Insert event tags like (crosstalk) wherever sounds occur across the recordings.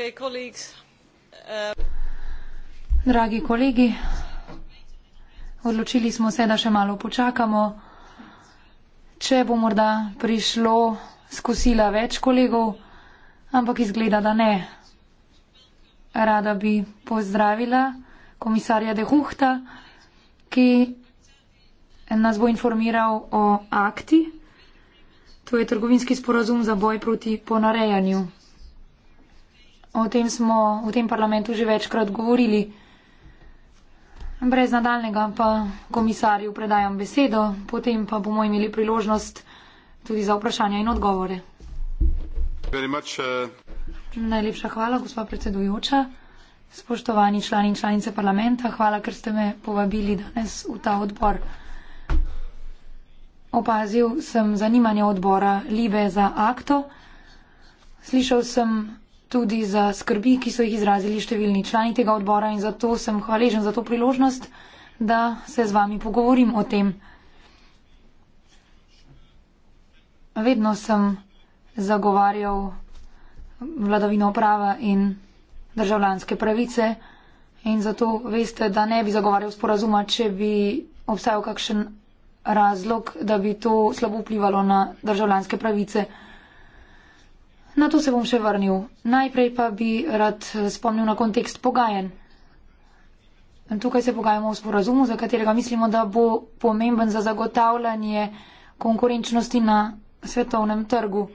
Uh, Dragi kolegi, odločili smo se, da še malo počakamo. Če bo morda prišlo skusila več kolegov, ampak izgleda, da ne. Rada bi pozdravila komisarja De Huhta, ki nas bo informiral o akti. To je trgovinski sporazum za boj proti ponarejanju. O tem smo v tem parlamentu že večkrat govorili. Brez nadaljnega pa komisarju predajam besedo, potem pa bomo imeli priložnost tudi za vprašanja in odgovore. Much, uh... Najlepša hvala, gospa predsedujoča. Spoštovani člani in članice parlamenta, hvala, ker ste me povabili danes v ta odbor. Opazil sem zanimanje odbora Libe za akto. Slišal sem tudi za skrbi, ki so jih izrazili številni člani tega odbora in zato sem hvaležen za to priložnost, da se z vami pogovorim o tem. Vedno sem zagovarjal vladavino prava in državljanske pravice in zato veste, da ne bi zagovarjal sporazuma, če bi obstajal kakšen razlog, da bi to slabo vplivalo na državljanske pravice. Na to se bom še vrnil. Najprej pa bi rad spomnil na kontekst pogajen. Tukaj se pogajamo o sporazumu, za katerega mislimo, da bo pomemben za zagotavljanje konkurenčnosti na svetovnem trgu.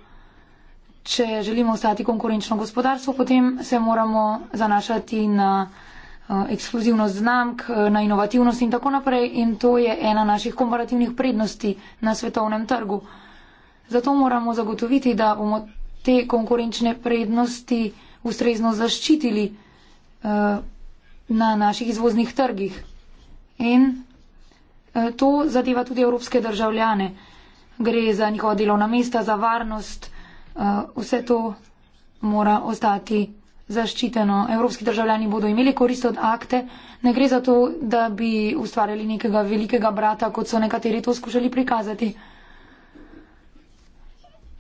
Če želimo ostati konkurenčno gospodarstvo, potem se moramo zanašati na eh, ekskluzivnost znamk, eh, na inovativnost in tako naprej. In to je ena naših komparativnih prednosti na svetovnem trgu. Zato moramo zagotoviti, da bomo te konkurenčne prednosti ustrezno zaščitili uh, na naših izvoznih trgih. In uh, to zadeva tudi evropske državljane. Gre za njihova delovna mesta, za varnost. Uh, vse to mora ostati zaščiteno. Evropski državljani bodo imeli korist od akte. Ne gre za to, da bi ustvarjali nekega velikega brata, kot so nekateri to skušali prikazati.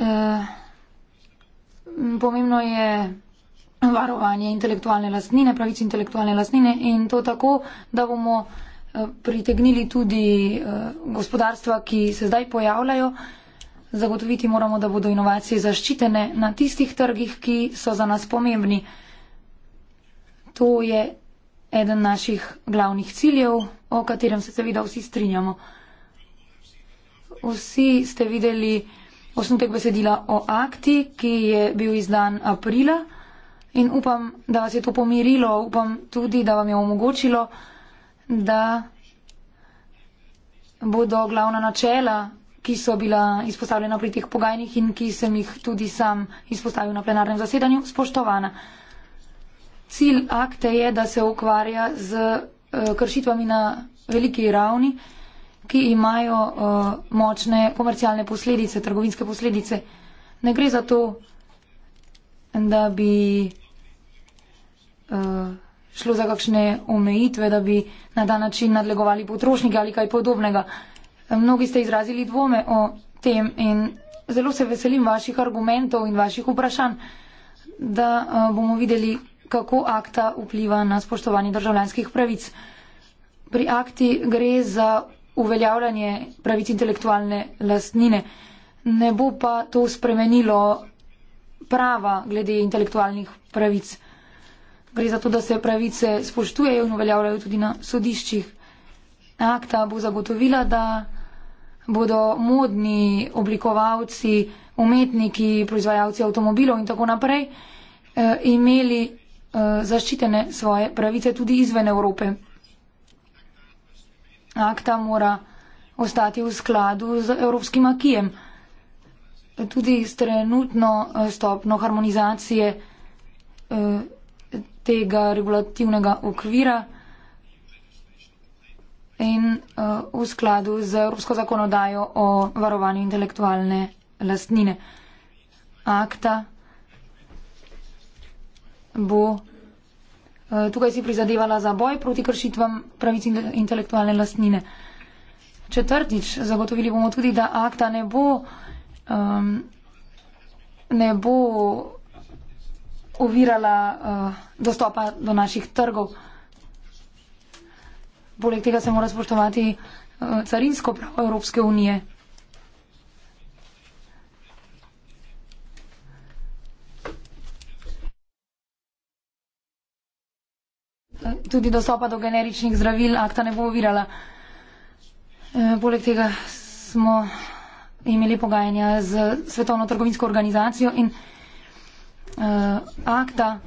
Uh, pomembno je varovanje intelektualne lastnine, pravic intelektualne lastnine in to tako, da bomo eh, pritegnili tudi eh, gospodarstva, ki se zdaj pojavljajo. Zagotoviti moramo, da bodo inovacije zaščitene na tistih trgih, ki so za nas pomembni. To je eden naših glavnih ciljev, o katerem se seveda vsi strinjamo. Vsi ste videli, osnutek besedila o akti, ki je bil izdan aprila in upam, da vas je to pomirilo, upam tudi, da vam je omogočilo, da bodo glavna načela, ki so bila izpostavljena pri teh pogajnih in ki sem jih tudi sam izpostavil na plenarnem zasedanju, spoštovana. Cilj akte je, da se ukvarja z eh, kršitvami na veliki ravni ki imajo uh, močne komercialne posledice, trgovinske posledice. Ne gre za to, da bi uh, šlo za kakšne omejitve, da bi na ta način nadlegovali potrošnike ali kaj podobnega. Mnogi ste izrazili dvome o tem in zelo se veselim vaših argumentov in vaših vprašanj, da uh, bomo videli, kako akta vpliva na spoštovanje državljanskih pravic. Pri akti gre za uveljavljanje pravic intelektualne lastnine. Ne bo pa to spremenilo prava glede intelektualnih pravic. Gre za to, da se pravice spoštujejo in uveljavljajo tudi na sodiščih. Akta bo zagotovila, da bodo modni oblikovalci, umetniki, proizvajalci avtomobilov in tako naprej eh, imeli eh, zaščitene svoje pravice tudi izven Evrope akta mora ostati v skladu z evropskim akijem. Tudi s trenutno eh, stopno harmonizacije eh, tega regulativnega okvira in eh, v skladu z evropsko zakonodajo o varovanju intelektualne lastnine. Akta bo Eh, tukaj si prizadevala za boj proti kršitvam pravic intelektualne lastnine. Četrtič, zagotovili bomo tudi, da akta ne bo, um, ne bo ovirala uh, dostopa do naših trgov. Poleg tega se mora spoštovati uh, carinsko pravo Evropske unije. tudi dostopa do generičnih zdravil akta ne bo ovirala. E, poleg tega smo imeli pogajanja z Svetovno trgovinsko organizacijo in e, akta,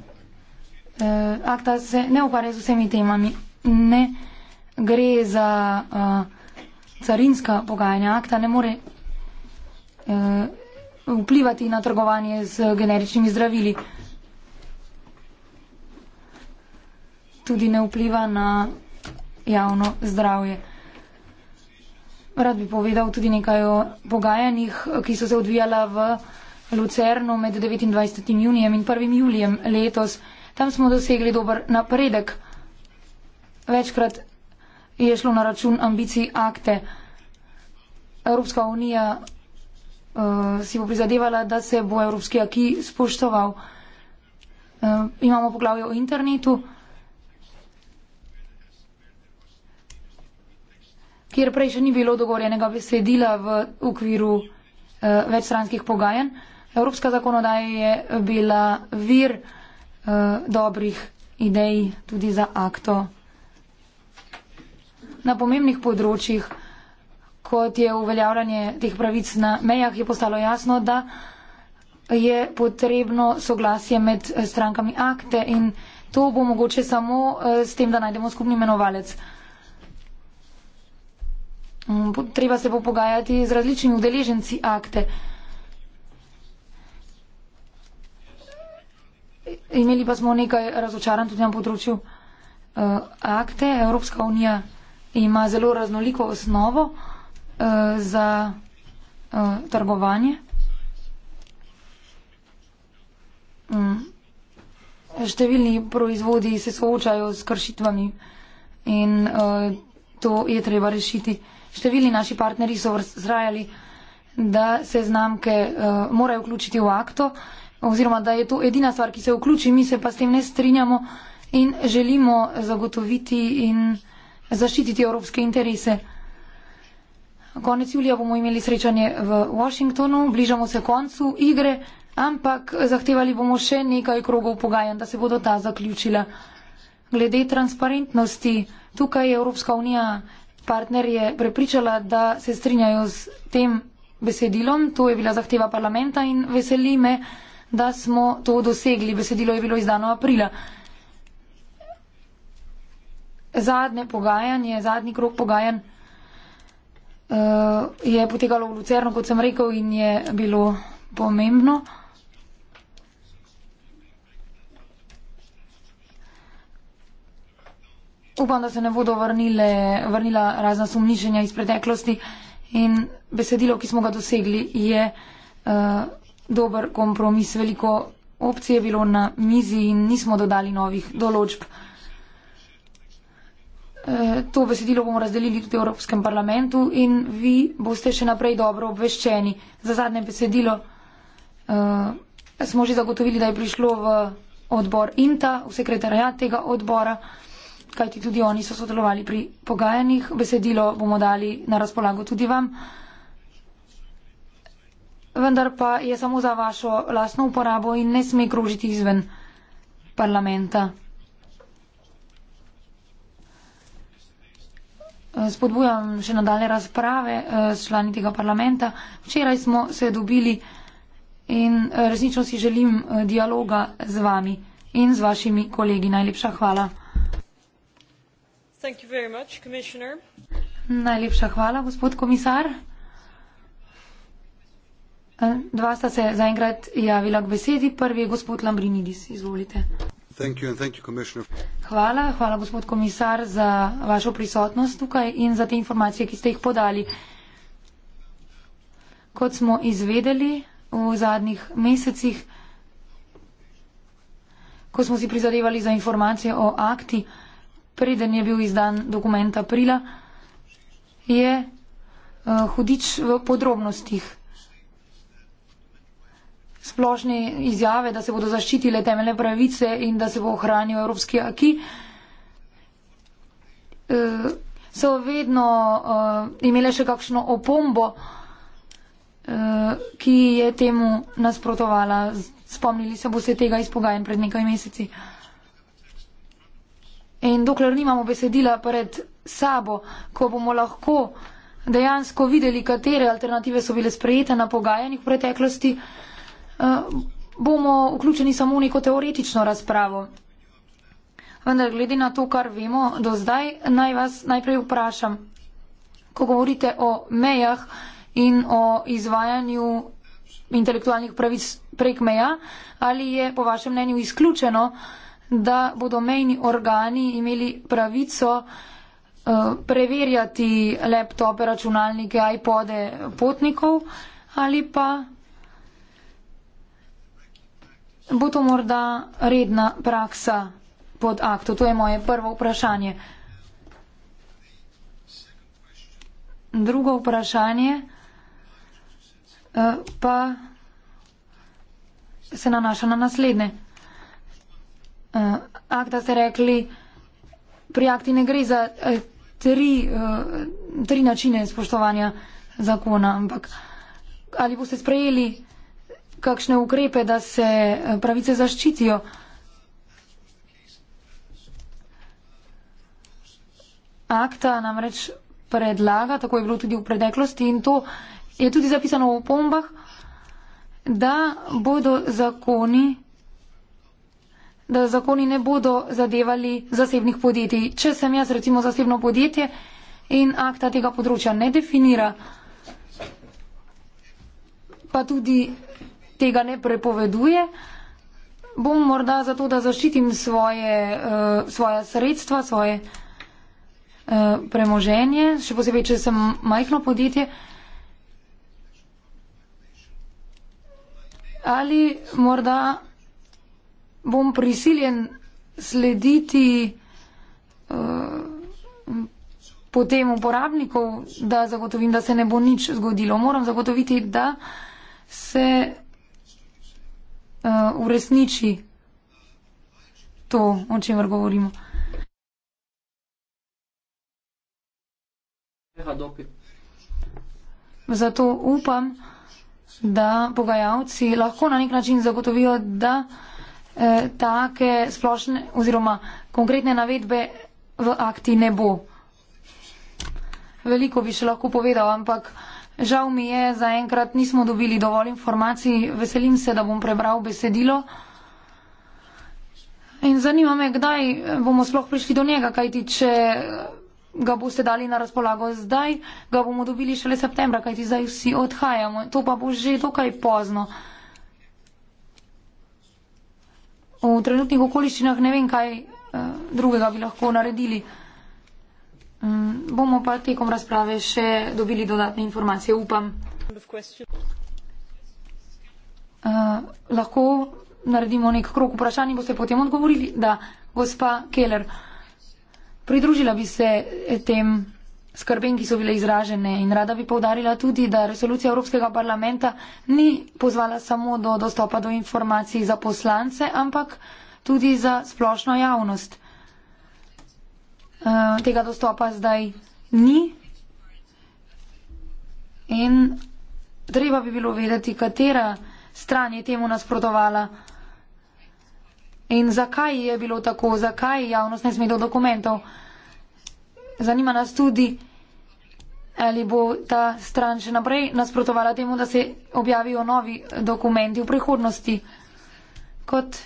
e, akta se ne ukvarja z vsemi temami. Ne gre za carinska pogajanja. Akta ne more vplivati na trgovanje z generičnimi zdravili. tudi ne vpliva na javno zdravje. Rad bi povedal tudi nekaj o pogajanjih, ki so se odvijala v Lucernu med 29. junijem in 1. julijem letos. Tam smo dosegli dober napredek. Večkrat je šlo na račun ambicij akte. Evropska unija uh, si bo prizadevala, da se bo evropski aki spoštoval. Uh, imamo poglavje o internetu. kjer prej še ni bilo dogovorjenega besedila v okviru uh, večstranskih pogajanj. Evropska zakonodaja je bila vir uh, dobrih idej tudi za akto na pomembnih področjih, kot je uveljavljanje teh pravic na mejah, je postalo jasno, da je potrebno soglasje med eh, strankami akte in to bo mogoče samo s tem, da najdemo skupni imenovalec. Mm, treba se bo pogajati z različnimi udeleženci akte. Imeli pa smo nekaj razočaran tudi na področju uh, akte. Evropska unija ima zelo raznoliko osnovo uh, za uh, trgovanje. Um, številni proizvodi se soočajo s kršitvami in uh, to je treba rešiti. Številni naši partneri so vzrajali, da se znamke uh, eh, morajo vključiti v akto oziroma da je to edina stvar, ki se vključi, mi se pa s tem ne strinjamo in želimo zagotoviti in zaščititi evropske interese. Konec julija bomo imeli srečanje v Washingtonu, bližamo se koncu igre, ampak zahtevali bomo še nekaj krogov pogajanj, da se bodo ta zaključila. Glede transparentnosti, tukaj je Evropska unija partnerje prepričala, da se strinjajo z tem besedilom. To je bila zahteva parlamenta in veseli me, da smo to dosegli. Besedilo je bilo izdano aprila. Zadnje pogajanje, zadnji krok pogajan uh, eh, je potekalo v Lucerno, kot sem rekel, in je bilo pomembno. Upam, da se ne bodo vrnile, vrnila razna sumničenja iz preteklosti in besedilo, ki smo ga dosegli, je uh, dober kompromis. Veliko opcij je bilo na mizi in nismo dodali novih določb. Eh, to besedilo bomo razdelili tudi v Evropskem parlamentu in vi boste še naprej dobro obveščeni. Za zadnje besedilo uh, smo že zagotovili, da je prišlo v odbor INTA, v sekretarjat tega odbora kajti tudi oni so sodelovali pri pogajanjih. Besedilo bomo dali na razpolago tudi vam. Vendar pa je samo za vašo lastno uporabo in ne sme krožiti izven parlamenta. Spodbujam še nadalje razprave eh, s člani tega parlamenta. Včeraj smo se dobili in eh, resnično si želim eh, dialoga z vami in z vašimi kolegi. Najlepša hvala. Najlepša hvala, gospod komisar. E, dva sta se zaenkrat javila k besedi. Prvi je gospod Lambrinidis. Izvolite. Thank you and thank you, hvala, hvala gospod komisar za vašo prisotnost tukaj in za te informacije, ki ste jih podali. Kot smo izvedeli v zadnjih mesecih, ko smo si prizadevali za informacije o akti, preden je bil izdan dokument aprila, je uh, hudič v podrobnostih splošne izjave, da se bodo zaščitile temeljne pravice in da se bo ohranil evropski aki. Uh, so vedno uh, imele še kakšno opombo, uh, ki je temu nasprotovala. Spomnili se boste tega izpogajen pred nekaj meseci. Uh, In dokler nimamo besedila pred sabo, ko bomo lahko dejansko videli, katere alternative so bile sprejete na pogajanjih v preteklosti, eh, bomo vključeni samo v neko teoretično razpravo. Vendar glede na to, kar vemo do zdaj, naj vas najprej vprašam, ko govorite o mejah in o izvajanju intelektualnih pravic prek meja, ali je po vašem mnenju izključeno, da bodo mejni organi imeli pravico eh, preverjati laptope, računalnike, iPode potnikov ali pa bo to morda redna praksa pod akto. To je moje prvo vprašanje. Drugo vprašanje eh, pa se nanaša na naslednje uh, eh, akta ste rekli, pri akti ne gre za uh, tri, uh, tri načine spoštovanja zakona, ampak ali boste sprejeli kakšne ukrepe, da se pravice zaščitijo. Akta namreč predlaga, tako je bilo tudi v preteklosti in to je tudi zapisano v pombah, da bodo zakoni da zakoni ne bodo zadevali zasebnih podjetij. Če sem jaz recimo zasebno podjetje in akta tega področja ne definira, pa tudi tega ne prepoveduje, bom morda zato, da zaščitim svoje, uh, svoja sredstva, svoje uh, premoženje, še posebej, če sem majhno podjetje. Ali morda bom prisiljen slediti uh, potem uporabnikov, da zagotovim, da se ne bo nič zgodilo. Moram zagotoviti, da se uh, uresniči to, o čemer govorimo. Zato upam, da pogajalci lahko na nek način zagotovijo, da Eh, take splošne oziroma konkretne navedbe v akti ne bo. Veliko bi še lahko povedal, ampak žal mi je, zaenkrat nismo dobili dovolj informacij. Veselim se, da bom prebral besedilo. In zanima me, kdaj bomo sploh prišli do njega, kajti če ga boste dali na razpolago zdaj, ga bomo dobili šele septembra, kajti zdaj vsi odhajamo. To pa bo že dokaj pozno. V trenutnih okoliščinah ne vem, kaj eh, drugega bi lahko naredili. Mm, bomo pa tekom razprave še dobili dodatne informacije, upam. Eh, lahko naredimo nek krok vprašanj in boste potem odgovorili, da gospa Keller pridružila bi se tem skrbem, ki so bile izražene. In rada bi povdarila tudi, da resolucija Evropskega parlamenta ni pozvala samo do dostopa do informacij za poslance, ampak tudi za splošno javnost. Eh, tega dostopa zdaj ni. In treba bi bilo vedeti, katera stran je temu nasprotovala in zakaj je bilo tako, zakaj javnost ne sme do dokumentov zanima nas tudi, ali bo ta stran še naprej nasprotovala temu, da se objavijo novi dokumenti v prihodnosti. Kot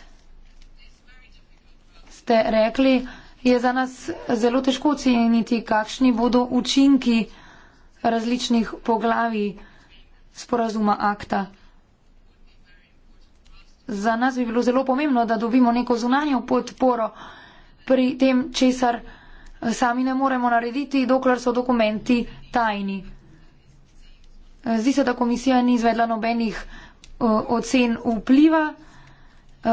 ste rekli, je za nas zelo težko oceniti, kakšni bodo učinki različnih poglavi sporazuma akta. Za nas bi bilo zelo pomembno, da dobimo neko zunanjo podporo pri tem, česar sami ne moremo narediti, dokler so dokumenti tajni. Zdi se, da komisija ni izvedla nobenih eh, ocen vpliva, eh,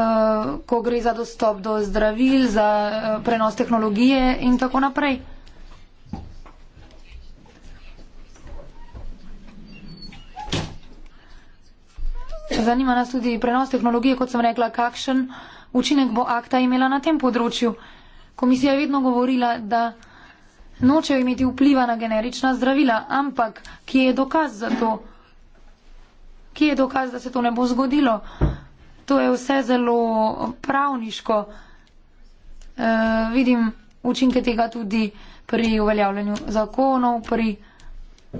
ko gre za dostop do zdravil, za eh, prenos tehnologije in tako naprej. Zanima nas tudi prenos tehnologije, kot sem rekla, kakšen učinek bo akta imela na tem področju. Komisija je vedno govorila, da nočejo imeti vpliva na generična zdravila, ampak kje je dokaz za to? Kje je dokaz, da se to ne bo zgodilo? To je vse zelo pravniško. E, vidim učinke tega tudi pri uveljavljanju zakonov, pri e,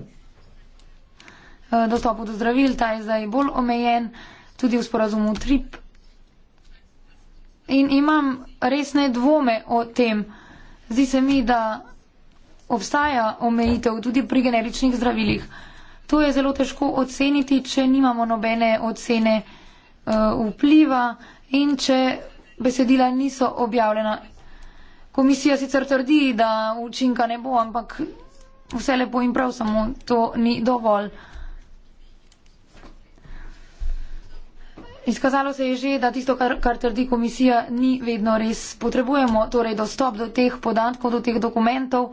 dostopu do zdravil, ta je zdaj bolj omejen, tudi v sporazumu TRIP in imam resne dvome o tem. Zdi se mi, da obstaja omejitev tudi pri generičnih zdravilih. To je zelo težko oceniti, če nimamo nobene ocene uh, vpliva in če besedila niso objavljena. Komisija sicer trdi, da učinka ne bo, ampak vse lepo in prav, samo to ni dovolj. Izkazalo se je že, da tisto, kar, kar trdi komisija, ni vedno res. Potrebujemo torej dostop do teh podatkov, do teh dokumentov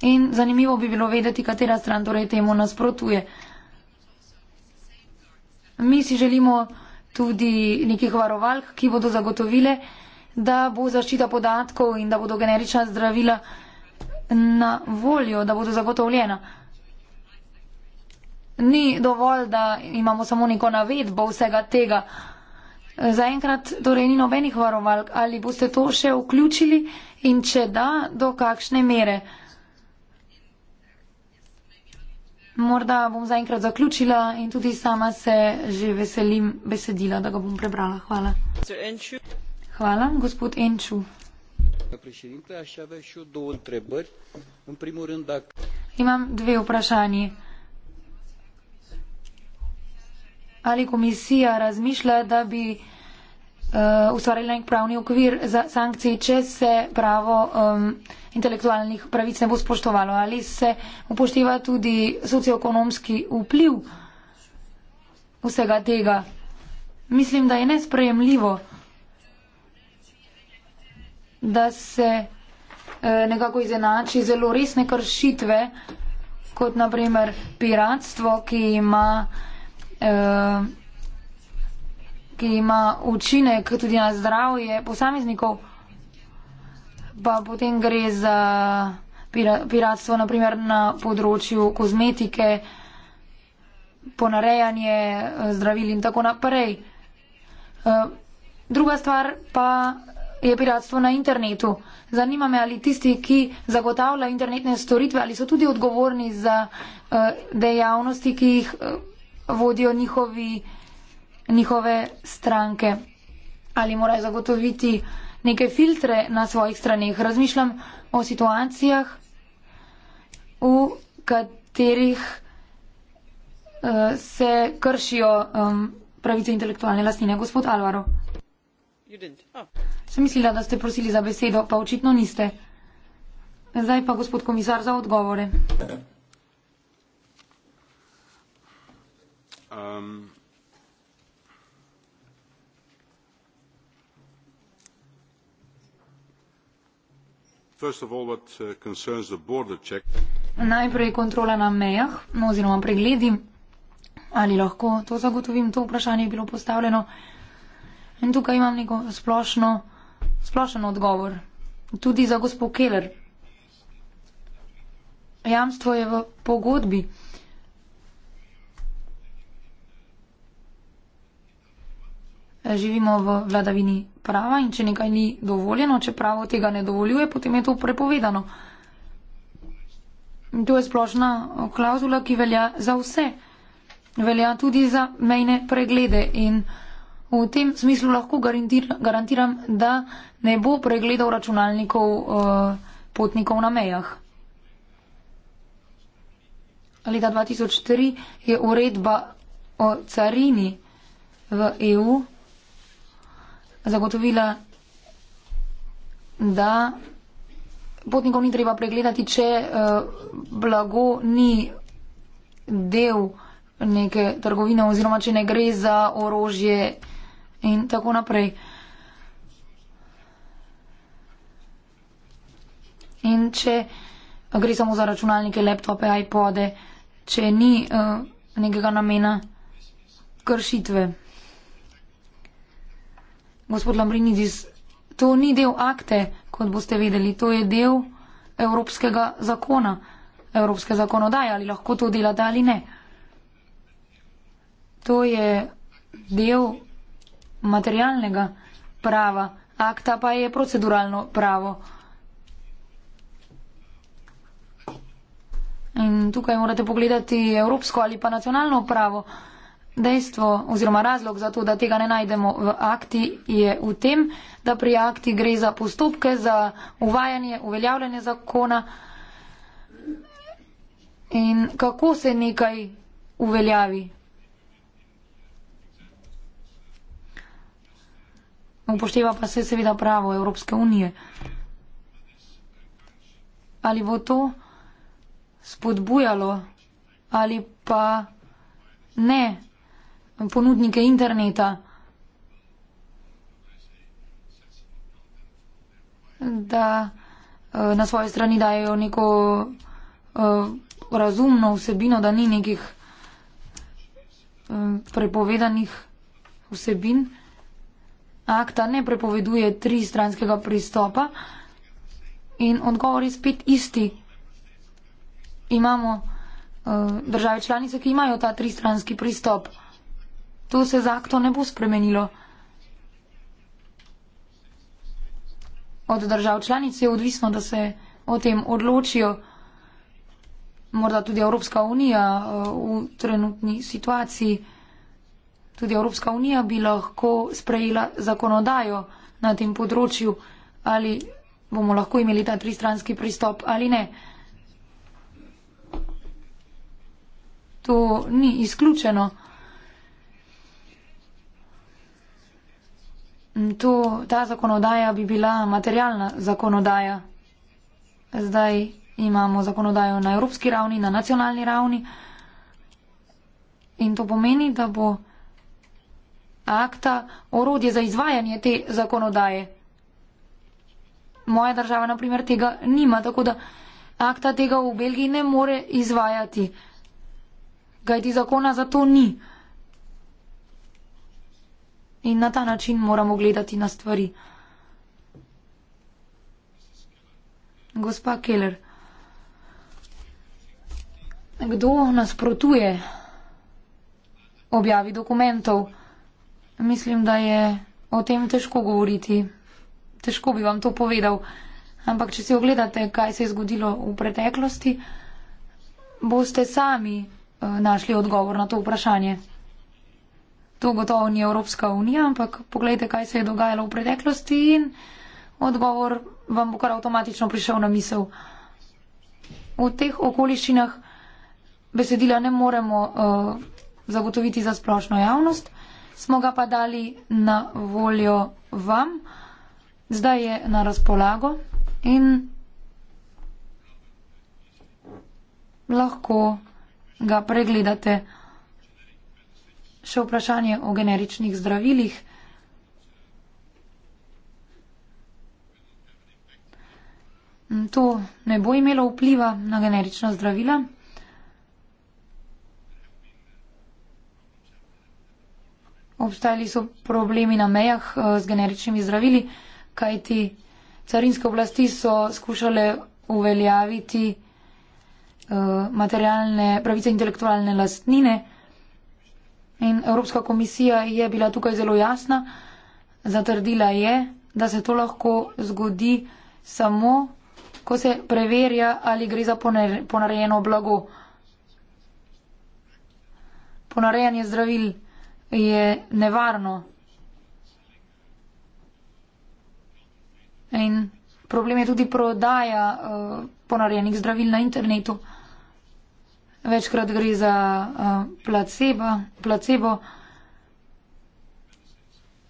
in zanimivo bi bilo vedeti, katera stran torej temu nasprotuje. Mi si želimo tudi nekih varovalk, ki bodo zagotovile, da bo zaščita podatkov in da bodo generična zdravila na voljo, da bodo zagotovljena ni dovolj, da imamo samo neko navedbo vsega tega. Zaenkrat torej ni nobenih varovalk. Ali boste to še vključili in če da, do kakšne mere? Morda bom zaenkrat zaključila in tudi sama se že veselim besedila, da ga bom prebrala. Hvala. Hvala, gospod Enču. Imam dve vprašanje. ali komisija razmišlja, da bi uh, ustvarila nek pravni okvir za sankcije, če se pravo um, intelektualnih pravic ne bo spoštovalo, ali se upošteva tudi socioekonomski vpliv vsega tega. Mislim, da je nesprejemljivo, da se uh, nekako izenači zelo resne kršitve, kot naprimer piratstvo, ki ima uh, ki ima učinek tudi na zdravje posameznikov, pa potem gre za piratstvo naprimer na področju kozmetike, ponarejanje eh, zdravil in tako naprej. Uh, druga stvar pa je piratstvo na internetu. Zanima me, ali tisti, ki zagotavlja internetne storitve, ali so tudi odgovorni za uh, dejavnosti, ki jih. Uh, vodijo njihovi, njihove stranke ali morajo zagotoviti neke filtre na svojih straneh. Razmišljam o situacijah, v katerih uh, se kršijo um, pravice intelektualne lastnine. Gospod Alvaro. Oh. Sem mislila, da ste prosili za besedo, pa očitno niste. Zdaj pa gospod komisar za odgovore. Okay. Um, All, what, uh, the Najprej kontrola na mejah oziroma pregledi, ali lahko to zagotovim, to vprašanje je bilo postavljeno. In tukaj imam neko splošno, splošen odgovor, tudi za gospod Keller. Jamstvo je v pogodbi. živimo v vladavini prava in če nekaj ni dovoljeno, če pravo tega ne dovoljuje, potem je to prepovedano. In to je splošna eh, klauzula, ki velja za vse. Velja tudi za mejne preglede in v tem smislu lahko garantiram, da ne bo pregledov računalnikov uh, potnikov na mejah. Leta 2003 je uredba o carini v EU zagotovila, da potnikov ni treba pregledati, če eh, blago ni del neke trgovine oziroma če ne gre za orožje in tako naprej. In če gre samo za računalnike, laptope, iPode, če ni uh, nekega namena kršitve gospod Lambrinidis, to ni del akte, kot boste vedeli, to je del evropskega zakona, evropske zakonodaje, ali lahko to delate ali ne. To je del materialnega prava, akta pa je proceduralno pravo. In tukaj morate pogledati evropsko ali pa nacionalno pravo. Dejstvo oziroma razlog za to, da tega ne najdemo v akti, je v tem, da pri akti gre za postopke, za uvajanje, uveljavljanje zakona in kako se nekaj uveljavi. Upošteva pa se seveda pravo Evropske unije. Ali bo to spodbujalo ali pa ne ponudnike interneta. Da eh, na svoji strani dajo neko eh, razumno vsebino, da ni nekih eh, prepovedanih vsebin. Akta ne prepoveduje tri stranskega pristopa in odgovor je spet isti. Imamo države članice, ki imajo ta tri stranski pristop. To se z akto ne bo spremenilo. Od držav članic je odvisno, da se o tem odločijo. Morda tudi Evropska unija eh, v trenutni situaciji. Tudi Evropska unija bi lahko sprejela zakonodajo na tem področju, ali bomo lahko imeli ta tristranski pristop ali ne. To ni izključeno. Mm, to, ta zakonodaja bi bila materialna zakonodaja. Zdaj imamo zakonodajo na evropski ravni, na nacionalni ravni. In to pomeni, da bo akta orodje za izvajanje te zakonodaje. Moja država, na primer, tega nima, tako da akta tega v Belgiji ne more izvajati. Kaj ti zakona za to ni? in na ta način moramo gledati na stvari. Gospa Keller, kdo nasprotuje objavi dokumentov? Mislim, da je o tem težko govoriti. Težko bi vam to povedal. Ampak, če si ogledate, kaj se je zgodilo v preteklosti, boste sami eh, našli odgovor na to vprašanje to gotovo ni Evropska unija, ampak pogledajte, kaj se je dogajalo v preteklosti in odgovor vam bo kar avtomatično prišel na misel. V teh okoliščinah besedila ne moremo uh, zagotoviti za splošno javnost, smo ga pa dali na voljo vam, zdaj je na razpolago in lahko ga pregledate še vprašanje o generičnih zdravilih. To ne bo imelo vpliva na generična zdravila. Obstajali so problemi na mejah eh, z generičnimi zdravili, kajti carinske oblasti so skušale uveljaviti eh, materialne pravice intelektualne lastnine. In Evropska komisija je bila tukaj zelo jasna, zatrdila je, da se to lahko zgodi samo, ko se preverja, ali gre za ponarejeno blago. Ponarejanje zdravil je nevarno. In problem je tudi prodaja uh, ponarejenih zdravil na internetu večkrat gre za eh, placebo, placebo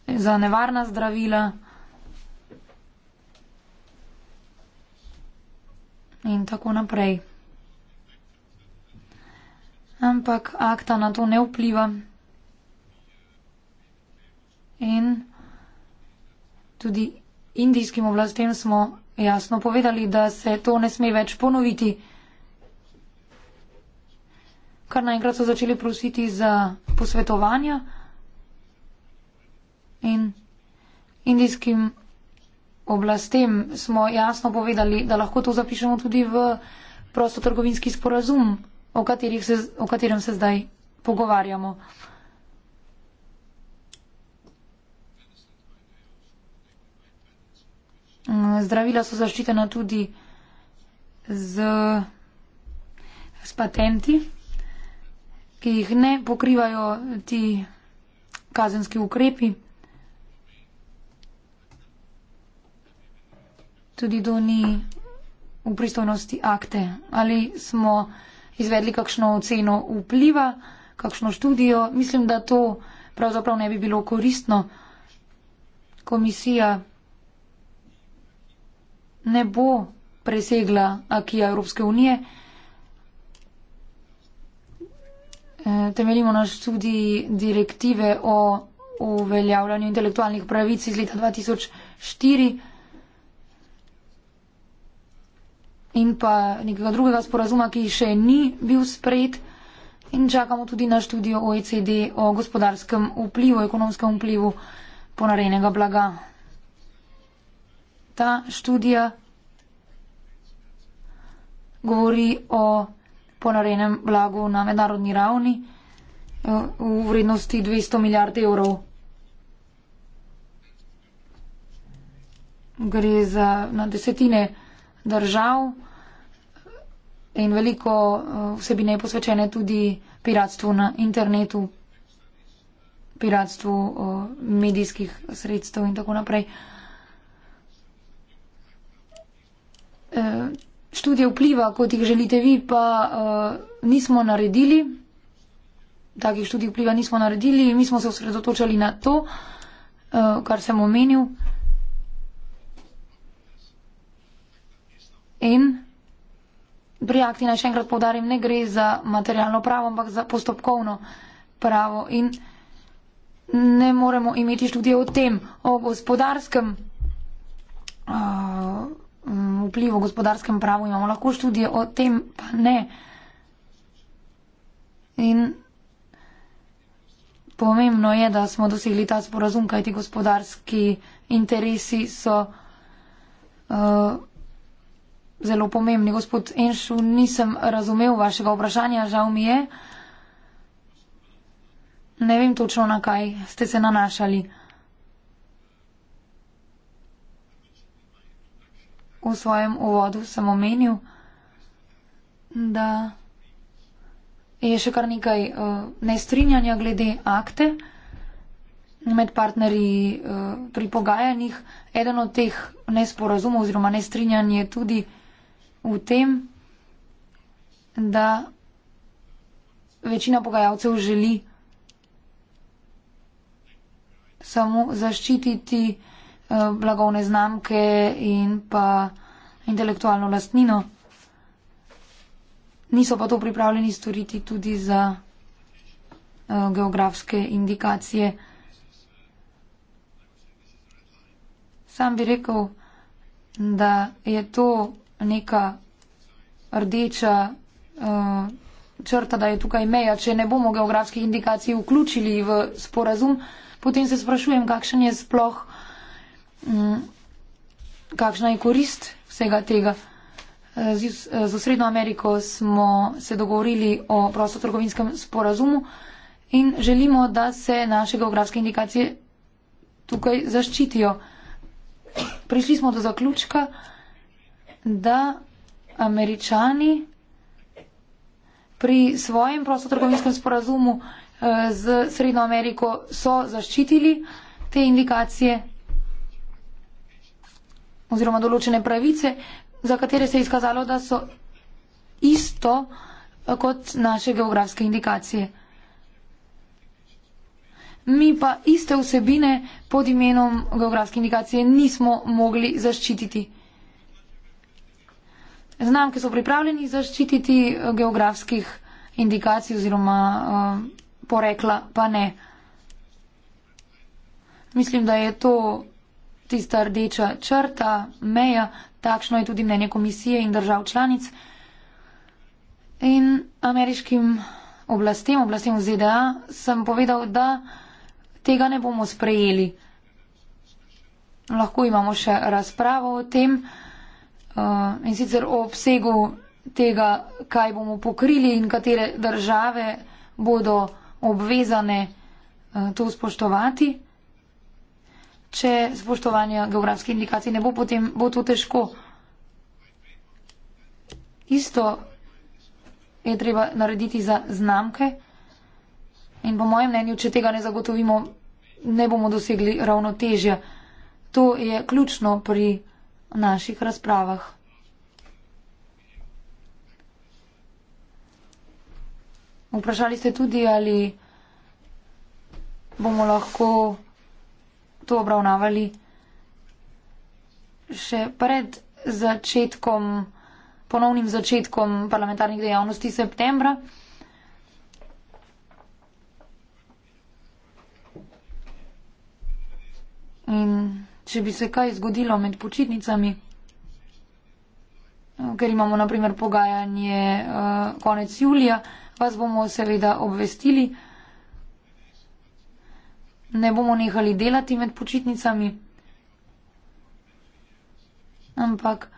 za nevarna zdravila in tako naprej. Ampak akta na to ne vpliva in tudi indijskim oblastem smo jasno povedali, da se to ne sme več ponoviti kar naenkrat so začeli prositi za posvetovanja in indijskim oblastem smo jasno povedali, da lahko to zapišemo tudi v prostotrgovinski sporazum, o, se, o katerem se zdaj pogovarjamo. Zdravila so zaščitena tudi z, z patenti ki jih ne pokrivajo ti kazenski ukrepi. Tudi to ni v pristojnosti akte. Ali smo izvedli kakšno oceno vpliva, kakšno študijo, mislim, da to pravzaprav ne bi bilo koristno. Komisija ne bo presegla akija Evropske unije. Eh, temeljimo naš tudi direktive o uveljavljanju intelektualnih pravic iz leta 2004 in pa nekega drugega sporazuma, ki še ni bil sprejet in čakamo tudi na študijo OECD o gospodarskem vplivu, ekonomskem vplivu ponarejenega blaga. Ta študija govori o ponarejenem blagu na mednarodni ravni eh, v vrednosti 200 milijard evrov. Gre za na desetine držav in veliko eh, vsebine je posvečene tudi piratstvu na internetu, piratstvu eh, medijskih sredstev in tako naprej študije vpliva, kot jih želite vi, pa uh, nismo naredili. Takih študij vpliva nismo naredili. Mi smo se osredotočali na to, uh, kar sem omenil. In pri akti naj še enkrat povdarim, ne gre za materialno pravo, ampak za postopkovno pravo. In ne moremo imeti študije o tem, o gospodarskem. Uh, Mm, vpliv v gospodarskem pravu, imamo lahko študije o tem, pa ne. In pomembno je, da smo dosegli ta sporazum, kajti gospodarski interesi so uh, zelo pomembni. Gospod Enšu, nisem razumel vašega vprašanja, žal mi je. Ne vem točno, na kaj ste se nanašali. v svojem uvodu sem omenil, da je še kar nekaj uh, nestrinjanja glede akte med partnerji uh, pri pogajanjih. Eden od teh nesporazumov oziroma nestrinjanj je tudi v tem, da večina pogajalcev želi samo zaščititi uh, Eh, blagovne znamke in pa intelektualno lastnino. Niso pa to pripravljeni storiti tudi za eh, geografske indikacije. Sam bi rekel, da je to neka rdeča uh, črta, da je tukaj meja. Če ne bomo geografskih indikacij vključili v sporazum, potem se sprašujem, kakšen je sploh uh, Mm. kakšna je korist vsega tega. Z, z Srednjo Ameriko smo se dogovorili o prostotrgovinskem sporazumu in želimo, da se naše geografske indikacije tukaj zaščitijo. Prišli smo do zaključka, da američani pri svojem prostotrgovinskem sporazumu eh, z Srednjo Ameriko so zaščitili te indikacije oziroma določene pravice, za katere se je izkazalo, da so isto eh, kot naše geografske indikacije. Mi pa iste vsebine pod imenom geografske indikacije nismo mogli zaščititi. Znamke so pripravljeni zaščititi eh, geografskih indikacij oziroma uh, porekla, pa ne. Mislim, da je to tista rdeča črta, meja, takšno je tudi mnenje komisije in držav članic. In ameriškim oblastem, oblastem v ZDA, sem povedal, da tega ne bomo sprejeli. Lahko imamo še razpravo o tem eh, in sicer o obsegu tega, kaj bomo pokrili in katere države bodo obvezane eh, to spoštovati če spoštovanja geografskih indikacij ne bo, potem bo to težko. Isto je treba narediti za znamke in po mojem mnenju, če tega ne zagotovimo, ne bomo dosegli ravnotežja. To je ključno pri naših razpravah. Vprašali ste tudi, ali bomo lahko to obravnavali še pred začetkom, ponovnim začetkom parlamentarnih dejavnosti septembra. In če bi se kaj zgodilo med počitnicami, ker imamo naprimer pogajanje uh, konec julija, vas bomo seveda obvestili ne bomo nehali delati med počitnicami. Ampak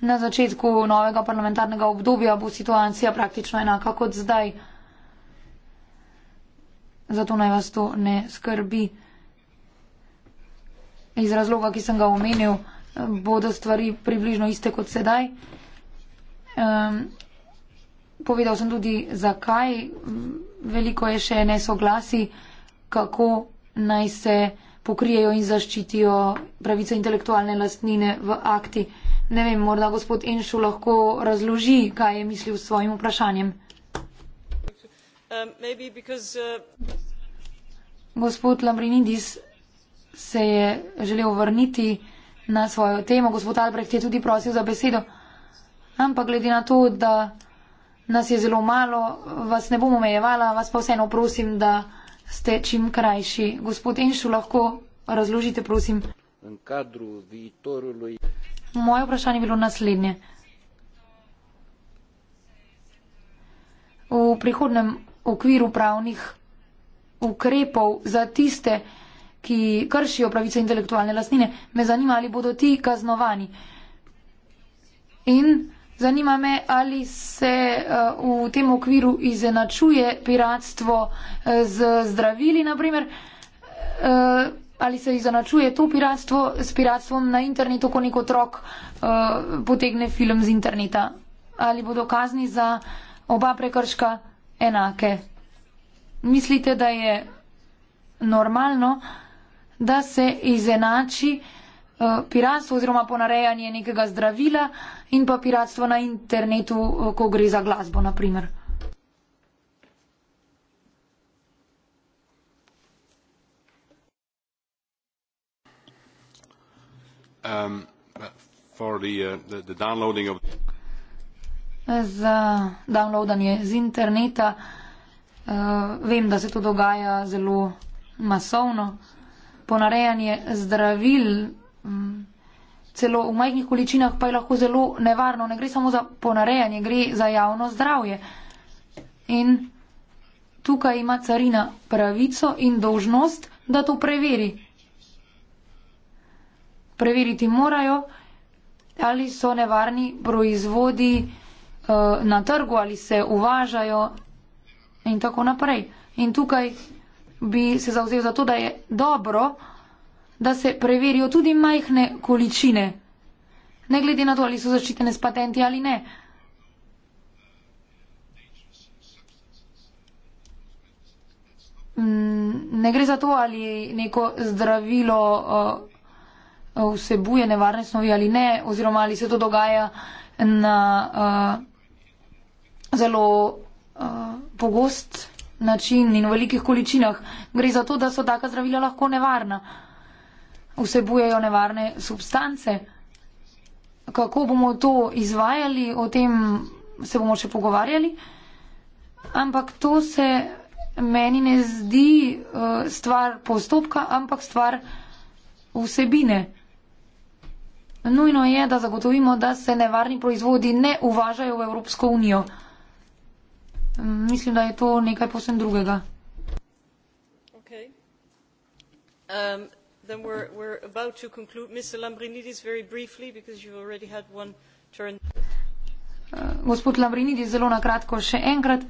na začetku novega parlamentarnega obdobja bo situacija praktično enaka kot zdaj. Zato naj vas to ne skrbi. Iz razloga, ki sem ga omenil, bodo stvari približno iste kot sedaj. Um, povedal sem tudi, zakaj. Veliko je še nesoglasi kako naj se pokrijejo in zaščitijo pravice intelektualne lastnine v akti. Ne vem, morda gospod Enšu lahko razloži, kaj je mislil s svojim vprašanjem. Um, because, uh... Gospod Lambrinidis se je želel vrniti na svojo temo. Gospod Albrecht je tudi prosil za besedo. Ampak glede na to, da nas je zelo malo, vas ne bom omejevala, vas pa vseeno prosim, da ste čim krajši. Gospod Enšu, lahko razložite, prosim. Moje vprašanje je bilo naslednje. V prihodnem okviru pravnih ukrepov za tiste, ki kršijo pravice intelektualne lastnine, me zanima, ali bodo ti kaznovani. In Zanima me, ali se eh, v tem okviru izenačuje piratstvo eh, z zdravili, naprimer, eh, ali se izenačuje to piratstvo s piratstvom na internetu, ko nek otrok potegne film z interneta. Ali bodo kazni za oba prekrška enake? Mislite, da je normalno, da se izenači uh, Eh, piratstvo oziroma ponarejanje nekega zdravila in pa piratstvo na internetu, eh, ko gre za glasbo, naprimer. Um, for the, uh, the, the downloading of... Za downloadanje z interneta uh, vem, da se to dogaja zelo masovno. Ponarejanje zdravil Mm. Celo v majhnih količinah pa je lahko zelo nevarno. Ne gre samo za ponarejanje, gre za javno zdravje. In tukaj ima carina pravico in dožnost, da to preveri. Preveriti morajo, ali so nevarni proizvodi uh, na trgu, ali se uvažajo in tako naprej. In tukaj bi se zauzel za to, da je dobro, da se preverijo tudi majhne količine, ne glede na to, ali so zaščitene s patenti ali ne. Mm, ne gre za to, ali neko zdravilo uh, uh, vsebuje nevarne snovi ali ne, oziroma ali se to dogaja na uh, zelo uh, pogost način in v velikih količinah. Gre za to, da so taka zdravila lahko nevarna. Uh, vsebujejo nevarne substance. Kako bomo to izvajali, o tem se bomo še pogovarjali. Ampak to se meni ne zdi uh, stvar postopka, ampak stvar vsebine. Nujno je, da zagotovimo, da se nevarni proizvodi ne uvažajo v Evropsko unijo. Mm, mislim, da je to nekaj posebnega. Okay. Um, then we're, we're about to conclude. Mr. Lambrinidis, very briefly, because you've already had one turn. Uh, gospod Lambrinidis, zelo na kratko, še enkrat.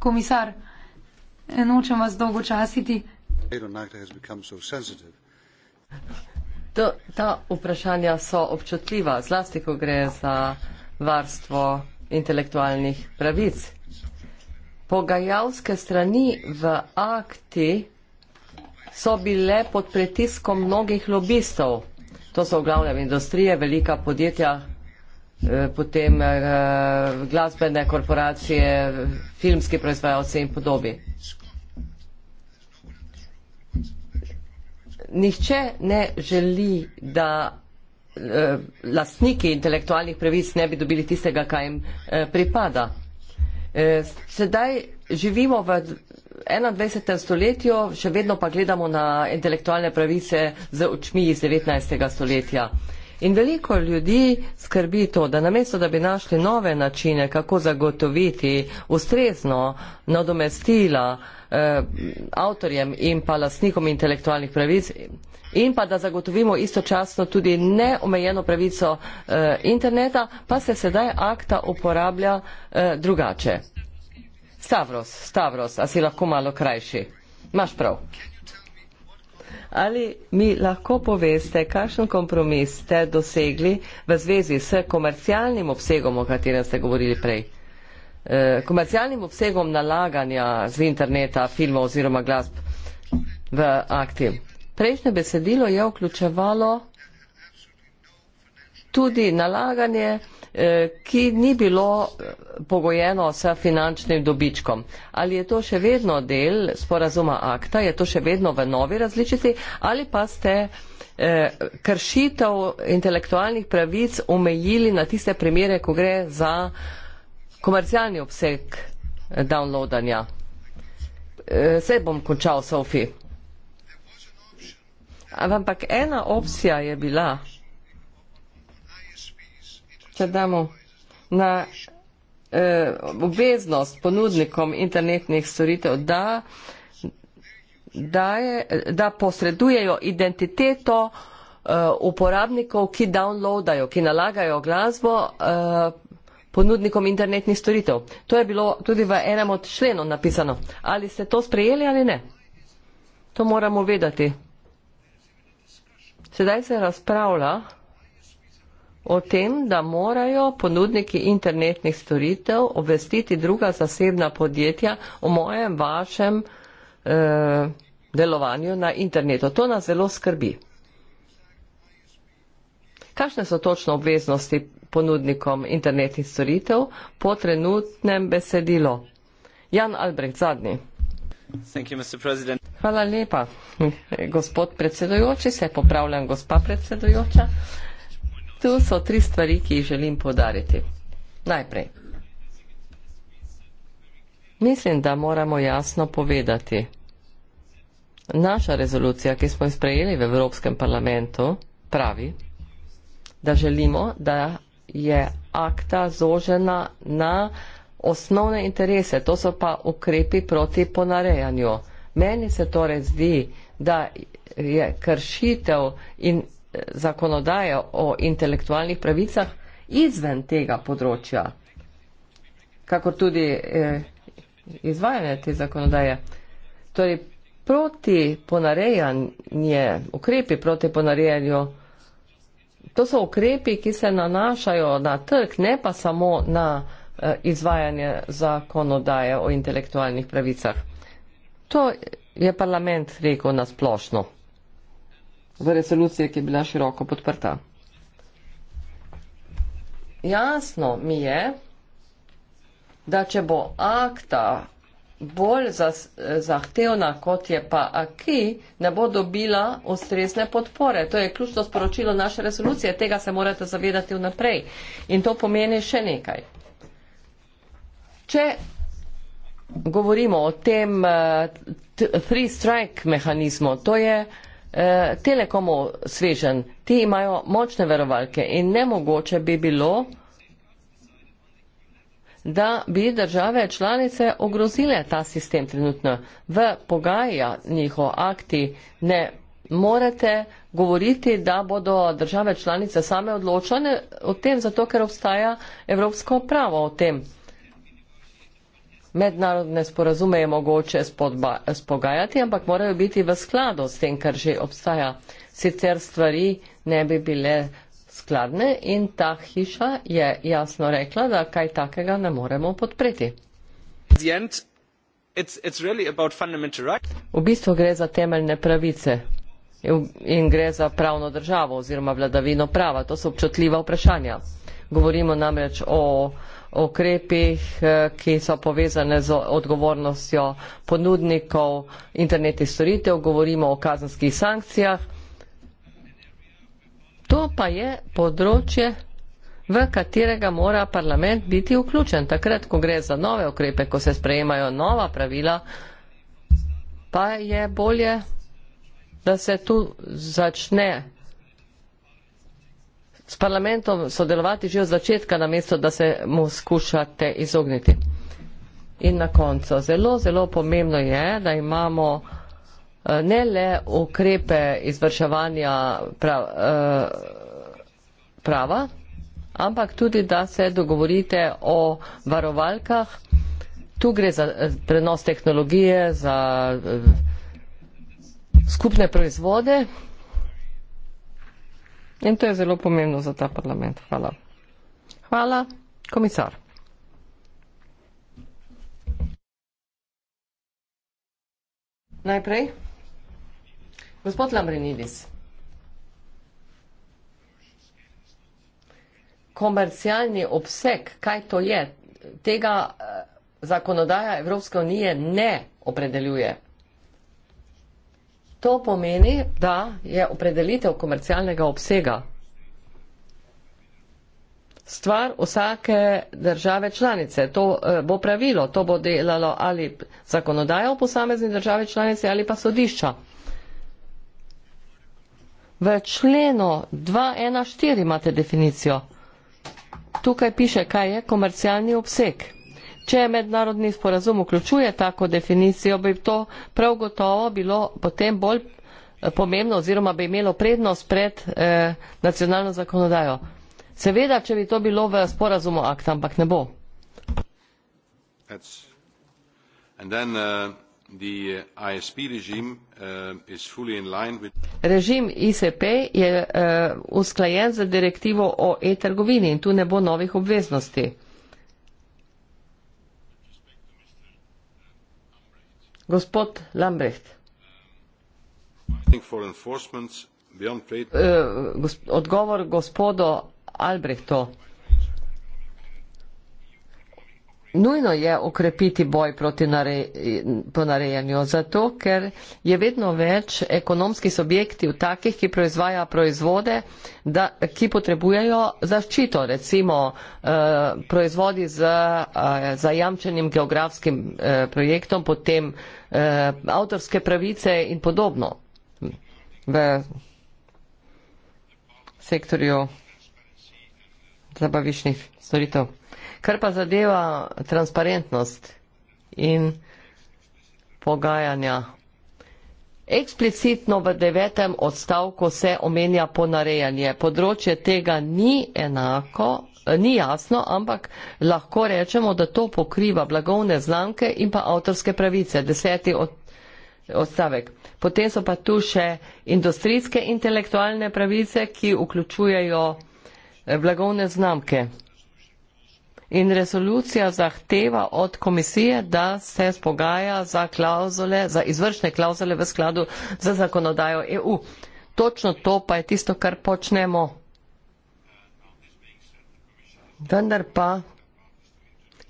Komisar, nočem vas dolgo časiti. To, ta vprašanja so občutljiva, zlasti, ko gre za varstvo intelektualnih pravic. Pogajalske strani v akti so bile pod pritiskom mnogih lobistov, to so v glavnem industrije, velika podjetja, eh, potem eh, glasbene korporacije, filmski proizvajalci in podobi. Nihče ne želi, da eh, lastniki intelektualnih pravic ne bi dobili tistega, kaj jim pripada. Sedaj živimo v 21. stoletju, še vedno pa gledamo na intelektualne pravice z očmi iz 19. stoletja. In veliko ljudi skrbi to, da namesto, da bi našli nove načine, kako zagotoviti ustrezno nadomestila eh, avtorjem in pa lasnikom intelektualnih pravic, in pa da zagotovimo istočasno tudi neomejeno pravico eh, interneta, pa se sedaj akta uporablja eh, drugače. Stavros, Stavros, a si lahko malo krajši. Maš prav. Ali mi lahko poveste, kakšen kompromis ste dosegli v zvezi s komercialnim obsegom, o katerem ste govorili prej? E, komercialnim obsegom nalaganja z interneta filmov oziroma glasb v akti. Prejšnje besedilo je vključevalo tudi nalaganje ki ni bilo eh, pogojeno s finančnim dobičkom. Ali je to še vedno del sporazuma akta, je to še vedno v novi različici ali pa ste eh, kršitev intelektualnih pravic omejili na tiste primere, ko gre za komercialni obseg eh, downloadanja. Sedaj bom končal, Sofi. Ampak ena opcija je bila če damo na eh, obveznost ponudnikom internetnih storitev, da, da, je, da posredujejo identiteto eh, uporabnikov, ki downloadajo, ki nalagajo glasbo eh, ponudnikom internetnih storitev. To je bilo tudi v enem od členov napisano. Ali ste to sprejeli ali ne? To moramo vedeti. Sedaj se razpravlja o tem, da morajo ponudniki internetnih storitev obvestiti druga zasebna podjetja o mojem vašem eh, delovanju na internetu. To nas zelo skrbi. Kakšne so točno obveznosti ponudnikom internetnih storitev po trenutnem besedilu? Jan Albrecht, zadnji. Hvala lepa, gospod predsedujoči, se popravljam, gospa predsedujoča tu so tri stvari, ki jih želim podariti. Najprej. Mislim, da moramo jasno povedati. Naša rezolucija, ki smo jo sprejeli v Evropskem parlamentu, pravi, da želimo, da je akta zožena na osnovne interese, to so pa ukrepi proti ponarejanju. Meni se torej zdi, da je kršitev in zakonodaje o intelektualnih pravicah izven tega področja, kakor tudi eh, izvajanje te zakonodaje. Torej, proti ponarejanje, ukrepi proti ponarejanju, to so ukrepi, ki se nanašajo na trg, ne pa samo na eh, izvajanje zakonodaje o intelektualnih pravicah. To je parlament rekel nasplošno v resoluciji, ki je bila široko podprta. Jasno mi je, da če bo akta bolj zahtevna, kot je pa aki, ne bo dobila ustrezne podpore. To je ključno sporočilo naše resolucije, tega se morate zavedati vnaprej. In to pomeni še nekaj. Če govorimo o tem uh, three strike mehanizmu, to je uh, Eh, Telekomu svežen, ti imajo močne verovalke in nemogoče bi bilo, da bi države članice ogrozile ta sistem trenutno. V pogajja njihov akti ne morete govoriti, da bodo države članice same odločene o tem, zato ker obstaja evropsko pravo o tem mednarodne sporazume je mogoče spogajati, ampak morajo biti v skladu s tem, kar že obstaja. Sicer stvari ne bi bile skladne in ta hiša je jasno rekla, da kaj takega ne moremo podpreti. It's, it's really right. V bistvu gre za temeljne pravice in gre za pravno državo oziroma vladavino prava. To so občutljiva vprašanja. Govorimo namreč o ukrepih, eh, ki so povezane z odgovornostjo ponudnikov internetnih storitev, govorimo o kazenskih sankcijah. To pa je področje, v katerega mora parlament biti vključen. Takrat, ko gre za nove ukrepe, ko se sprejemajo nova pravila, pa je bolje, da se tu začne s parlamentom sodelovati že od začetka, namesto da se mu skušate izogniti. In na koncu, zelo, zelo pomembno je, da imamo eh, ne le ukrepe izvrševanja prava, eh, prava, ampak tudi, da se dogovorite o varovalkah. Tu gre za eh, prenos tehnologije, za skupne proizvode. In to je zelo pomembno za ta parlament. Hvala. Hvala, komisar. Najprej. Gospod Lambrinidis. Komercialni obseg, kaj to je, tega eh, zakonodaja Evropske unije ne opredeljuje. To pomeni, da je opredelitev komercialnega obsega stvar vsake države članice. To eh, bo pravilo, to bo delalo ali zakonodajo v posamezni države članice ali pa sodišča. V členu 2.1.4 imate definicijo. Tukaj piše, kaj je komercialni obseg. Če mednarodni sporazum vključuje tako definicijo, bi to prav gotovo bilo potem bolj eh, pomembno oziroma bi imelo prednost pred eh, nacionalno zakonodajo. Seveda, če bi to bilo v sporazumu akta, ampak ne bo. Uh, the uh, ISP regime, uh, is fully in line with Režim ISP je uh, usklajen z direktivo o e-trgovini in tu ne bo novih obveznosti. Gospod Lambrecht. Uh, eh, gosp odgovor gospodo Albrehtu. Nujno je okrepiti boj proti nare, ponarejanju, zato ker je vedno več ekonomskih subjektiv takih, ki proizvaja proizvode, da, ki potrebujejo zaščito, recimo eh, proizvodi z eh, zajamčenim geografskim eh, projektom, potem eh, avtorske pravice in podobno v sektorju zabaviščnih storitev. Kar pa zadeva transparentnost in pogajanja. Eksplicitno v devetem odstavku se omenja ponarejanje. Področje tega ni enako, ni jasno, ampak lahko rečemo, da to pokriva blagovne znamke in pa avtorske pravice. Deseti odstavek. Potem so pa tu še industrijske intelektualne pravice, ki vključujejo eh, blagovne znamke. In resolucija zahteva od komisije, da se spogaja za, klauzule, za izvršne klauzule v skladu za zakonodajo EU. Točno to pa je tisto, kar počnemo. Vendar pa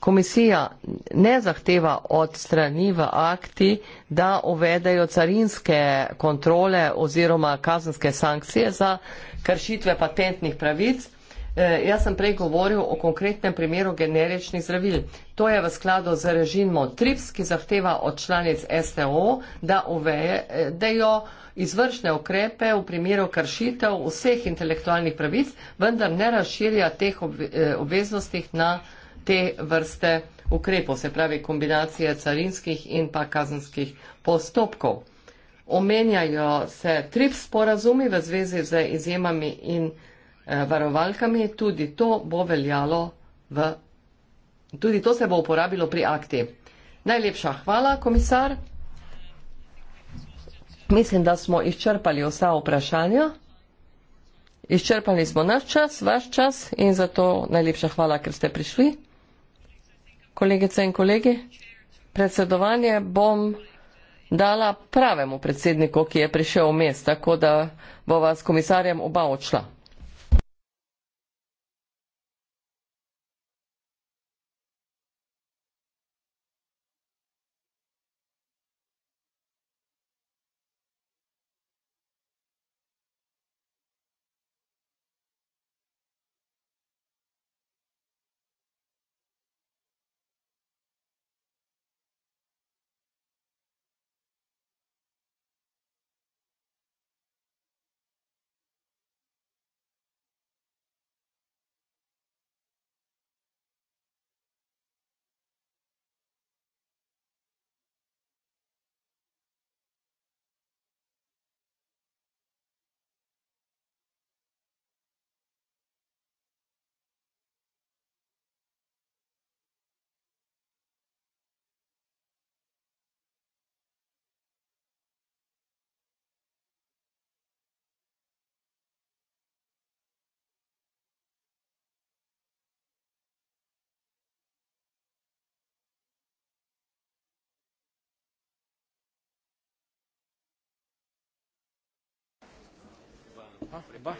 komisija ne zahteva od strani v akti, da uvedejo carinske kontrole oziroma kazenske sankcije za kršitve patentnih pravic. Eh, jaz sem prej govoril o konkretnem primeru generičnih zdravil. To je v skladu z režimom TRIPS, ki zahteva od članic STO, da uvedejo eh, izvršne ukrepe v primeru kršitev vseh intelektualnih pravic, vendar ne razširja teh eh, obveznosti na te vrste ukrepov, se pravi kombinacije carinskih in pa kazenskih postopkov. Omenjajo se TRIPS sporazumi v zvezi z izjemami in Eh, varovalkami, tudi to bo veljalo v. Tudi to se bo uporabilo pri akti. Najlepša hvala, komisar. Mislim, da smo izčrpali vsa vprašanja. Izčrpali smo naš čas, vaš čas in zato najlepša hvala, ker ste prišli. Kolegice in kolegi, predsedovanje bom dala pravemu predsedniku, ki je prišel v mest, tako da bo vas komisarjem oba odšla. Ah, bah.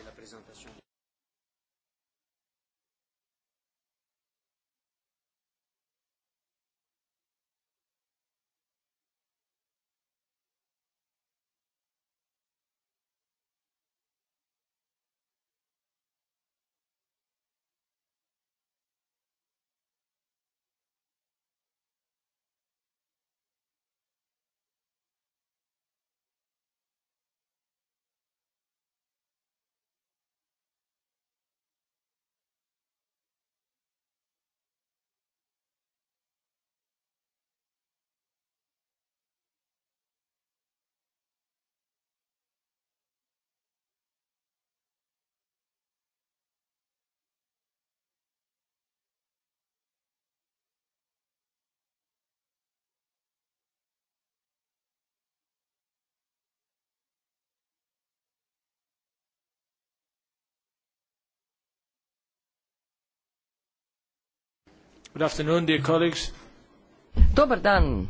Good afternoon, dear colleagues. Dober dan,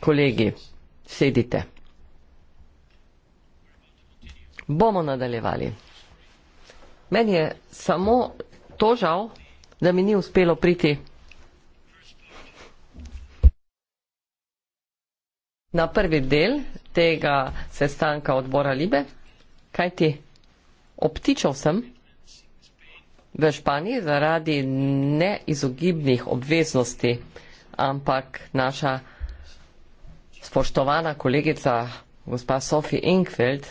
kolegi, sedite. Bomo nadaljevali. Meni je samo to žal, da mi ni uspelo priti na prvi del tega sestanka odbora Libe, kajti obtičal sem, V Španiji zaradi neizogibnih obveznosti, ampak naša spoštovana kolegica gospa Sofi Inkfeld,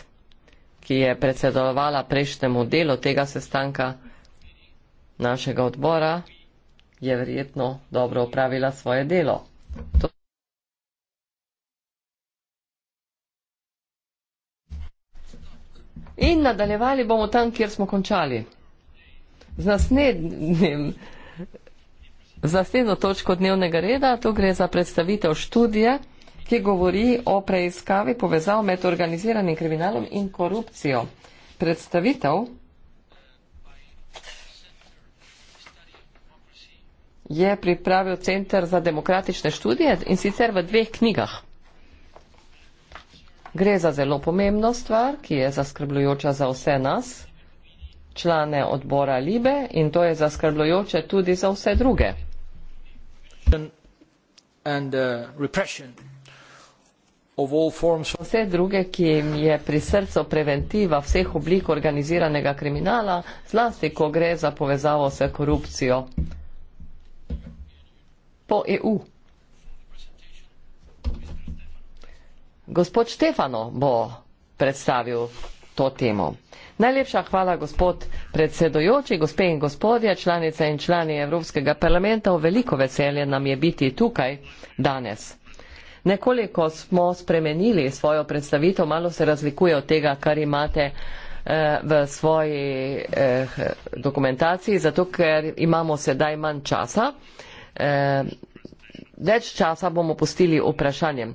ki je predsedovala prejšnjemu delu tega sestanka našega odbora, je verjetno dobro opravila svoje delo. To In nadaljevali bomo tam, kjer smo končali z naslednjim z naslednjo točko dnevnega reda, to gre za predstavitev študije, ki govori o preiskavi povezav med organiziranim kriminalom in korupcijo. Predstavitev je pripravil Center za demokratične študije in sicer v dveh knjigah. Gre za zelo pomembno stvar, ki je zaskrbljujoča za vse nas člane odbora Libe in to je zaskrbljujoče tudi za vse druge. Uh, vse druge, ki jim je pri srcu preventiva vseh oblik organiziranega kriminala, zlasti, ko gre za povezavo s korupcijo po EU. Gospod Štefano bo predstavil to temo. Najlepša hvala, gospod predsedojoči, gospe in gospodje, članice in člani Evropskega parlamenta. Veliko veselje nam je biti tukaj danes. Nekoliko smo spremenili svojo predstavitev, malo se razlikuje od tega, kar imate eh, v svoji eh, dokumentaciji, zato ker imamo sedaj manj časa. Eh, več časa bomo pustili vprašanjem.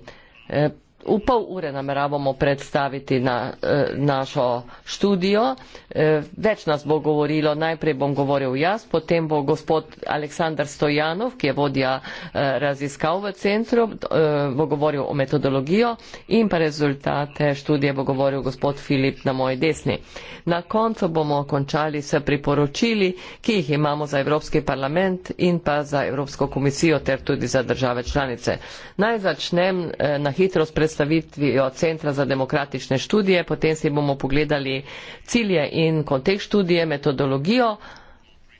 Eh, V pol ure nameravamo predstaviti na, eh, našo študijo. Eh, več nas bo govorilo, najprej bom govoril jaz, potem bo gospod Aleksandar Stojanov, ki je vodja eh, raziskav v centru, eh, bo govoril o metodologijo in pa rezultate študije bo govoril gospod Filip na moji desni. Na koncu bomo končali s priporočili, ki jih imamo za Evropski parlament in pa za Evropsko komisijo ter tudi za države članice. Naj začnem eh, na hitro s predstavitvijo predstavitvijo Centra za demokratične študije, potem si bomo pogledali cilje in kontekst študije, metodologijo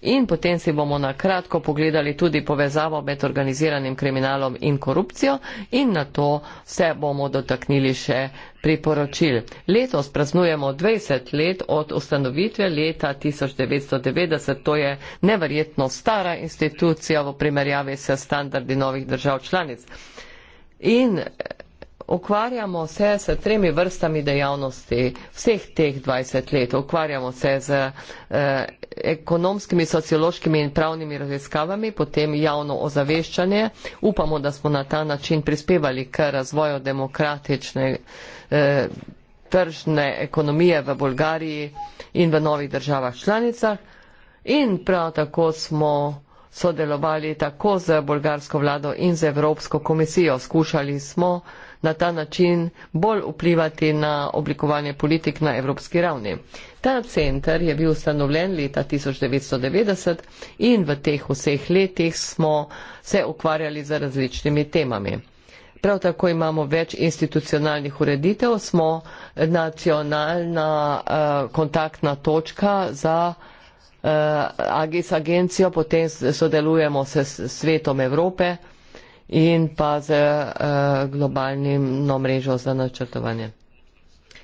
in potem si bomo na kratko pogledali tudi povezavo med organiziranim kriminalom in korupcijo in na to se bomo dotaknili še priporočil. Letos praznujemo 20 let od ustanovitve leta 1990, to je neverjetno stara institucija v primerjavi s standardi novih držav članic. In ukvarjamo se s tremi vrstami dejavnosti vseh teh 20 let. Ukvarjamo se z eh, ekonomskimi, sociološkimi in pravnimi raziskavami, potem javno ozaveščanje. Upamo, da smo na ta način prispevali k razvoju demokratične eh, tržne ekonomije v Bolgariji in v novih državah članicah. In prav tako smo sodelovali tako z bolgarsko vlado in z Evropsko komisijo. Skušali smo na ta način bolj vplivati na oblikovanje politik na evropski ravni. Ta center je bil ustanovljen leta 1990 in v teh vseh letih smo se ukvarjali z različnimi temami. Prav tako imamo več institucionalnih ureditev, smo nacionalna eh, kontaktna točka za eh, AGIS agencijo, potem sodelujemo s Svetom Evrope in pa z uh, eh, globalnim no mrežo za načrtovanje.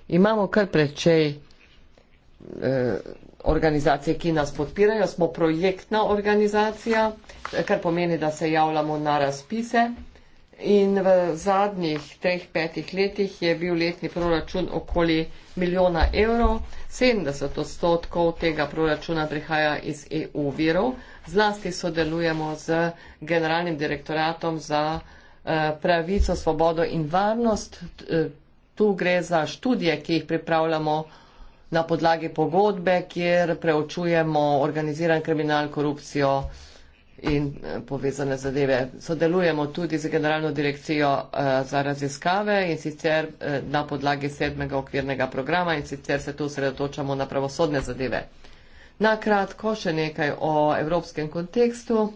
Imamo kar prečej uh, eh, organizacije, ki nas podpirajo. Smo projektna organizacija, kar pomeni, da se javljamo na razpise. In v zadnjih treh, petih letih je bil letni proračun okoli milijona evrov. 70 odstotkov tega proračuna prihaja iz EU virov. Zlasti sodelujemo z generalnim direktoratom za eh, pravico, svobodo in varnost. Tu gre za študije, ki jih pripravljamo na podlagi pogodbe, kjer preučujemo organiziran kriminal, korupcijo, in eh, povezane zadeve. Sodelujemo tudi z Generalno direkcijo eh, za raziskave in sicer eh, na podlagi sedmega okvirnega programa in sicer se tu sredotočamo na pravosodne zadeve. Nakratko še nekaj o evropskem kontekstu.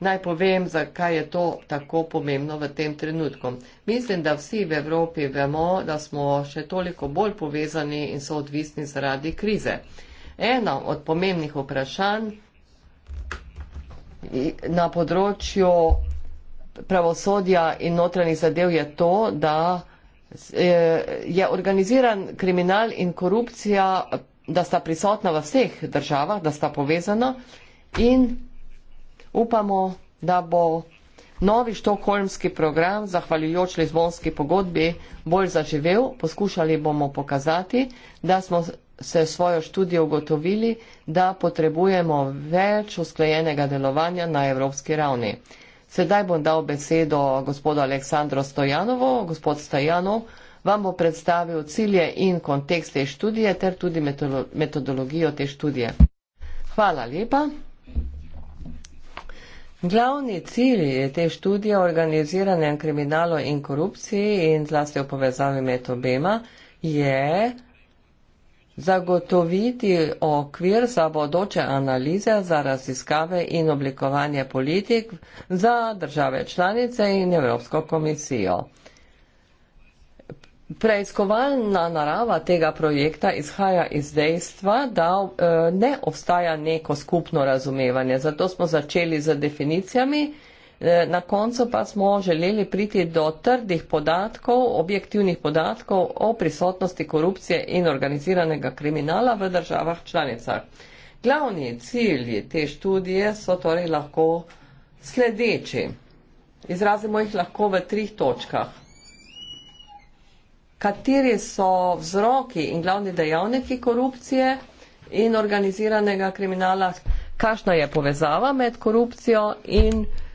Naj povem, zakaj je to tako pomembno v tem trenutku. Mislim, da vsi v Evropi vemo, da smo še toliko bolj povezani in so odvisni zaradi krize. Eno od pomembnih vprašanj na področju pravosodja in notranjih zadev je to, da e, je organiziran kriminal in korupcija, da sta prisotna v vseh državah, da sta povezana in upamo, da bo novi štokholmski program, zahvaljujoč Lizbonski pogodbi, bolj zaživel. Poskušali bomo pokazati, da smo se svojo študijo ugotovili, da potrebujemo več usklajenega delovanja na evropski ravni. Sedaj bom dal besedo gospodu Aleksandru Stojanovu. Gospod Stojanov vam bo predstavil cilje in kontekst te študije ter tudi metodologijo te študije. Hvala lepa. Glavni cilj je te študije o organiziranem kriminalu in korupciji in zlasti o povezavi med obema je zagotoviti okvir za bodoče analize za raziskave in oblikovanje politik za države članice in Evropsko komisijo. Preiskovalna narava tega projekta izhaja iz dejstva, da eh, ne obstaja neko skupno razumevanje, zato smo začeli z definicijami. Eh, na koncu pa smo želeli priti do trdih podatkov, objektivnih podatkov o prisotnosti korupcije in organiziranega kriminala v državah članicah. Glavni cilji te študije so torej lahko sledeči. Izrazimo jih lahko v trih točkah. Kateri so vzroki in glavni dejavniki korupcije in organiziranega kriminala, kakšna je povezava med korupcijo in korupcijo,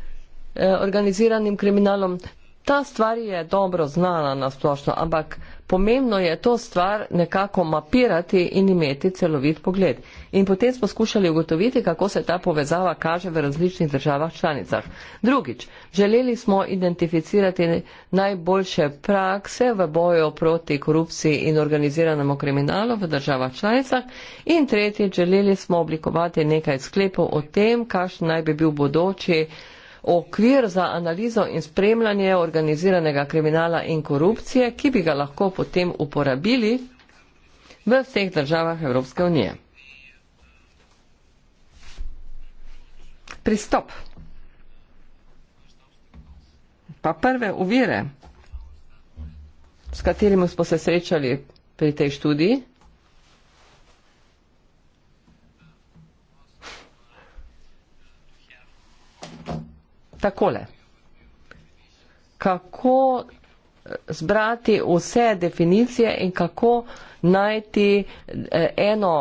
Eh, organiziranim kriminalom. Ta stvar je dobro znana na splošno, ampak pomembno je to stvar nekako mapirati in imeti celovit pogled. In potem smo skušali ugotoviti, kako se ta povezava kaže v različnih državah članicah. Drugič, želeli smo identificirati najboljše prakse v boju proti korupciji in organiziranemu kriminalu v državah članicah. In tretjič, želeli smo oblikovati nekaj sklepov o tem, kakšen naj bi bil bodoči okvir za analizo in spremljanje organiziranega kriminala in korupcije, ki bi ga lahko potem uporabili v vseh državah Evropske unije. Pristop. Pa prve uvire, s katerimi smo se srečali pri tej študiji. takole. Kako zbrati vse definicije in kako najti eh, eno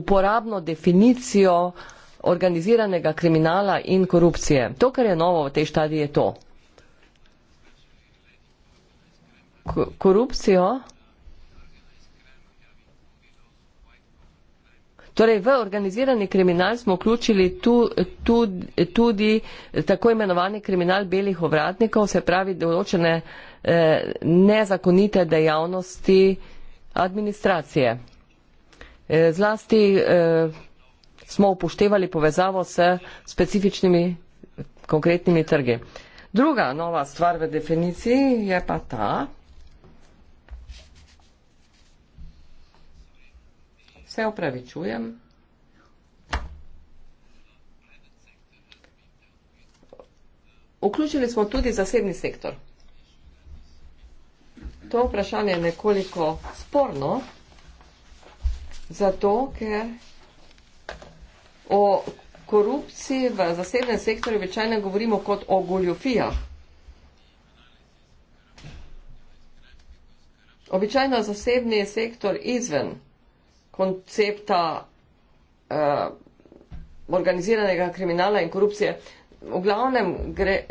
uporabno definicijo organiziranega kriminala in korupcije. To, kar je novo v tej štadi, je to. Korupcijo Torej, v organizirani kriminal smo vključili tu, tu, tudi tako imenovani kriminal belih ovratnikov, se pravi določene eh, nezakonite dejavnosti administracije. Eh, zlasti eh, smo upoštevali povezavo s specifičnimi konkretnimi trgi. Druga nova stvar v definiciji je pa ta, se opravičujem. Vključili smo tudi zasebni sektor. To vprašanje je nekoliko sporno, zato ker o korupciji v zasebnem sektorju običajno govorimo kot o goljofijah. Običajno zasebni sektor izven koncepta eh, organiziranega kriminala in korupcije. V glavnem gre,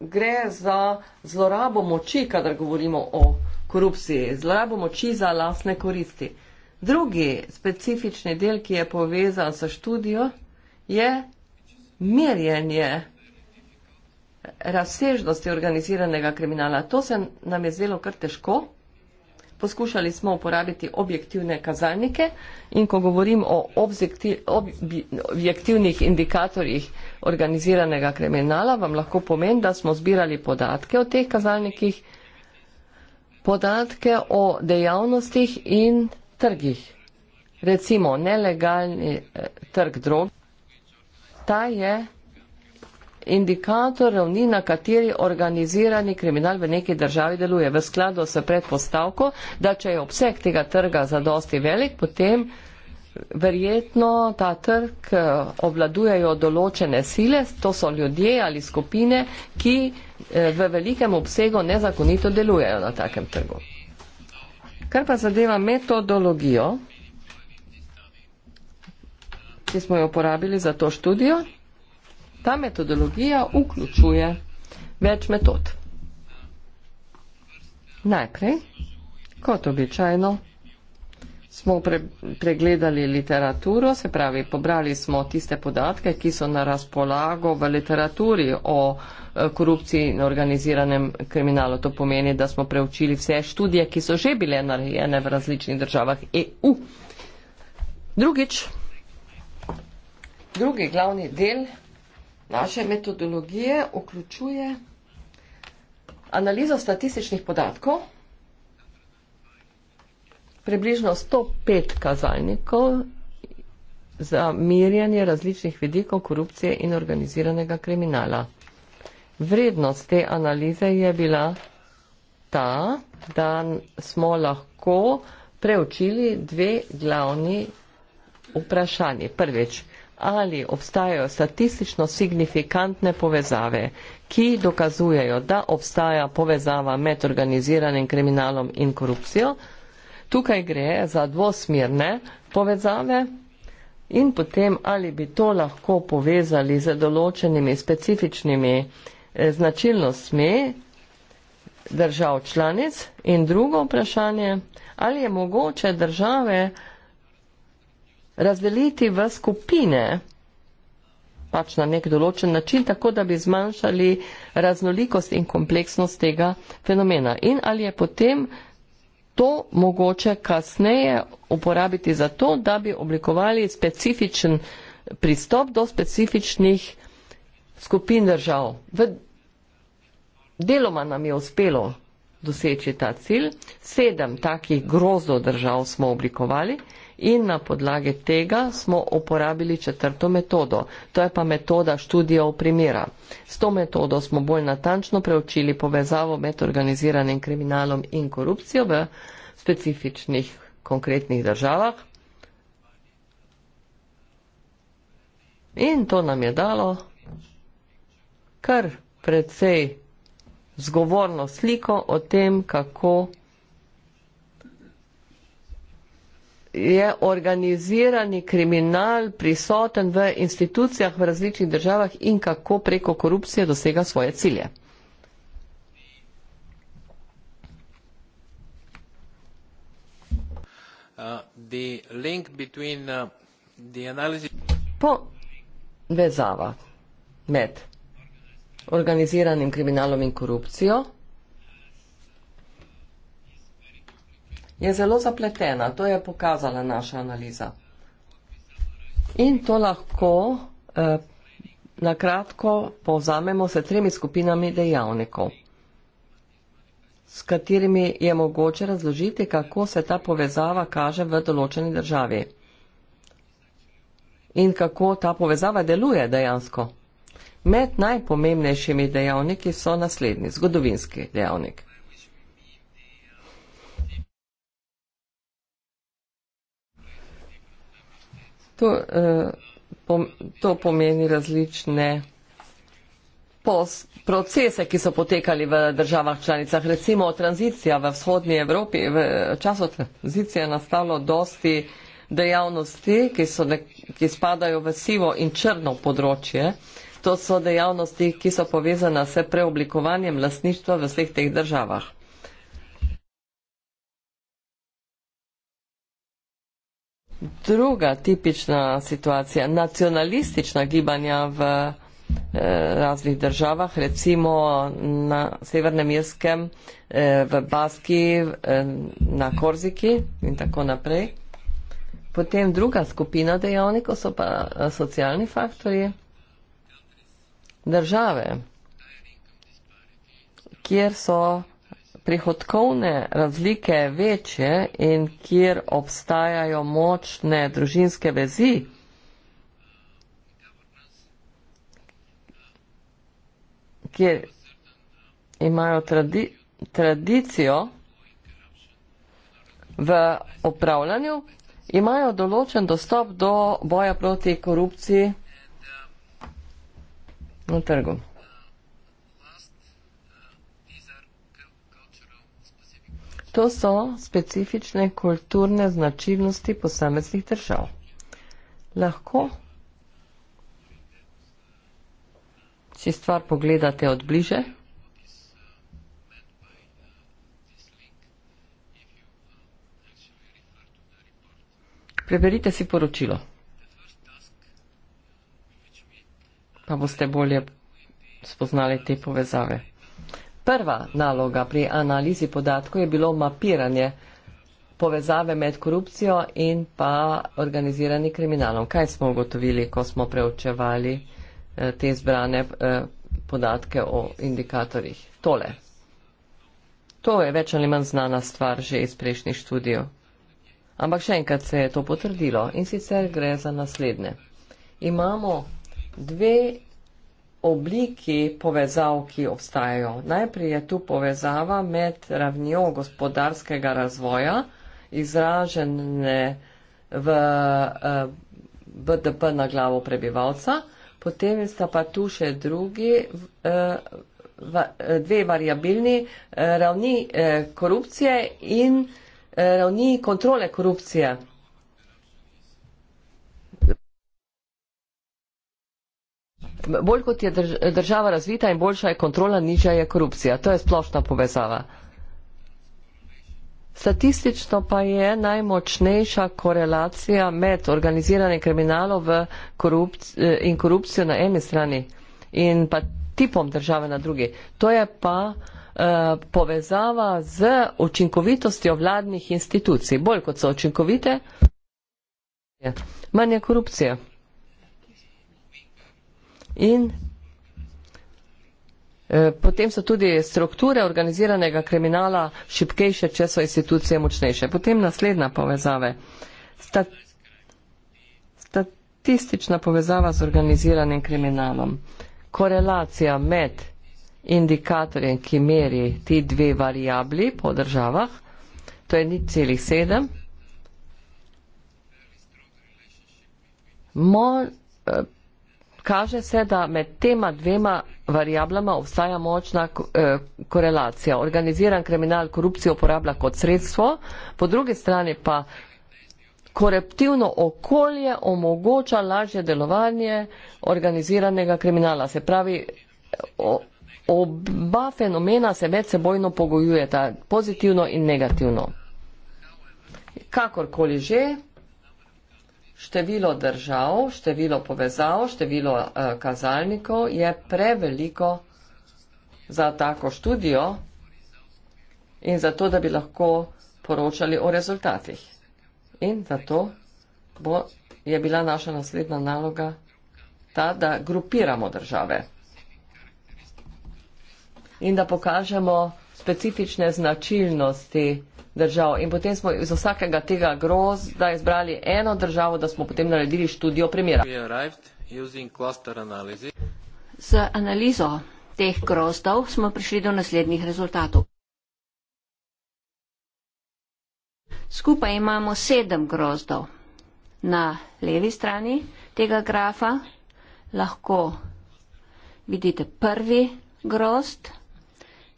gre za zlorabo moči, kadar govorimo o korupciji, zlorabo moči za lasne koristi. Drugi specifični del, ki je povezan s študijo, je merjenje razsežnosti organiziranega kriminala. To se nam je zelo kar težko, Poskušali smo uporabiti objektivne kazalnike in ko govorim o objektivnih indikatorjih organiziranega kriminala, vam lahko pomen, da smo zbirali podatke o teh kazalnikih, podatke o dejavnostih in trgih. Recimo, nelegalni eh, trg drog, ta je indikator ravni, na kateri organizirani kriminal v neki državi deluje. V skladu s predpostavko, da če je obseg tega trga zadosti velik, potem verjetno ta trg eh, obladujejo določene sile, to so ljudje ali skupine, ki eh, v velikem obsegu nezakonito delujejo na takem trgu. Kar pa zadeva metodologijo, ki smo jo uporabili za to študijo, Ta metodologija vključuje več metod. Najprej, kot običajno, smo pre pregledali literaturo, se pravi, pobrali smo tiste podatke, ki so na razpolago v literaturi o e, korupciji in organiziranem kriminalu. To pomeni, da smo preučili vse študije, ki so že bile narejene v različnih državah EU. Drugič, drugi glavni del naše metodologije vključuje analizo statističnih podatkov, približno 105 kazalnikov za mirjanje različnih vidikov korupcije in organiziranega kriminala. Vrednost te analize je bila ta, da smo lahko preučili dve glavni vprašanje. Prvič, ali obstajajo statistično signifikantne povezave, ki dokazujejo, da obstaja povezava med organiziranim kriminalom in korupcijo. Tukaj gre za dvosmirne povezave in potem ali bi to lahko povezali z določenimi specifičnimi eh, značilnostmi držav članic in drugo vprašanje, ali je mogoče države razdeliti v skupine, pač na nek določen način, tako da bi zmanjšali raznolikost in kompleksnost tega fenomena. In ali je potem to mogoče kasneje uporabiti za to, da bi oblikovali specifičen pristop do specifičnih skupin držav. V deloma nam je uspelo doseči ta cilj, sedem takih grozo držav smo oblikovali in na podlage tega smo uporabili četrto metodo, to je pa metoda študija v primera. S to metodo smo bolj natančno preučili povezavo med organiziranim kriminalom in korupcijo v specifičnih konkretnih državah. In to nam je dalo kar precej zgovorno sliko o tem, kako je organizirani kriminal prisoten v institucijah v različnih državah in kako preko korupcije dosega svoje cilje. Uh, the link between, uh, the analysis... Po vezava med organiziranim kriminalom in korupcijo je zelo zapletena. To je pokazala naša analiza. In to lahko eh, nakratko povzamemo se tremi skupinami dejavnikov, s katerimi je mogoče razložiti, kako se ta povezava kaže v določeni državi in kako ta povezava deluje dejansko. Med najpomembnejšimi dejavniki so naslednji, zgodovinski dejavnik. To, eh, pom, to pomeni različne pos, procese, ki so potekali v državah članicah. Recimo tranzicija v vzhodnji Evropi, v času tranzicije je nastalo dosti dejavnosti, ki, so, ki spadajo v sivo in črno področje. To so dejavnosti, ki so povezane s preoblikovanjem lasništva v vseh teh državah. druga tipična situacija, nacionalistična gibanja v eh, raznih državah, recimo na Severnem Irskem, eh, v Baski, eh, na Korziki in tako naprej. Potem druga skupina dejavnikov so pa socialni faktori države, kjer so prihodkovne razlike večje in kjer obstajajo močne družinske vezi, kjer imajo tradi tradicijo v upravljanju, imajo določen dostop do boja proti korupciji na trgu. To so specifične kulturne značilnosti posameznih držav. Lahko, si stvar pogledate od bliže, preberite si poročilo, pa boste bolje spoznali te povezave. Prva naloga pri analizi podatkov je bilo mapiranje povezave med korupcijo in pa organiziranim kriminalom. Kaj smo ugotovili, ko smo preučevali eh, te zbrane eh, podatke o indikatorjih? Tole. To je več ali manj znana stvar že iz prejšnjih študijev. Ampak še enkrat se je to potrdilo in sicer gre za naslednje. Imamo dve obliki povezav, ki obstajajo. Najprej je tu povezava med ravnjo gospodarskega razvoja, izražene v BDP eh, na glavo prebivalca, potem sta pa tu še drugi, eh, dve variabilni eh, ravni korupcije in ravni kontrole korupcije. bolj kot je drž država razvita in boljša je kontrola, nižja je korupcija. To je splošna povezava. Statistično pa je najmočnejša korelacija med organiziranjem kriminalov korupc in korupcijo na eni strani in pa tipom države na drugi. To je pa uh, povezava z učinkovitostjo vladnih institucij. Bolj kot so učinkovite, manj je korupcije. In eh, Potem so tudi strukture organiziranega kriminala šipkejše, če so institucije močnejše. Potem naslednja povezave. Stat, statistična povezava z organiziranim kriminalom. Korelacija med indikatorjem, ki meri ti dve variabli po državah, to je nič celih sedem, mo, eh, kaže se, da med tema dvema variablama obstaja močna eh, korelacija. Organiziran kriminal korupcijo uporablja kot sredstvo, po drugi strani pa koruptivno okolje omogoča lažje delovanje organiziranega kriminala. Se pravi, oba fenomena se med sebojno pogojujeta, pozitivno in negativno. Kakorkoli že, Število držav, število povezav, število uh, kazalnikov je preveliko za tako študijo in za to, da bi lahko poročali o rezultatih. In zato bo, je bila naša naslednja naloga ta, da grupiramo države in da pokažemo specifične značilnosti držav. In potem smo iz vsakega tega grozda izbrali eno državo, da smo potem naredili študijo primera. Z analizo teh grozdov smo prišli do naslednjih rezultatov. Skupaj imamo sedem grozdov. Na levi strani tega grafa lahko vidite prvi grozd.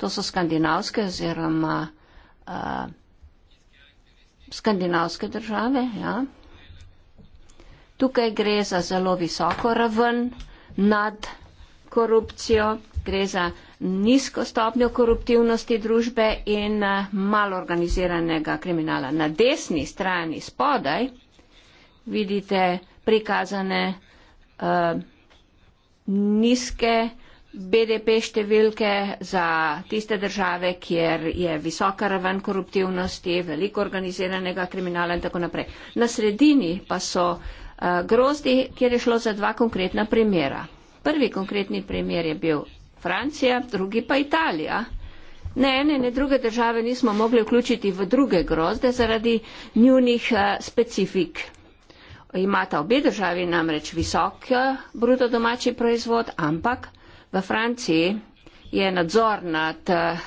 To so skandinavske oziroma uh, skandinavske države. Ja. Tukaj gre za zelo visoko raven nad korupcijo, gre za nizko stopnjo koruptivnosti družbe in eh, malo organiziranega kriminala. Na desni strani spodaj vidite prikazane uh, nizke BDP številke za tiste države, kjer je visoka raven koruptivnosti, veliko organiziranega kriminala in tako naprej. Na sredini pa so uh, grozdi, kjer je šlo za dva konkretna primera. Prvi konkretni primer je bil Francija, drugi pa Italija. Ne ene, ne druge države nismo mogli vključiti v druge grozde zaradi njunih uh, specifik. Imata obe državi namreč visok uh, bruto domači proizvod, ampak V Franciji je nadzor nad uh,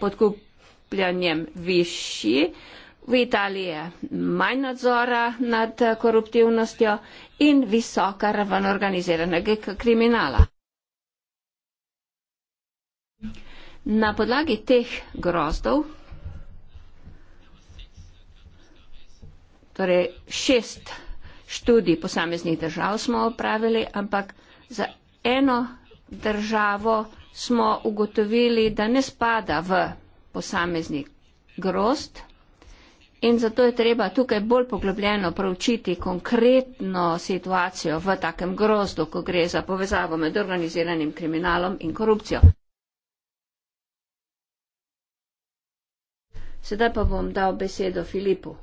podkupljanjem višji, v Italiji je manj nadzora nad eh, koruptivnostjo in visoka raven organiziranega kriminala. Na podlagi teh grozdov, torej šest študij posameznih držav smo opravili, ampak za eno državo smo ugotovili, da ne spada v posamezni grost in zato je treba tukaj bolj poglobljeno pravčiti konkretno situacijo v takem grozdu, ko gre za povezavo med organiziranim kriminalom in korupcijo. Sedaj pa bom dal besedo Filipu.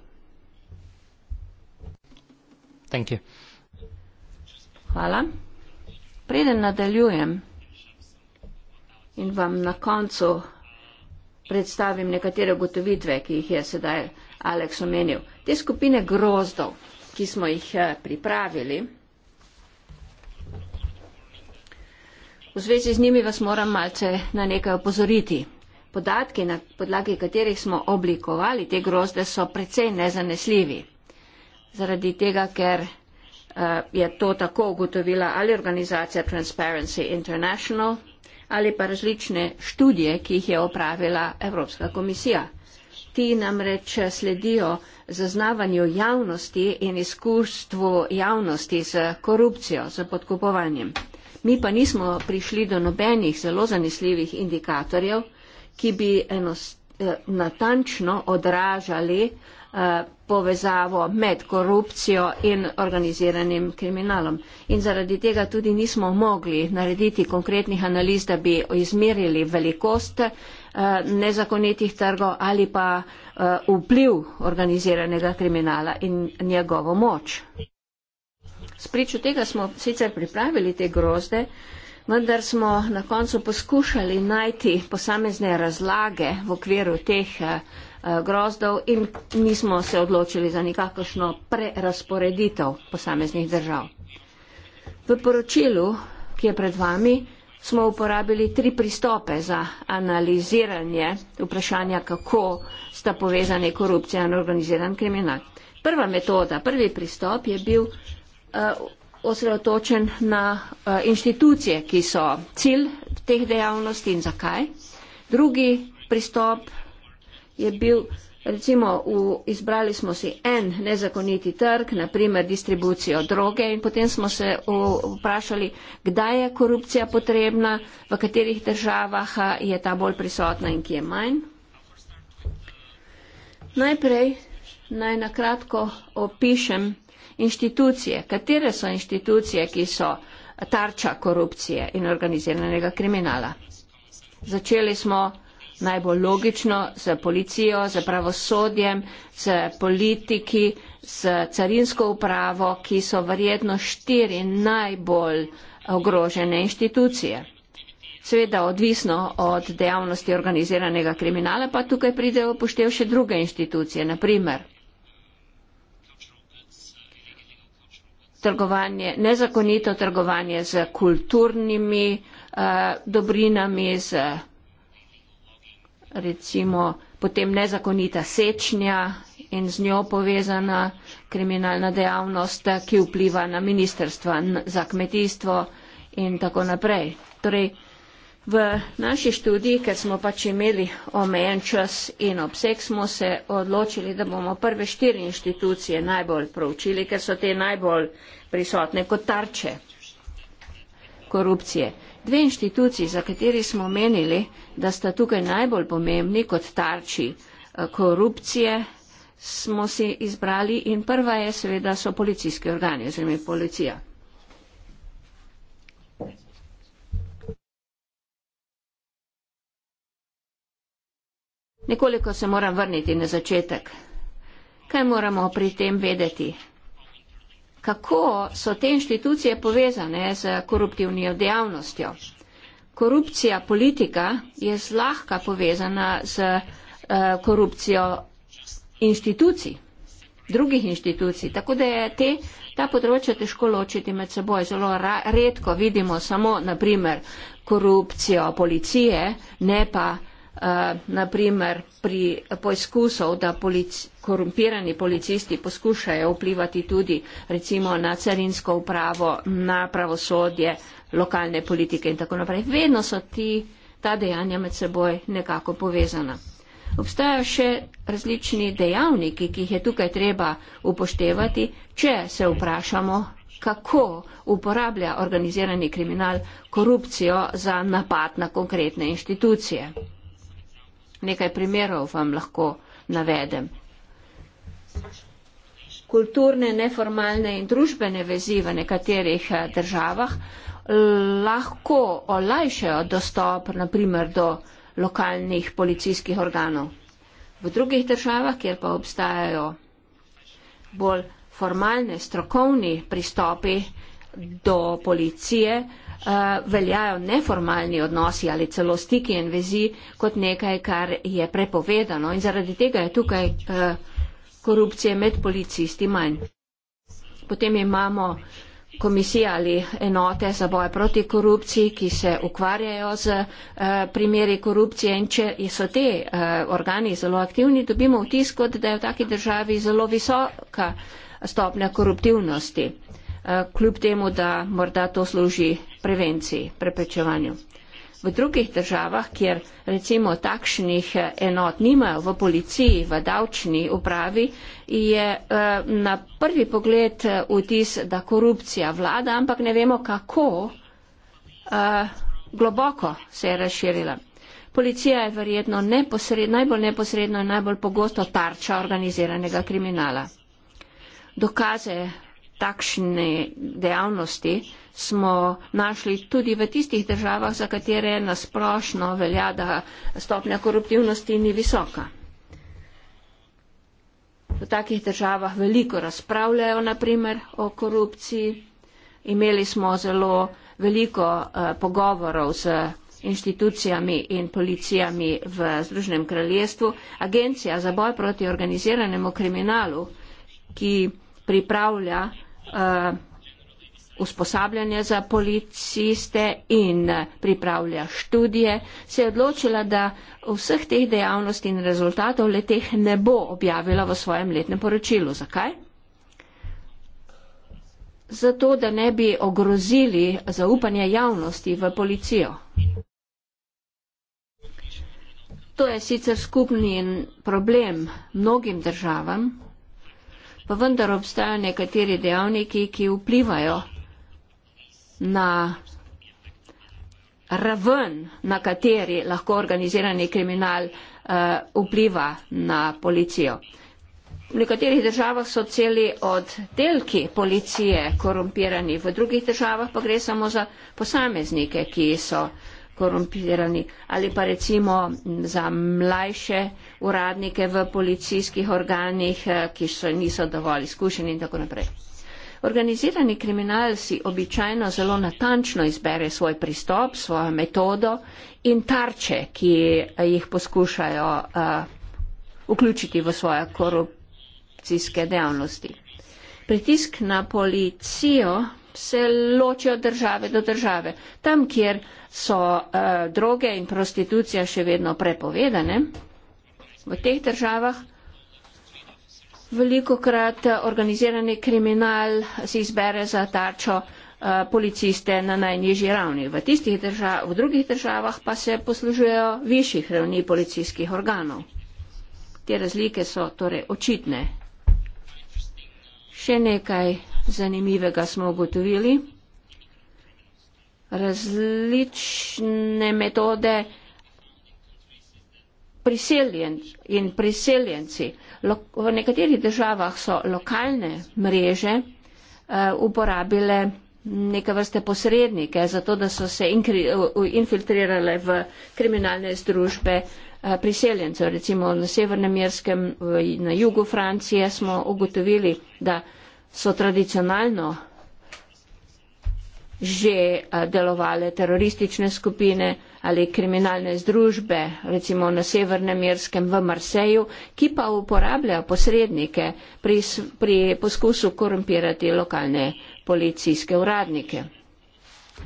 Thank you. Hvala. Preden nadaljujem in vam na koncu predstavim nekatere ugotovitve, ki jih je sedaj Aleks omenil. Te skupine grozdov, ki smo jih eh, pripravili, v zvezi z njimi vas moram malce na nekaj opozoriti. Podatki, na podlagi katerih smo oblikovali te grozde, so precej nezanesljivi. Zaradi tega, ker Eh, je to tako ugotovila ali organizacija Transparency International ali pa različne študije, ki jih je opravila Evropska komisija. Ti namreč sledijo zaznavanju javnosti in izkustvu javnosti z korupcijo, z podkupovanjem. Mi pa nismo prišli do nobenih zelo zanesljivih indikatorjev, ki bi enost, eh, natančno odražali eh, Eh, povezavo med korupcijo in organiziranim kriminalom. In zaradi tega tudi nismo mogli narediti konkretnih analiz, da bi izmerili velikost eh, nezakonitih trgov ali pa eh, vpliv organiziranega kriminala in njegovo moč. Spričo tega smo sicer pripravili te grozde, vendar smo na koncu poskušali najti posamezne razlage v okviru teh Eh, grozdov in nismo se odločili za nikakršno prerasporeditev posameznih držav. V poročilu, ki je pred vami, smo uporabili tri pristope za analiziranje vprašanja, kako sta povezane korupcija in organiziran kriminal. Prva metoda, prvi pristop je bil uh, osredotočen na uh, inštitucije, ki so cilj teh dejavnosti in zakaj. Drugi pristop je bil recimo v, izbrali smo si en nezakoniti trg, naprimer distribucijo droge in potem smo se vprašali, kdaj je korupcija potrebna, v katerih državah je ta bolj prisotna in kje manj. Najprej naj nakratko opišem inštitucije, katere so inštitucije, ki so tarča korupcije in organiziranega kriminala. Začeli smo najbolj logično z policijo, z pravosodjem, z politiki, z carinsko upravo, ki so verjetno štiri najbolj ogrožene institucije. Seveda odvisno od dejavnosti organiziranega kriminala, pa tukaj pridejo poštev še druge institucije, naprimer. Trgovanje, nezakonito trgovanje z kulturnimi uh, dobrinami, z recimo potem nezakonita sečnja in z njo povezana kriminalna dejavnost, ki vpliva na ministerstva za kmetijstvo in tako naprej. Torej, v naši študiji, ker smo pač imeli omejen čas in obseg, smo se odločili, da bomo prve štiri inštitucije najbolj proučili, ker so te najbolj prisotne kot tarče korupcije. Dve inštituciji, za kateri smo menili, da sta tukaj najbolj pomembni kot tarči eh, korupcije, smo si izbrali in prva je seveda so policijski organi, oziroma policija. Nekoliko se moram vrniti na začetek. Kaj moramo pri tem vedeti? kako so te inštitucije povezane z koruptivnijo dejavnostjo. Korupcija politika je zlahka povezana z uh, korupcijo inštitucij, drugih inštitucij, tako da je te, ta področje težko ločiti med seboj. Zelo ra, redko vidimo samo, naprimer, korupcijo policije, ne pa Eh, naprimer pri poizkusov, da polici, korumpirani policisti poskušajo vplivati tudi recimo na carinsko upravo, na pravosodje, lokalne politike in tako naprej. Vedno so ti, ta dejanja med seboj nekako povezana. Obstajajo še različni dejavniki, ki jih je tukaj treba upoštevati, če se vprašamo, kako uporablja organizirani kriminal korupcijo za napad na konkretne inštitucije. Nekaj primerov vam lahko navedem. Kulturne, neformalne in družbene vezi v nekaterih eh, državah eh, lahko olajšajo dostop, naprimer, do lokalnih policijskih organov. V drugih državah, kjer pa obstajajo bolj formalne, strokovni pristopi do policije, Eh, veljajo neformalni odnosi ali celo stiki in vezi kot nekaj, kar je prepovedano in zaradi tega je tukaj eh, korupcije med policisti manj. Potem imamo komisije ali enote za boje proti korupciji, ki se ukvarjajo z uh, primeri korupcije in če so te uh, organi zelo aktivni, dobimo vtis, kot da je v taki državi zelo visoka stopnja koruptivnosti. Eh, kljub temu, da morda to služi prevenciji, preprečevanju. V drugih državah, kjer recimo takšnih eh, enot nimajo v policiji, v davčni upravi, je eh, na prvi pogled vtis, da korupcija vlada, ampak ne vemo, kako globoko se je razširila. Policija je verjetno neposred, najbolj neposredno in najbolj pogosto tarča organiziranega kriminala. Dokaze takšne dejavnosti smo našli tudi v tistih državah, za katere nasplošno velja, da stopnja koruptivnosti ni visoka. V takih državah veliko razpravljajo, naprimer, o korupciji. Imeli smo zelo veliko uh, pogovorov z inštitucijami in policijami v Združenem kraljestvu. Agencija za boj proti organiziranemu kriminalu, ki pripravlja Eh, usposabljanje za policiste in eh, pripravlja študije, se je odločila, da vseh teh dejavnosti in rezultatov le teh ne bo objavila v svojem letnem poročilu. Zakaj? Zato, da ne bi ogrozili zaupanje javnosti v policijo. To je sicer skupni problem mnogim državam, pa vendar obstajajo nekateri dejavniki, ki vplivajo na raven, na kateri lahko organizirani kriminal uh, vpliva na policijo. V nekaterih državah so celi oddelki policije korumpirani, v drugih državah pa gre samo za posameznike, ki so korumpirani ali pa recimo za mlajše uh, uradnike v policijskih organih, eh, ki so, niso dovolj izkušeni in tako naprej. Organizirani kriminal si običajno zelo natančno izbere svoj pristop, svojo metodo in tarče, ki jih poskušajo uh, vključiti v svoje korupcijske dejavnosti. Pritisk na policijo se loči od države do države. Tam, kjer so uh, droge in prostitucija še vedno prepovedane, v teh državah veliko krat organizirani kriminal se izbere za tarčo eh, policiste na najnižji ravni. V, držav, v drugih državah pa se poslužujejo višjih ravni policijskih organov. Te razlike so torej očitne. Še nekaj zanimivega smo ugotovili. Različne metode priseljen in priseljenci. V nekaterih državah so lokalne mreže eh, uporabile neke vrste posrednike, zato da so se infiltrirale v kriminalne združbe eh, priseljencev. Recimo na Severnem Irskem, na jugu Francije smo ugotovili, da so tradicionalno že eh, delovale teroristične skupine, ali kriminalne združbe, recimo na Severnem Irskem v Marseju, ki pa uporabljajo posrednike pri, pri poskusu korumpirati lokalne policijske uradnike.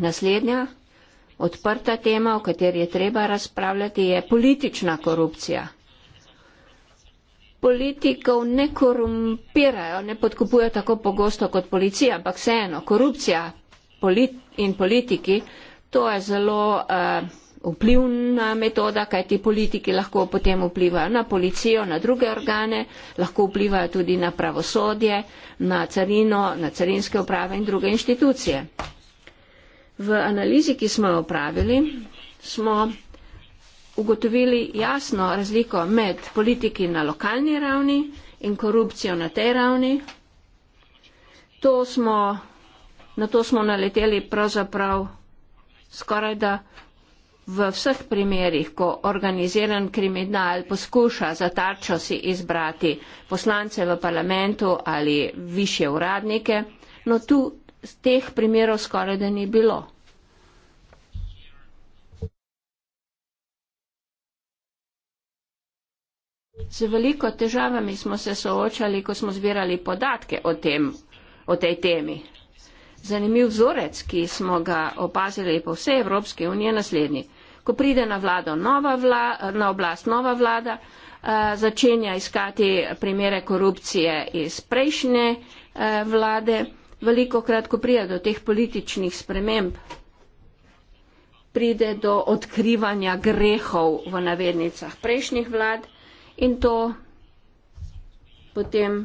Naslednja odprta tema, o kateri je treba razpravljati, je politična korupcija. Politikov ne korumpirajo, ne podkupujejo tako pogosto kot policija, ampak vseeno, korupcija polit in politiki, to je zelo uh, vplivna metoda, kajti politiki lahko potem vplivajo na policijo, na druge organe, lahko vplivajo tudi na pravosodje, na carino, na carinske uprave in druge inštitucije. V analizi, ki smo jo opravili, smo ugotovili jasno razliko med politiki na lokalni ravni in korupcijo na tej ravni. To smo, na to smo naleteli pravzaprav skoraj da v vseh primerjih, ko organiziran kriminal poskuša za tarčo si izbrati poslance v parlamentu ali više uradnike, no tu teh primerov skoraj da ni bilo. Z veliko težavami smo se soočali, ko smo zbirali podatke o, tem, o tej temi. Zanimiv vzorec, ki smo ga opazili po vsej Evropski uniji, je naslednji ko pride na, vlado, nova vla, na oblast nova vlada, eh, začenja iskati primere korupcije iz prejšnje eh, vlade. Veliko krat, ko pride do teh političnih sprememb, pride do odkrivanja grehov v navednicah prejšnjih vlad in to potem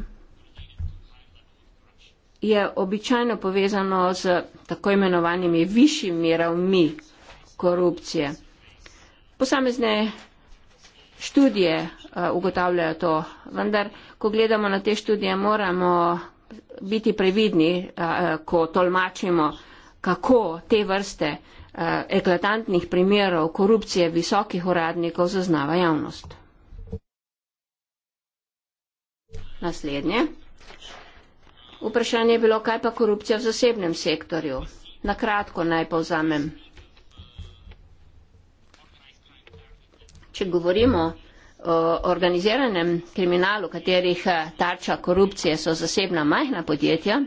je običajno povezano z tako imenovanimi višjimi ravmi korupcije. Posamezne študije eh, ugotavljajo to, vendar, ko gledamo na te študije, moramo biti previdni, eh, ko tolmačimo, kako te vrste eh, eklatantnih primerov korupcije visokih uradnikov zaznava javnost. Naslednje. Vprašanje je bilo, kaj pa korupcija v zasebnem sektorju. Na kratko naj povzamem Če govorimo o organiziranem kriminalu, katerih eh, tarča korupcije so zasebna majhna podjetja,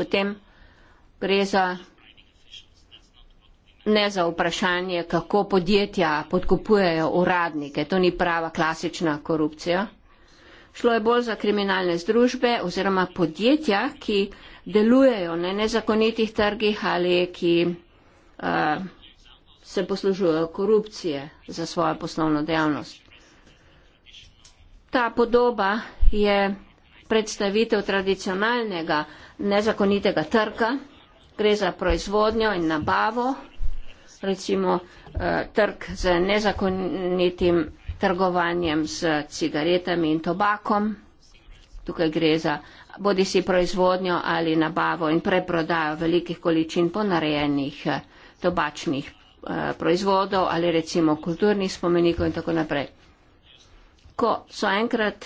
potem gre za ne za vprašanje, kako podjetja podkupujejo uradnike. To ni prava klasična korupcija. Šlo je bolj za kriminalne združbe oziroma podjetja, ki delujejo na nezakonitih trgih ali ki. Uh, se poslužujejo korupcije za svojo poslovno dejavnost. Ta podoba je predstavitev tradicionalnega nezakonitega trga, gre za proizvodnjo in nabavo, recimo eh, trg z nezakonitim trgovanjem z cigaretami in tobakom, tukaj gre za bodi si proizvodnjo ali nabavo in preprodajo velikih količin ponarejenih eh, tobačnih Eh, proizvodov ali recimo kulturnih spomenikov in tako naprej. Ko so enkrat.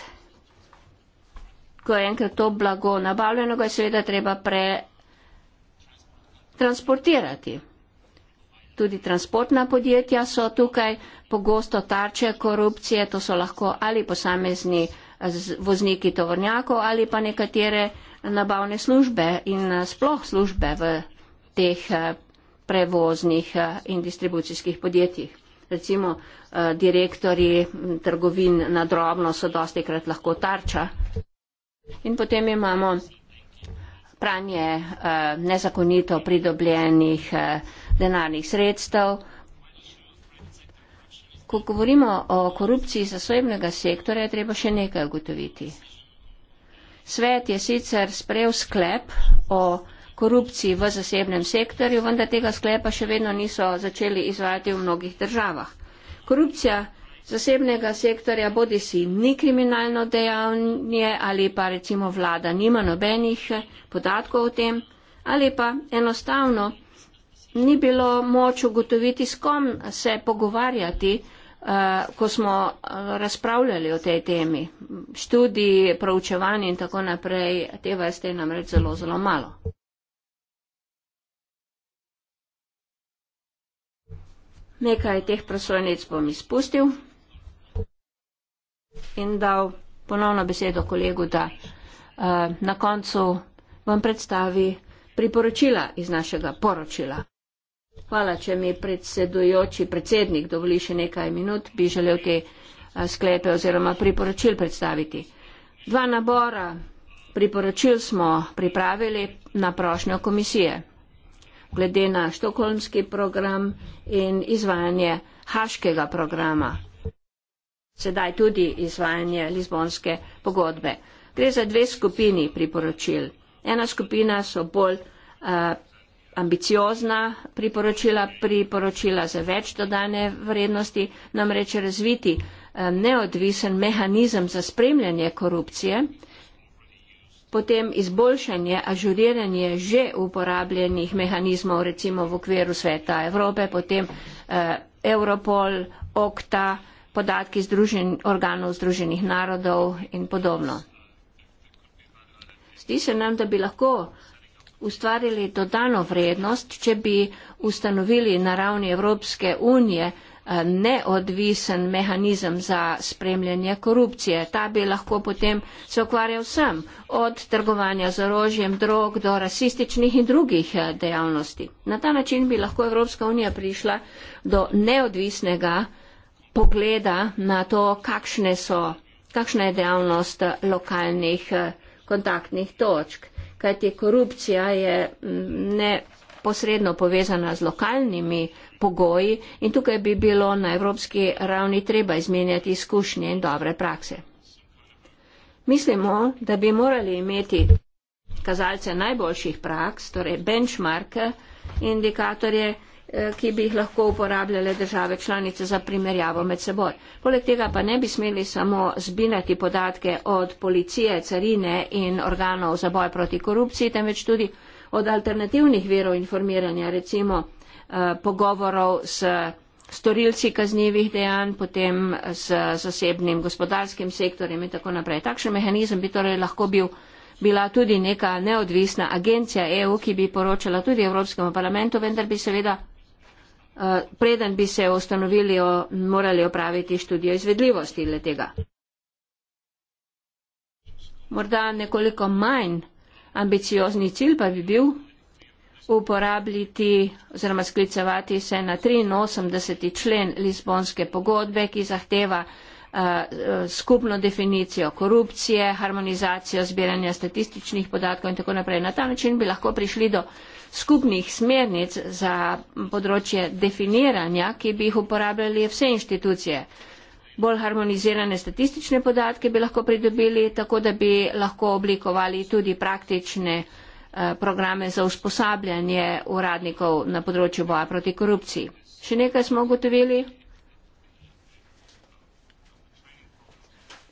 Ko je enkrat to blago nabavljeno, ga je seveda treba pretransportirati. Tudi transportna podjetja so tukaj pogosto tarče korupcije, to so lahko ali posamezni eh, vozniki tovornjakov ali pa nekatere nabavne službe in eh, sploh službe v teh prevoznih eh, in distribucijskih podjetjih. Recimo eh, direktori trgovin na drobno so dosti krat lahko tarča. In potem imamo pranje eh, nezakonito pridobljenih denarnih sredstev. Ko govorimo o korupciji zasebnega sektorja, je treba še nekaj ugotoviti. Svet je sicer sprejel sklep o korupciji v zasebnem sektorju, vendar tega sklepa še vedno niso začeli izvajati v mnogih državah. Korupcija zasebnega sektorja bodi si ni kriminalno dejavnje ali pa recimo vlada nima nobenih podatkov o tem ali pa enostavno ni bilo moč ugotoviti, s kom se pogovarjati, eh, ko smo eh, razpravljali o tej temi. Študiji, proučevanje in tako naprej, te vrste je namreč zelo, zelo malo. Nekaj teh prosojnic bom izpustil in dal ponovno besedo kolegu, da uh, na koncu vam predstavi priporočila iz našega poročila. Hvala, če mi predsedujoči predsednik dovoli še nekaj minut, bi želel te eh, sklepe oziroma priporočil predstaviti. Dva nabora priporočil smo pripravili na prošnjo komisije glede na štokholmski program in izvajanje haškega programa. Sedaj tudi izvajanje Lizbonske pogodbe. Gre za dve skupini priporočil. Ena skupina so bolj uh, ambiciozna priporočila, priporočila za več dodane vrednosti, namreč razviti uh, neodvisen mehanizem za spremljanje korupcije, uh, potem izboljšanje, ažuriranje že uporabljenih mehanizmov, recimo v okviru sveta Evrope, potem eh, Europol, OKTA, podatki združen, organov Združenih narodov in podobno. Zdi se nam, da bi lahko ustvarili dodano vrednost, če bi ustanovili na ravni Evropske unije Eh, neodvisen mehanizem za spremljanje korupcije. Ta bi lahko potem se ukvarjal vsem, od trgovanja z orožjem, drog do rasističnih in drugih eh, dejavnosti. Na ta način bi lahko Evropska unija prišla do neodvisnega pogleda na to, so, kakšna je dejavnost eh, lokalnih kontaktnih točk. Kajti korupcija je mm, neposredno povezana z lokalnimi pogoji in tukaj bi bilo na evropski ravni treba izmenjati izkušnje in dobre prakse. Mislimo, da bi morali imeti kazalce najboljših praks, torej benchmark indikatorje, eh, ki bi jih lahko uporabljale države članice za primerjavo med seboj. Poleg tega pa ne bi smeli samo zbinati podatke od policije, carine in organov za boj proti korupciji, temveč tudi od alternativnih verov informiranja, recimo Eh, pogovorov s storilci kaznjivih dejanj, potem s zasebnim gospodarskim sektorjem in tako naprej. Takšen mehanizem bi torej lahko bil, bila tudi neka neodvisna agencija EU, ki bi poročala tudi Evropskemu parlamentu, vendar bi seveda, eh, preden bi se ustanovili, morali opraviti študijo izvedljivosti le tega. Morda nekoliko manj ambiciozni cilj pa bi bil uporabljati oziroma sklicevati se na 83. člen Lizbonske pogodbe, ki zahteva uh, skupno definicijo korupcije, harmonizacijo zbiranja statističnih podatkov in tako naprej. Na ta način bi lahko prišli do skupnih smernic za področje definiranja, ki bi jih uporabljali vse inštitucije. Bolj harmonizirane statistične podatke bi lahko pridobili, tako da bi lahko oblikovali tudi praktične Eh, programe za usposabljanje uradnikov na področju boja proti korupciji. Še nekaj smo ugotovili.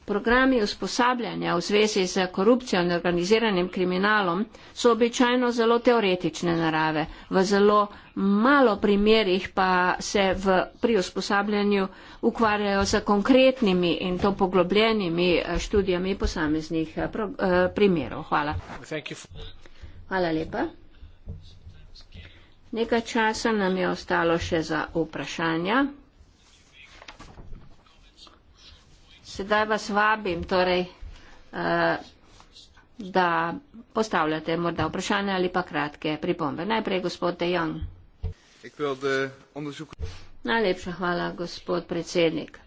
Programi usposabljanja v zvezi z korupcijo in organiziranim kriminalom so običajno zelo teoretične narave, v zelo malo primerjih pa se v, pri usposabljanju ukvarjajo z konkretnimi in to poglobljenimi eh, študijami posameznih eh, pro, eh, primerov. Hvala. Thank you. Hvala lepa. Nekaj časa nam je ostalo še za vprašanja. Sedaj vas vabim, torej, eh, da postavljate morda vprašanja ali pa kratke pripombe. Najprej gospod De Jong. Eh, Najlepša hvala, gospod predsednik.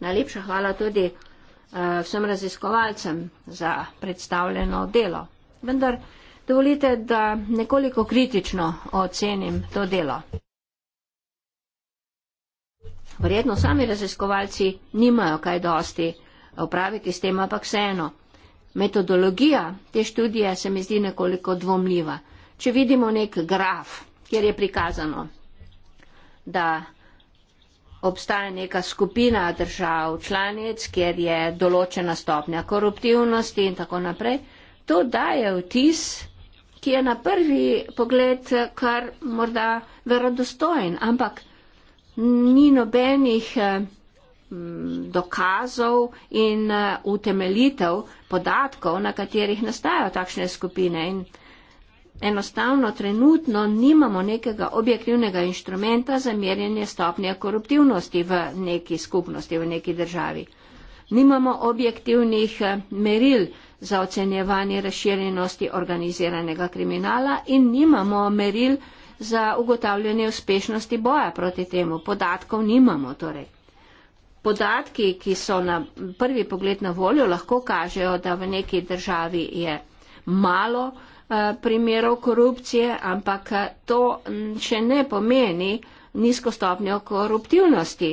Najlepša hvala tudi eh, vsem raziskovalcem za predstavljeno delo vendar dovolite, da nekoliko kritično ocenim to delo. Verjetno sami raziskovalci nimajo kaj dosti opraviti s tem, ampak vseeno. Metodologija te študije se mi zdi nekoliko dvomljiva. Če vidimo nek graf, kjer je prikazano, da obstaja neka skupina držav članic, kjer je določena stopnja koruptivnosti in tako naprej, To daje vtis, ki je na prvi pogled kar morda verodostojen, ampak ni nobenih eh, dokazov in eh, utemelitev podatkov, na katerih nastajajo takšne skupine. In enostavno trenutno nimamo nekega objektivnega inštrumenta za merjenje stopnje koruptivnosti v neki skupnosti, v neki državi. Nimamo objektivnih eh, meril za ocenjevanje razširjenosti organiziranega kriminala in nimamo meril za ugotavljanje uspešnosti boja proti temu. Podatkov nimamo torej. Podatki, ki so na prvi pogled na voljo, lahko kažejo, da v neki državi je malo eh, primerov korupcije, ampak eh, to še ne pomeni nizko stopnjo koruptivnosti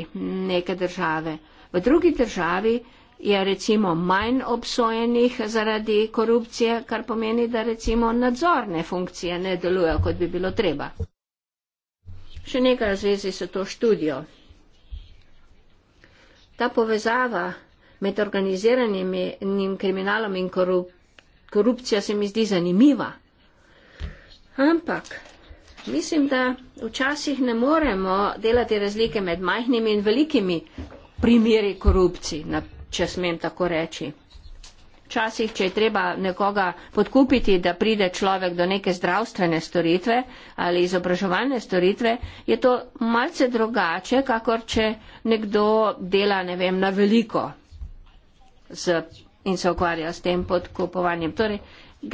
neke države. V drugi državi je recimo manj obsojenih zaradi korupcije, kar pomeni, da recimo nadzorne funkcije ne delujejo, kot bi bilo treba. Še nekaj v zvezi s to študijo. Ta povezava med organiziranim kriminalom in korup korupcijo se mi zdi zanimiva. Ampak mislim, da včasih ne moremo delati razlike med majhnimi in velikimi primeri korupcije če smem tako reči. Včasih, če je treba nekoga podkupiti, da pride človek do neke zdravstvene storitve ali izobraževalne storitve, je to malce drugače, kakor če nekdo dela, ne vem, na veliko z, in se ukvarja s tem podkupovanjem. Torej,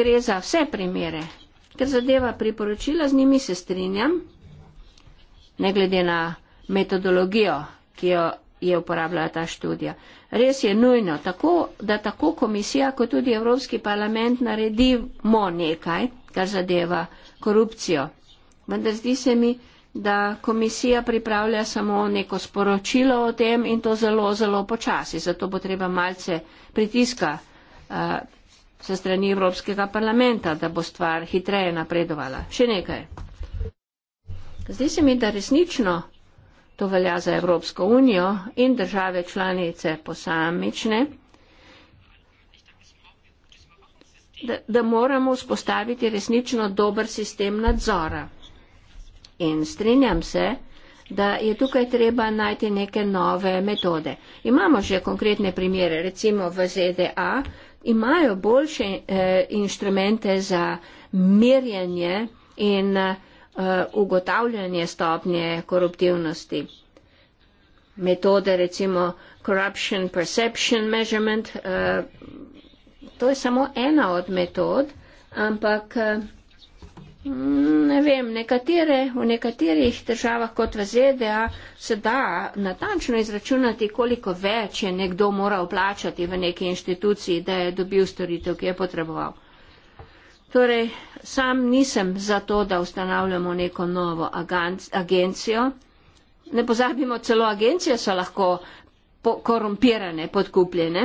gre za vse primere, ker zadeva priporočila, z njimi se strinjam, ne glede na metodologijo, ki jo je uporabljala ta študija. Res je nujno, tako, da tako komisija kot tudi Evropski parlament naredimo nekaj, kar zadeva korupcijo. Vendar zdi se mi, da komisija pripravlja samo neko sporočilo o tem in to zelo, zelo počasi. Zato bo treba malce pritiska eh, se uh, strani Evropskega parlamenta, da bo stvar hitreje napredovala. Še nekaj. Zdi se mi, da resnično To velja za Evropsko unijo in države članice posamične, da, da moramo vzpostaviti resnično dober sistem nadzora. In strinjam se, da je tukaj treba najti neke nove metode. Imamo že konkretne primere, recimo v ZDA imajo boljše eh, inštrumente za merjanje in eh, Eh, ugotavljanje stopnje koruptivnosti. Metode recimo Corruption Perception Measurement, eh, to je samo ena od metod, ampak eh, ne vem, nekatere, v nekaterih državah kot v ZDA se da natančno izračunati, koliko več je nekdo moral plačati v neki inštituciji, da je dobil storitev, ki je potreboval. Torej, sam nisem za to, da ustanavljamo neko novo agencijo. Ne pozabimo, celo agencije so lahko korumpirane, podkupljene.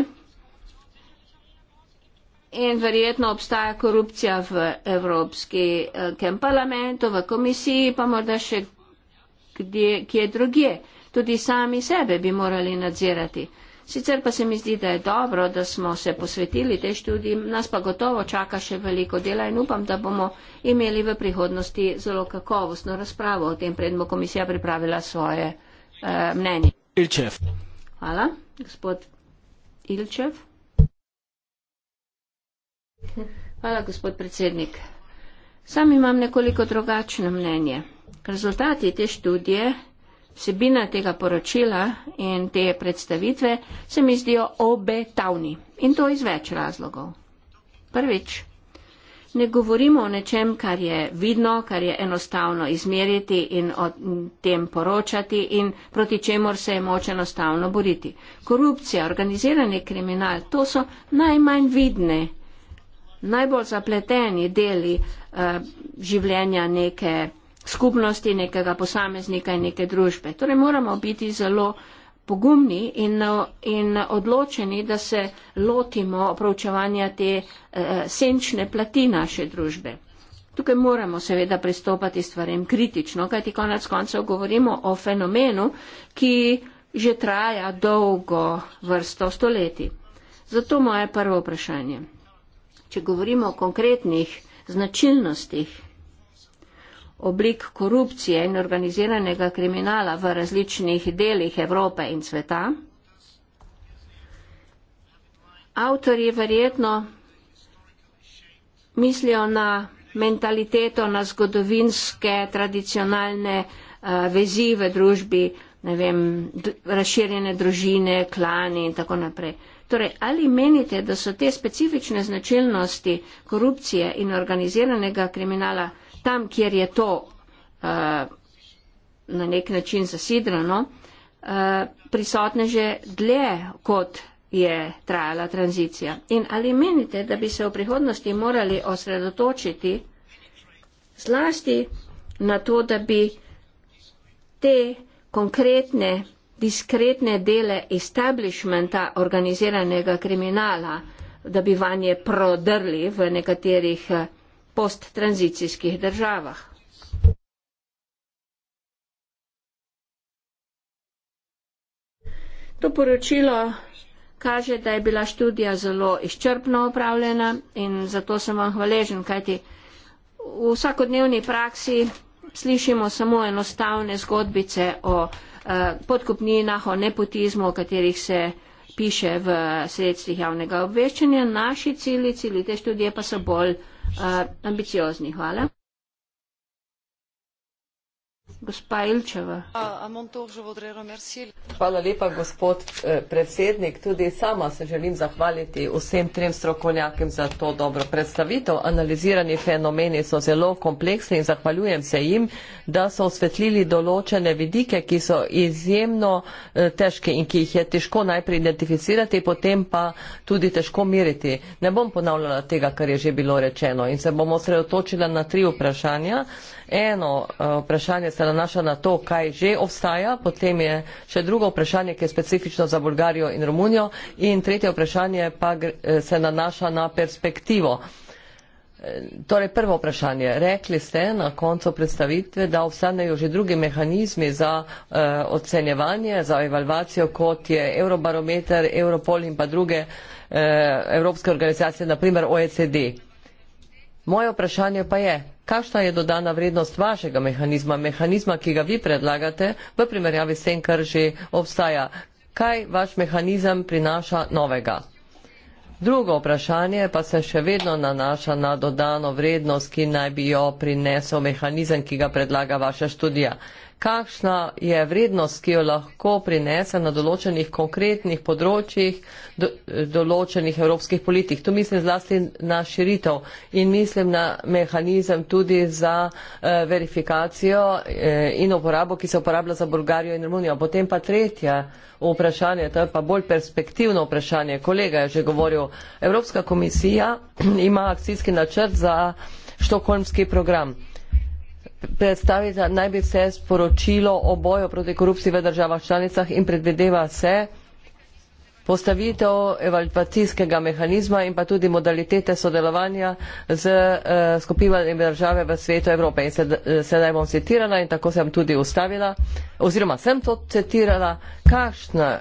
In verjetno obstaja korupcija v Evropskem eh, parlamentu, v komisiji, pa morda še kje drugje. Tudi sami sebe bi morali nadzirati. Sicer pa se mi zdi, da je dobro, da smo se posvetili tej študiji, nas pa gotovo čaka še veliko dela in upam, da bomo imeli v prihodnosti zelo kakovostno razpravo o tem, predmo komisija pripravila svoje uh, mnenje. Ilčev. Hvala, gospod Ilčev. Hvala, gospod predsednik. Sam imam nekoliko drugačno mnenje. Rezultati te študije vsebina tega poročila in te predstavitve se mi zdijo obetavni. In to iz več razlogov. Prvič, ne govorimo o nečem, kar je vidno, kar je enostavno izmeriti in o tem poročati in proti čemor se je moč enostavno boriti. Korupcija, organizirani kriminal, to so najmanj vidne, najbolj zapleteni deli uh, življenja neke skupnosti, nekega posameznika in neke družbe. Torej moramo biti zelo pogumni in, in odločeni, da se lotimo proučevanja te eh, senčne plati naše družbe. Tukaj moramo seveda pristopati stvarem kritično, kajti konec koncev govorimo o fenomenu, ki že traja dolgo vrsto stoletij. Zato moje prvo vprašanje. Če govorimo o konkretnih značilnostih oblik korupcije in organiziranega kriminala v različnih delih Evrope in sveta. Avtori verjetno mislijo na mentaliteto, na zgodovinske, tradicionalne uh, vezi v družbi, ne vem, razširjene družine, klani in tako naprej. Torej, ali menite, da so te specifične značilnosti korupcije in organiziranega kriminala uh, tam, kjer je to uh, na nek način zasidreno, uh, eh, prisotne že dlje, kot je trajala tranzicija. In ali menite, da bi se v prihodnosti morali osredotočiti zlasti na to, da bi te konkretne, diskretne dele establishmenta organiziranega kriminala, da bi vanje prodrli v nekaterih uh, posttranzicijskih državah. To poročilo kaže, da je bila študija zelo izčrpno opravljena in zato sem vam hvaležen, kajti v vsakodnevni praksi slišimo samo enostavne zgodbice o eh, podkupninah, o nepotizmu, o katerih se piše v sredstvih javnega obveščanja. Naši cilji, cilji te študije pa so bolj eh, Eh, ambiciozni. Hvala. Gospa Ilčeva. Hvala lepa, gospod eh, predsednik. Tudi sama se želim zahvaliti vsem trem strokovnjakem za to dobro predstavitev. Analizirani fenomeni so zelo kompleksni in zahvaljujem se jim, da so osvetlili določene vidike, ki so izjemno eh, težke in ki jih je težko najprej identificirati, potem pa tudi težko meriti. Ne bom ponavljala tega, kar je že bilo rečeno in se bom osredotočila na tri vprašanja eno eh, vprašanje se nanaša na to, kaj že obstaja, potem je še drugo vprašanje, ki je specifično za Bolgarijo in Romunijo in tretje vprašanje pa eh, se nanaša na perspektivo. Eh, torej, prvo vprašanje. Rekli ste na koncu predstavitve, da obstanejo že drugi mehanizmi za uh, ocenjevanje, za evalvacijo, kot je Eurobarometer, Europol in pa druge uh, evropske organizacije, naprimer OECD. Moje vprašanje pa je, Kakšna je dodana vrednost vašega mehanizma, mehanizma, ki ga vi predlagate, v primerjavi s tem, kar že obstaja? Kaj vaš mehanizem prinaša novega? Drugo vprašanje pa se še vedno nanaša na dodano vrednost, ki naj bi jo prinesel mehanizem, ki ga predlaga vaša študija kakšna je vrednost, ki jo lahko prinese na določenih konkretnih področjih do, določenih evropskih politik. Tu mislim zlasti na širitev in mislim na mehanizem tudi za eh, verifikacijo eh, in uporabo, ki se uporablja za Bolgarijo in Romunijo. Potem pa tretje vprašanje, to je pa bolj perspektivno vprašanje. Kolega je že govoril, Evropska komisija (clears throat) ima akcijski načrt za štokholmski program predstavita naj bi se sporočilo o boju proti korupciji v državah članicah in predvideva se postavitev evalvacijskega mehanizma in pa tudi modalitete sodelovanja z eh, skupinami države v svetu Evrope. In eh, sedaj bom citirala in tako sem tudi ustavila, oziroma sem to citirala, kakšna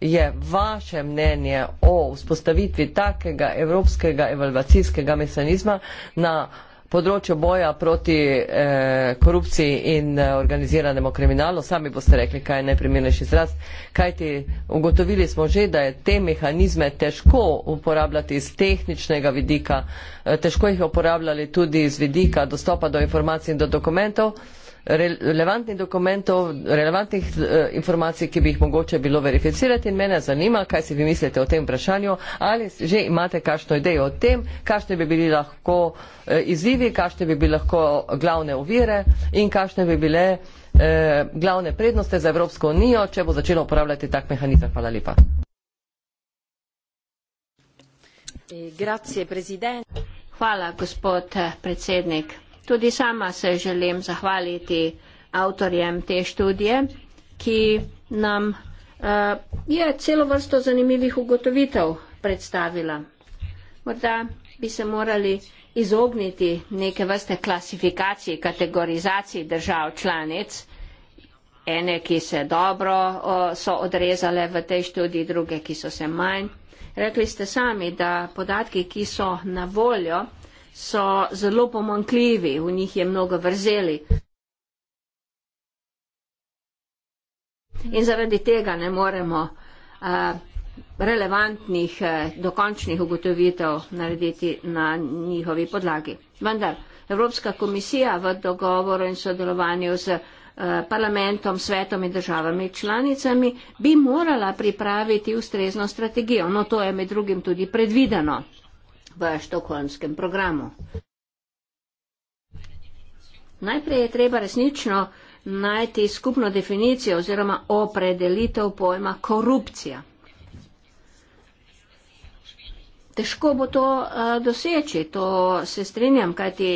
je vaše mnenje o vzpostavitvi takega evropskega evalvacijskega mehanizma na področju boja proti eh, korupciji in eh, organiziranemu kriminalu. Sami boste rekli, kaj je najprimernejši izraz. Kajti ugotovili smo že, da je te mehanizme težko uporabljati iz tehničnega vidika, eh, težko jih uporabljali tudi iz vidika dostopa do informacij in do dokumentov relevantnih dokumentov, relevantnih eh, informacij, ki bi jih mogoče bilo verificirati in mene zanima, kaj si vi mislite o tem vprašanju, ali že imate kakšno idejo o tem, kakšne bi bili lahko eh, izzivi, kakšne bi bile lahko glavne ovire in kakšne bi bile eh, glavne prednosti za Evropsko unijo, če bo začelo uporabljati tak mehanizem. Hvala lepa. Grazie, Hvala, gospod predsednik. Tudi sama se želim zahvaliti avtorjem te študije, ki nam uh, je celo vrsto zanimivih ugotovitev predstavila. Morda bi se morali izogniti neke vrste klasifikacij, kategorizacij držav članic, ene, ki se dobro o, so odrezale v tej študiji, druge, ki so se manj. Rekli ste sami, da podatki, ki so na voljo, so zelo pomankljivi, v njih je mnogo vrzeli. In zaradi tega ne moremo uh, relevantnih, uh, dokončnih ugotovitev narediti na njihovi podlagi. Vendar Evropska komisija v dogovoru in sodelovanju z parlamentom, svetom in državami članicami bi morala pripraviti ustrezno strategijo. No, to je med drugim tudi predvideno v štokholmskem programu. Najprej je treba resnično najti skupno definicijo oziroma opredelitev pojma korupcija. Težko bo to eh, doseči, to se strinjam, kajti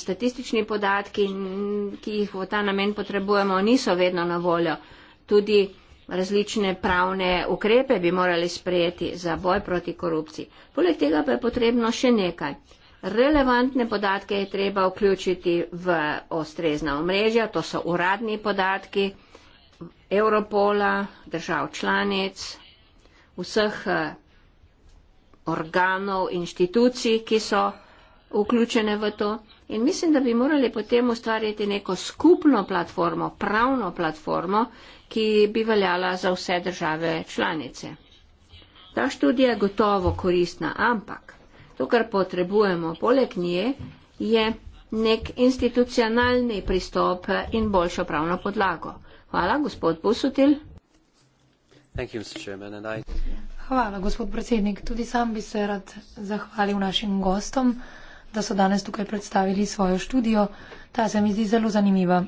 statistični podatki, ki jih v ta namen potrebujemo, niso vedno na voljo. Tudi različne pravne ukrepe bi morali sprejeti za boj proti korupciji. Poleg tega pa je potrebno še nekaj. Relevantne podatke je treba vključiti v ostrezna omrežja, to so uradni podatki Europola, držav članic, vseh eh, organov, inštitucij, ki so vključene v to. In mislim, da bi morali potem ustvariti neko skupno platformo, pravno platformo, ki bi veljala za vse države članice. Ta študija je gotovo koristna, ampak to, kar potrebujemo poleg nje, je nek institucionalni pristop in boljšo pravno podlago. Hvala, gospod Busutil. Hvala, gospod predsednik. Tudi sam bi se rad zahvalil našim gostom da so danes tukaj predstavili svojo študijo. Ta se mi zdi zelo zanimiva.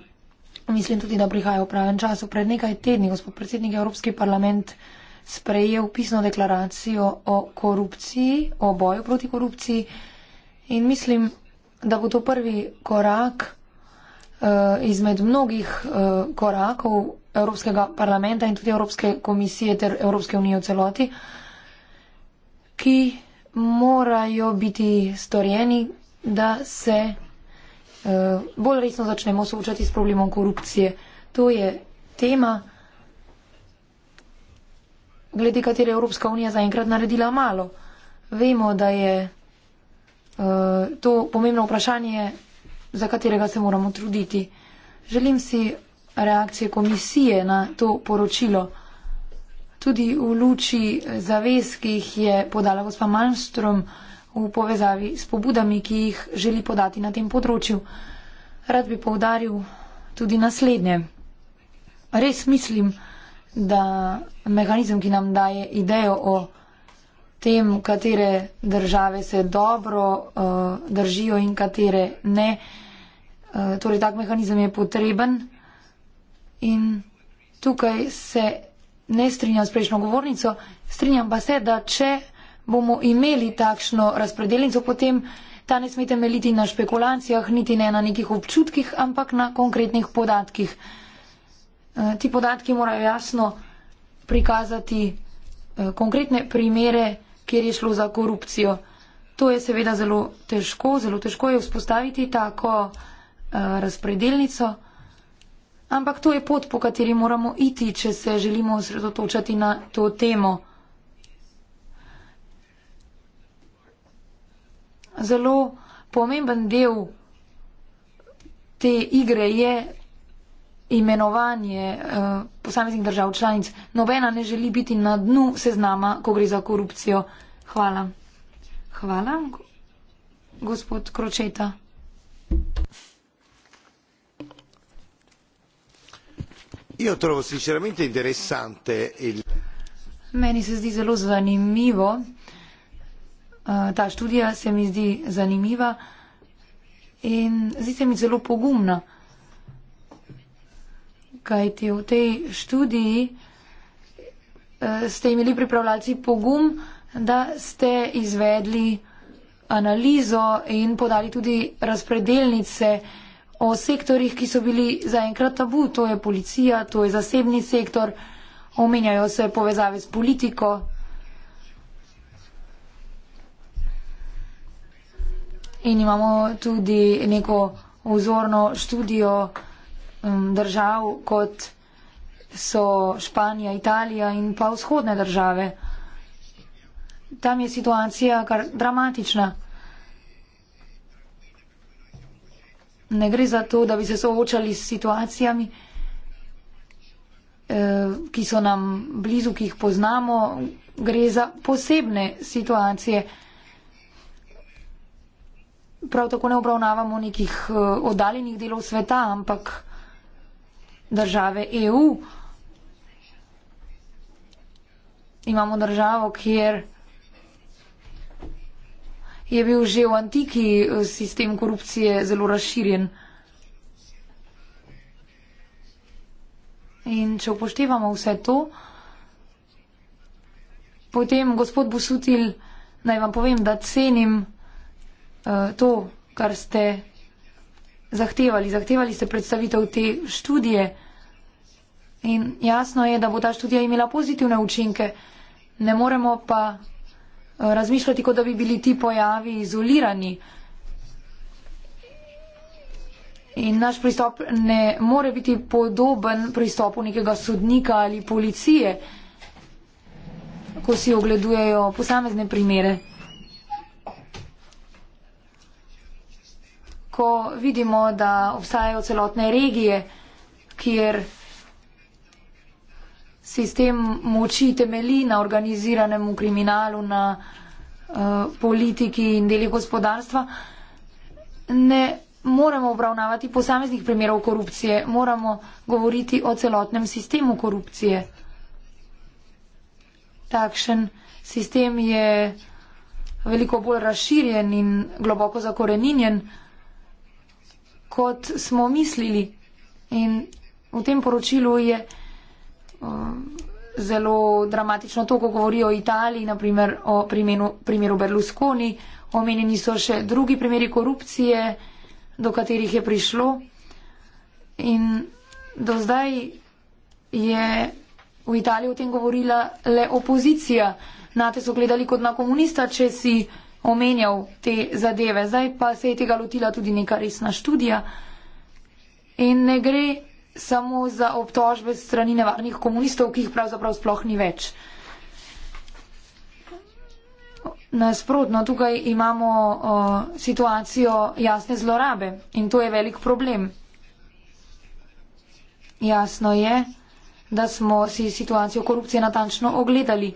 Mislim tudi, da prihaja v pravem času. Pred nekaj tedni gospod predsednik Evropski parlament sprejel pisno deklaracijo o korupciji, o boju proti korupciji in mislim, da bo to prvi korak eh, izmed mnogih eh, korakov Evropskega parlamenta in tudi Evropske komisije ter Evropske unije v celoti, ki morajo biti storjeni, da se eh, bolj resno začnemo soočati s problemom korupcije. To je tema, glede katere je Evropska unija zaenkrat naredila malo. Vemo, da je eh, to pomembno vprašanje, za katerega se moramo truditi. Želim si reakcije komisije na to poročilo tudi v luči eh, zavez, ki jih je podala gospa Malmström v povezavi s pobudami, ki jih želi podati na tem področju. Rad bi povdaril tudi naslednje. Res mislim, da mehanizem, ki nam daje idejo o tem, katere države se dobro uh, držijo in katere ne, uh, torej tak mehanizem je potreben. In tukaj se ne strinjam s prejšnjo govornico, strinjam pa se, da če bomo imeli takšno razpredelnico, potem ta ne smete meliti na špekulacijah, niti ne na nekih občutkih, ampak na konkretnih podatkih. E, ti podatki morajo jasno prikazati e, konkretne primere, kjer je šlo za korupcijo. To je seveda zelo težko, zelo težko je vzpostaviti tako e, razpredelnico. Ampak to je pot, po kateri moramo iti, če se želimo osredotočati na to temo. Zelo pomemben del te igre je imenovanje uh, posameznih držav članic. Nobena ne želi biti na dnu seznama, ko gre za korupcijo. Hvala. Hvala, gospod Kročeta. io trovo sinceramente interessante il. Meni se zdi zelo zanimivo, uh, ta študija se mi zdi zanimiva in zdi se mi zelo pogumna. Kaj ti v tej študiji uh, ste imeli pripravljalci pogum, da ste izvedli analizo in podali tudi razpredelnice uh, o sektorjih, ki so bili zaenkrat tabu, to je policija, to je zasebni sektor, omenjajo se povezave s politiko. In imamo tudi neko vzorno študijo um, držav, kot so Španija, Italija in pa vzhodne države. Tam je situacija kar dramatična. ne gre za to, da bi se soočali s situacijami, eh, ki so nam blizu, ki jih poznamo, gre za posebne situacije. Prav tako ne obravnavamo nekih eh, oddaljenih delov sveta, ampak države EU. Imamo državo, kjer je bil že v antiki eh, sistem korupcije zelo razširjen. In če upoštevamo vse to, potem, gospod Busutil, naj vam povem, da cenim uh, to, kar ste zahtevali. Zahtevali ste predstavitev te študije in jasno je, da bo ta študija imela pozitivne učinke. Ne moremo pa Eh, razmišljati, kot da bi bili ti pojavi izolirani. In naš pristop ne more biti podoben pristopu nekega sodnika ali policije, ko si ogledujejo posamezne primere. Ko vidimo, da obstajajo celotne regije, kjer sistem moči temeli na organiziranem kriminalu, na uh, politiki in deli gospodarstva, ne moramo obravnavati posameznih primerov korupcije, moramo govoriti o celotnem sistemu korupcije. Takšen sistem je veliko bolj razširjen in globoko zakoreninjen, kot smo mislili. In v tem poročilu je Eh, zelo dramatično. To, ko govori o Italiji, naprimer o primenu, primeru Berlusconi, omenjeni so še drugi primeri korupcije, do katerih je prišlo. In do zdaj je v Italiji o tem govorila le opozicija. Na te so gledali kot na komunista, če si omenjal te zadeve. Zdaj pa se je tega lotila tudi neka resna študija. In ne gre samo za obtožbe strani nevarnih komunistov, ki jih pravzaprav sploh ni več. Nasprotno, tukaj imamo uh, situacijo jasne zlorabe in to je velik problem. Jasno je, da smo si situacijo korupcije natančno ogledali.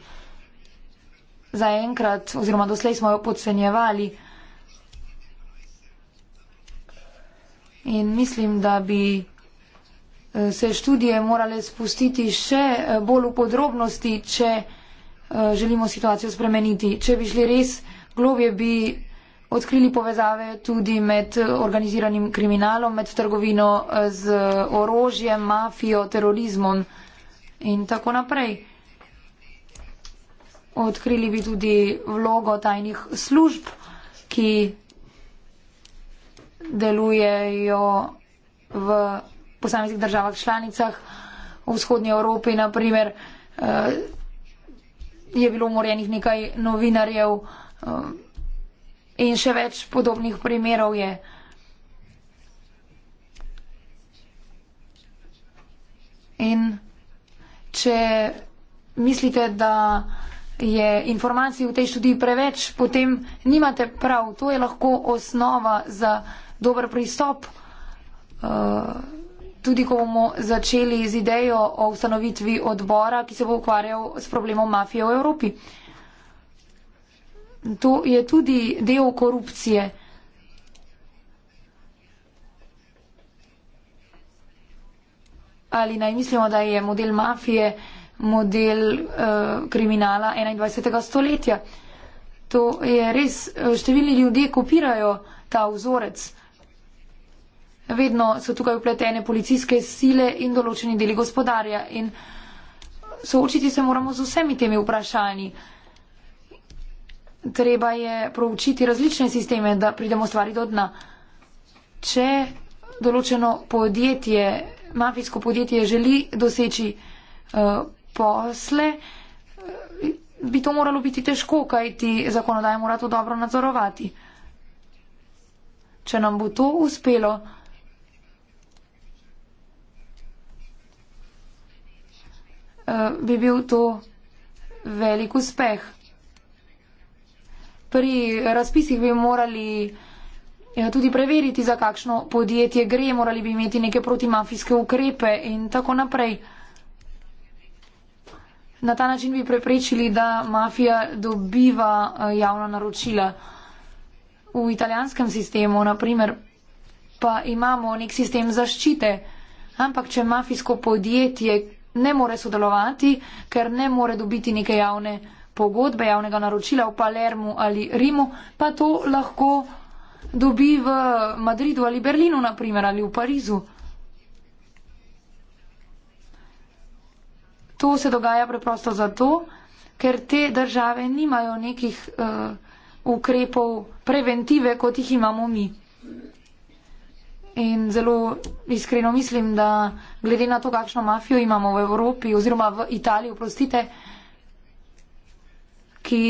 Zaenkrat oziroma doslej smo jo podcenjevali. In mislim, da bi se študije morale spustiti še eh, bolj v podrobnosti, če eh, želimo situacijo spremeniti. Če bi šli res globje, bi odkrili povezave tudi med eh, organiziranim kriminalom, med trgovino z orožjem, mafijo, terorizmom in tako naprej. Odkrili bi tudi vlogo tajnih služb, ki delujejo v posameznih državah članicah v vzhodnji Evropi, naprimer, eh, je bilo umorjenih nekaj novinarjev eh, in še več podobnih primerov je. In če mislite, da je informacij v tej študiji preveč, potem nimate prav. To je lahko osnova za dober pristop. Uh, tudi ko bomo začeli z idejo o ustanovitvi odbora, ki se bo ukvarjal s problemom mafije v Evropi. To je tudi del korupcije. Ali naj mislimo, da je model mafije model uh, kriminala 21. stoletja? To je res, eh, številni ljudje kopirajo ta vzorec vedno so tukaj upletene policijske sile in določeni deli gospodarja in soočiti se moramo z vsemi temi vprašanji. Treba je proučiti različne sisteme, da pridemo stvari do dna. Če določeno podjetje, mafijsko podjetje želi doseči uh, posle, eh, bi to moralo biti težko, kajti zakonodaj mora to dobro nadzorovati. Če nam bo to uspelo, uh, bi bil to velik uspeh. Pri razpisih bi morali ja, tudi preveriti, za kakšno podjetje gre, morali bi imeti neke protimafijske ukrepe in tako naprej. Na ta način bi preprečili, da mafija dobiva eh, javna naročila. V italijanskem sistemu, naprimer, pa imamo nek sistem zaščite, ampak če mafijsko podjetje, ne more sodelovati, ker ne more dobiti neke javne pogodbe, javnega naročila v Palermu ali Rimu, pa to lahko dobi v Madridu ali Berlinu, naprimer, ali v Parizu. To se dogaja preprosto zato, ker te države nimajo nekih uh, ukrepov preventive, kot jih imamo mi. In zelo iskreno mislim, da glede na to, kakšno mafijo imamo v Evropi oziroma v Italiji, oprostite, ki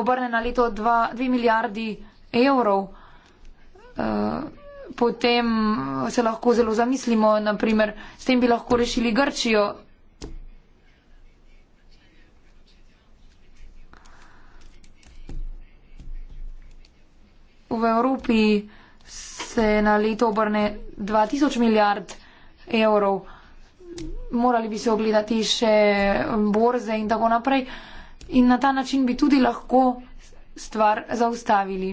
obrne na leto 2 milijardi evrov, eh, potem se lahko zelo zamislimo, naprimer, s tem bi lahko rešili Grčijo. V Evropi se na leto obrne 2000 milijard evrov, morali bi se ogledati še borze in tako naprej. In na ta način bi tudi lahko stvar zaustavili.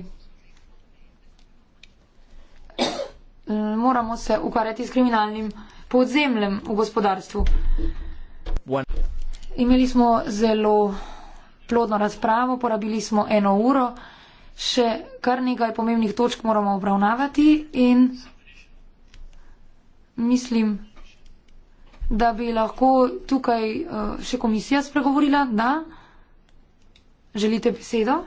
Moramo se ukvarjati s kriminalnim podzemljem v gospodarstvu. Imeli smo zelo plodno razpravo, porabili smo eno uro še kar nekaj pomembnih točk moramo obravnavati in mislim, da bi lahko tukaj eh, še komisija spregovorila, da želite besedo.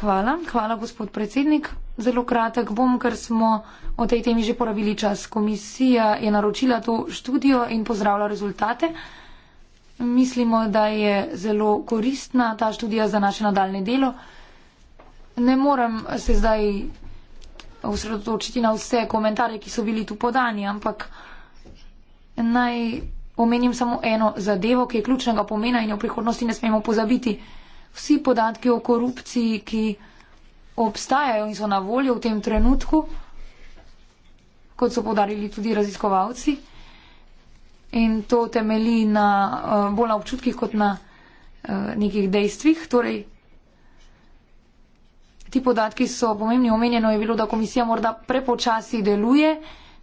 Hvala, hvala gospod predsednik. Zelo kratek bom, ker smo o tej temi že porabili čas. Komisija je naročila to študijo in pozdravila rezultate. Mislimo, da je zelo koristna ta študija za naše nadaljne delo. Ne morem se zdaj osredotočiti na vse komentarje, ki so bili tu podani, ampak naj omenim samo eno zadevo, ki je ključnega pomena in jo v prihodnosti ne smemo pozabiti. Vsi podatki o korupciji, ki obstajajo in so na voljo v tem trenutku, kot so podarili tudi raziskovalci, in to temeli na, uh, bolj na občutkih kot na uh, nekih dejstvih. Torej, ti podatki so pomembni. Omenjeno je bilo, da komisija morda prepočasi deluje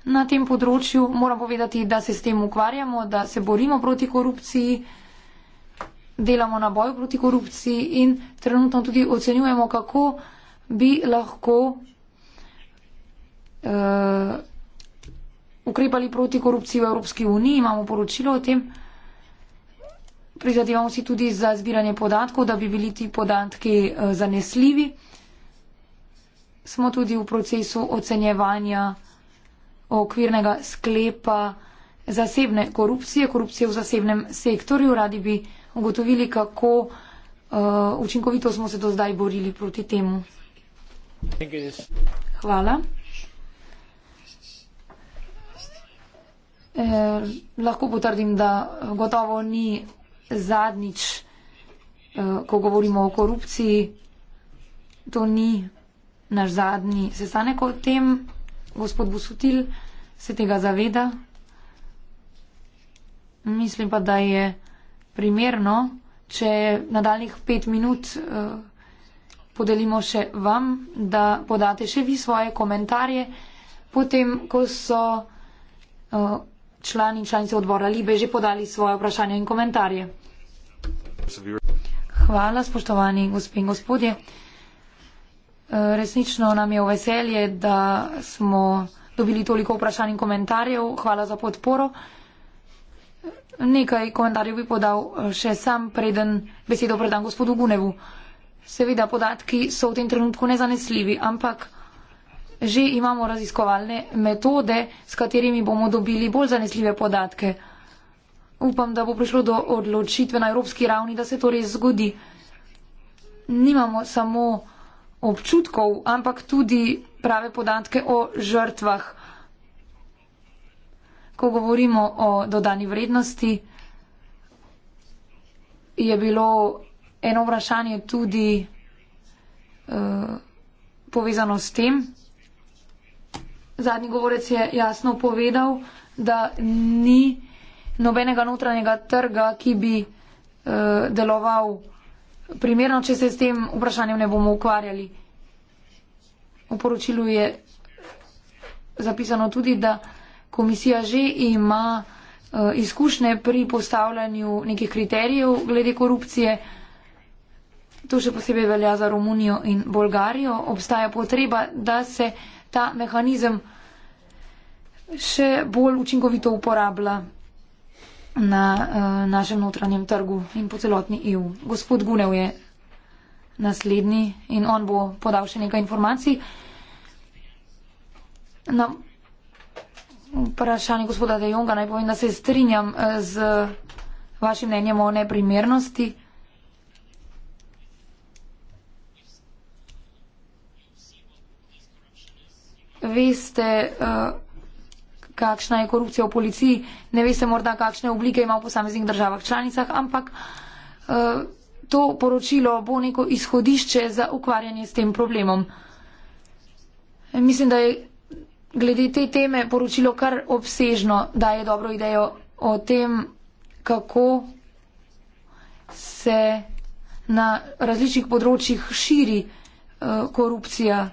na tem področju. Moram povedati, da se s tem ukvarjamo, da se borimo proti korupciji, delamo na boju proti korupciji in trenutno tudi ocenjujemo, kako bi lahko. Uh, ukrepali proti korupciji v Evropski uniji, imamo poročilo o tem. Prizadevamo si tudi za zbiranje podatkov, da bi bili ti podatki eh, zanesljivi. Smo tudi v procesu ocenjevanja okvirnega sklepa zasebne korupcije, korupcije v zasebnem sektorju. Radi bi ugotovili, kako uh, učinkovito smo se do zdaj borili proti temu. Hvala. Eh, lahko potrdim, da gotovo ni zadnjič, eh, ko govorimo o korupciji, to ni naš zadnji sestanek o tem. Gospod Busutil se tega zaveda. Mislim pa, da je primerno, če nadaljnih pet minut eh, podelimo še vam, da podate še vi svoje komentarje, potem, ko so. Eh, člani in članice odbora Libe že podali svoje vprašanje in komentarje. Hvala, spoštovani gospe in gospodje. E, resnično nam je v veselje, da smo dobili toliko vprašanj in komentarjev. Hvala za podporo. Nekaj komentarjev bi podal e, še sam, preden besedo predam gospodu Gunevu. Seveda, podatki so v tem trenutku nezanesljivi, ampak že imamo raziskovalne metode, s katerimi bomo dobili bolj zanesljive podatke. Upam, da bo prišlo do odločitve na evropski ravni, da se to res zgodi. Nimamo samo občutkov, ampak tudi prave podatke o žrtvah. Ko govorimo o dodani vrednosti, je bilo eno vprašanje tudi uh, povezano s tem, zadnji govorec je jasno povedal, da ni nobenega notranjega trga, ki bi uh, deloval primerno, če se s tem vprašanjem ne bomo ukvarjali. V poročilu je zapisano tudi, da komisija že ima uh, izkušnje pri postavljanju nekih kriterijev glede korupcije. To še posebej velja za Romunijo in Bolgarijo. Obstaja potreba, da se uh, ta mehanizem še bolj učinkovito uporablja na uh, našem notranjem trgu in po celotni EU. Gospod Gunev je naslednji in on bo podal še nekaj informacij. Na vprašanje gospoda De Jonga naj povem, da se strinjam eh, z vašim mnenjem o neprimernosti. veste, eh, kakšna je korupcija v policiji, ne veste morda, kakšne oblike ima v posameznih državah članicah, ampak eh, to poročilo bo neko izhodišče za ukvarjanje s tem problemom. Mislim, da je glede te teme poročilo kar obsežno, da je dobro idejo o tem, kako se na različnih področjih širi eh, korupcija.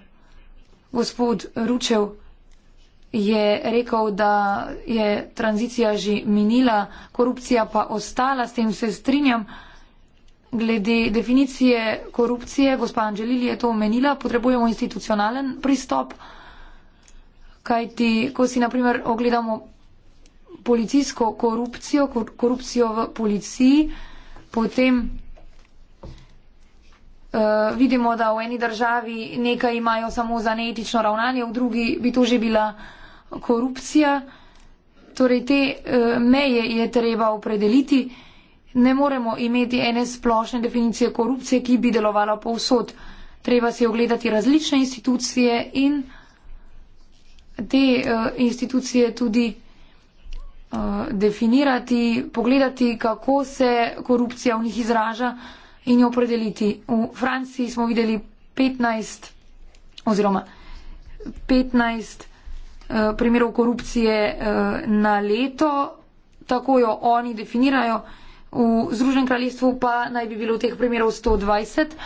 Gospod Ručev je rekel, da je tranzicija že minila, korupcija pa ostala, s tem se strinjam. Glede definicije korupcije, gospa Anželili je to omenila, potrebujemo institucionalen pristop, kajti ko si na primer ogledamo policijsko korupcijo, korupcijo v policiji, potem Eh, vidimo, da v eni državi nekaj imajo samo za neetično ravnanje, v drugi bi to že bila korupcija. Torej, te uh, meje je treba opredeliti. Ne moremo imeti ene splošne definicije korupcije, ki bi delovala povsod. Treba si ogledati različne institucije in te uh, institucije tudi uh, definirati, pogledati, kako se korupcija v njih izraža. Uh, in jo opredeliti. V Franciji smo videli 15 oziroma 15 eh, primerov korupcije eh, na leto, tako jo oni definirajo, v Združenem kraljestvu pa naj bi bilo teh primerov 120.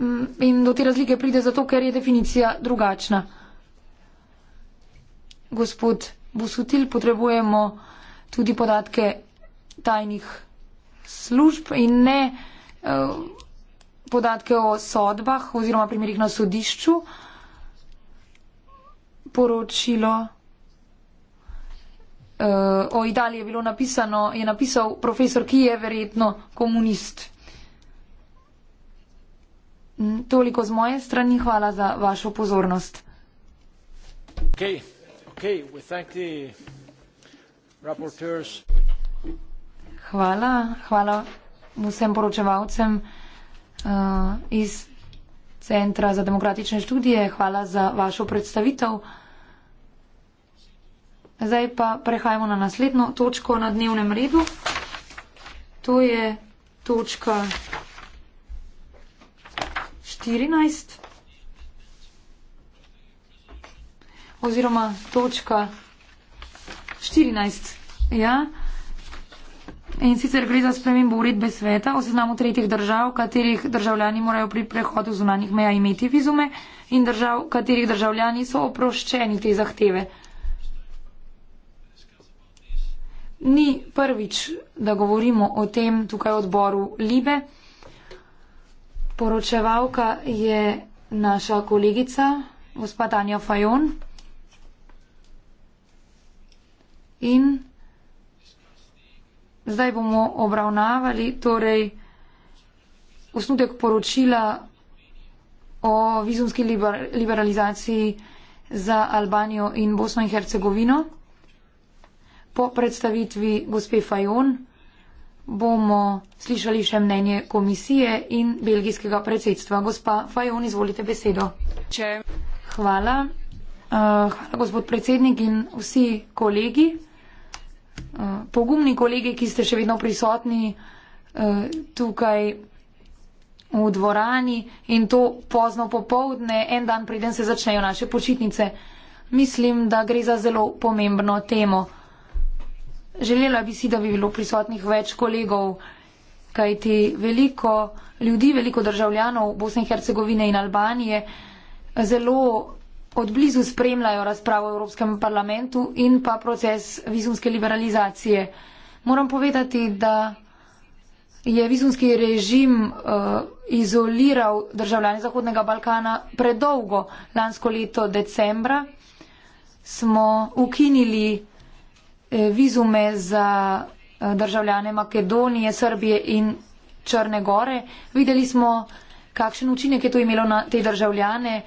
Mm, in do te razlike pride zato, ker je definicija drugačna. Gospod Busutil, potrebujemo tudi podatke tajnih služb in ne eh, podatke o sodbah oziroma primerih na sodišču. Poročilo eh, o Italiji je bilo napisano, je napisal profesor, ki je verjetno komunist. Toliko z moje strani, hvala za vašo pozornost. Okay. Okay hvala. Hvala vsem poročevalcem uh, iz Centra za demokratične študije. Hvala za vašo predstavitev. Zdaj pa prehajamo na naslednjo točko na dnevnem redu. To je točka 14 oziroma točka 14. Ja. In sicer gre za spremembo uredbe sveta o seznamu tretjih držav, katerih državljani morajo pri prehodu zunanjih meja imeti vizume in držav, katerih državljani so oproščeni te zahteve. Ni prvič, da govorimo o tem tukaj v odboru Libe. Poročevalka je naša kolegica, gospod Anja Fajon. In Zdaj bomo obravnavali torej osnutek poročila o vizumski liber liberalizaciji za Albanijo in Bosno in Hercegovino. Po predstavitvi gospe Fajon bomo slišali še mnenje komisije in belgijskega predsedstva. Gospa Fajon, izvolite besedo. Če. Hvala. Uh, hvala, gospod predsednik in vsi kolegi. Eh, pogumni kolegi, ki ste še vedno prisotni eh, tukaj v dvorani in to pozno popovdne, en dan preden se začnejo naše počitnice. Mislim, da gre za zelo pomembno temo. Želela bi si, da bi bilo prisotnih več kolegov, kajti veliko ljudi, veliko državljanov Bosne in Hercegovine in Albanije zelo od blizu spremljajo razpravo v Evropskem parlamentu in pa proces vizumske liberalizacije. Moram povedati, da je vizumski režim uh, izoliral državljane Zahodnega Balkana predolgo. Lansko leto decembra smo ukinili eh, vizume za eh, državljane Makedonije, Srbije in Črne gore. Videli smo, kakšen učinek je to imelo na te državljane. Eh,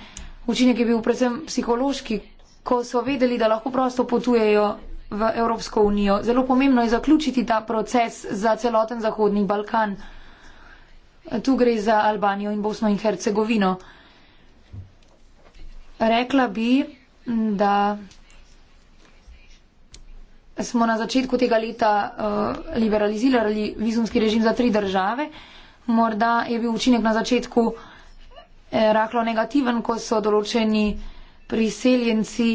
učinek je bil predvsem psihološki, ko so vedeli, da lahko prosto potujejo v Evropsko unijo. Zelo pomembno je zaključiti ta proces za celoten Zahodni Balkan. Tu gre za Albanijo in Bosno in Hercegovino. Rekla bi, da smo na začetku tega leta uh, liberalizirali vizumski režim za tri države. Morda je bil učinek na začetku uh, Eh, rahlo negativen, ko so določeni priseljenci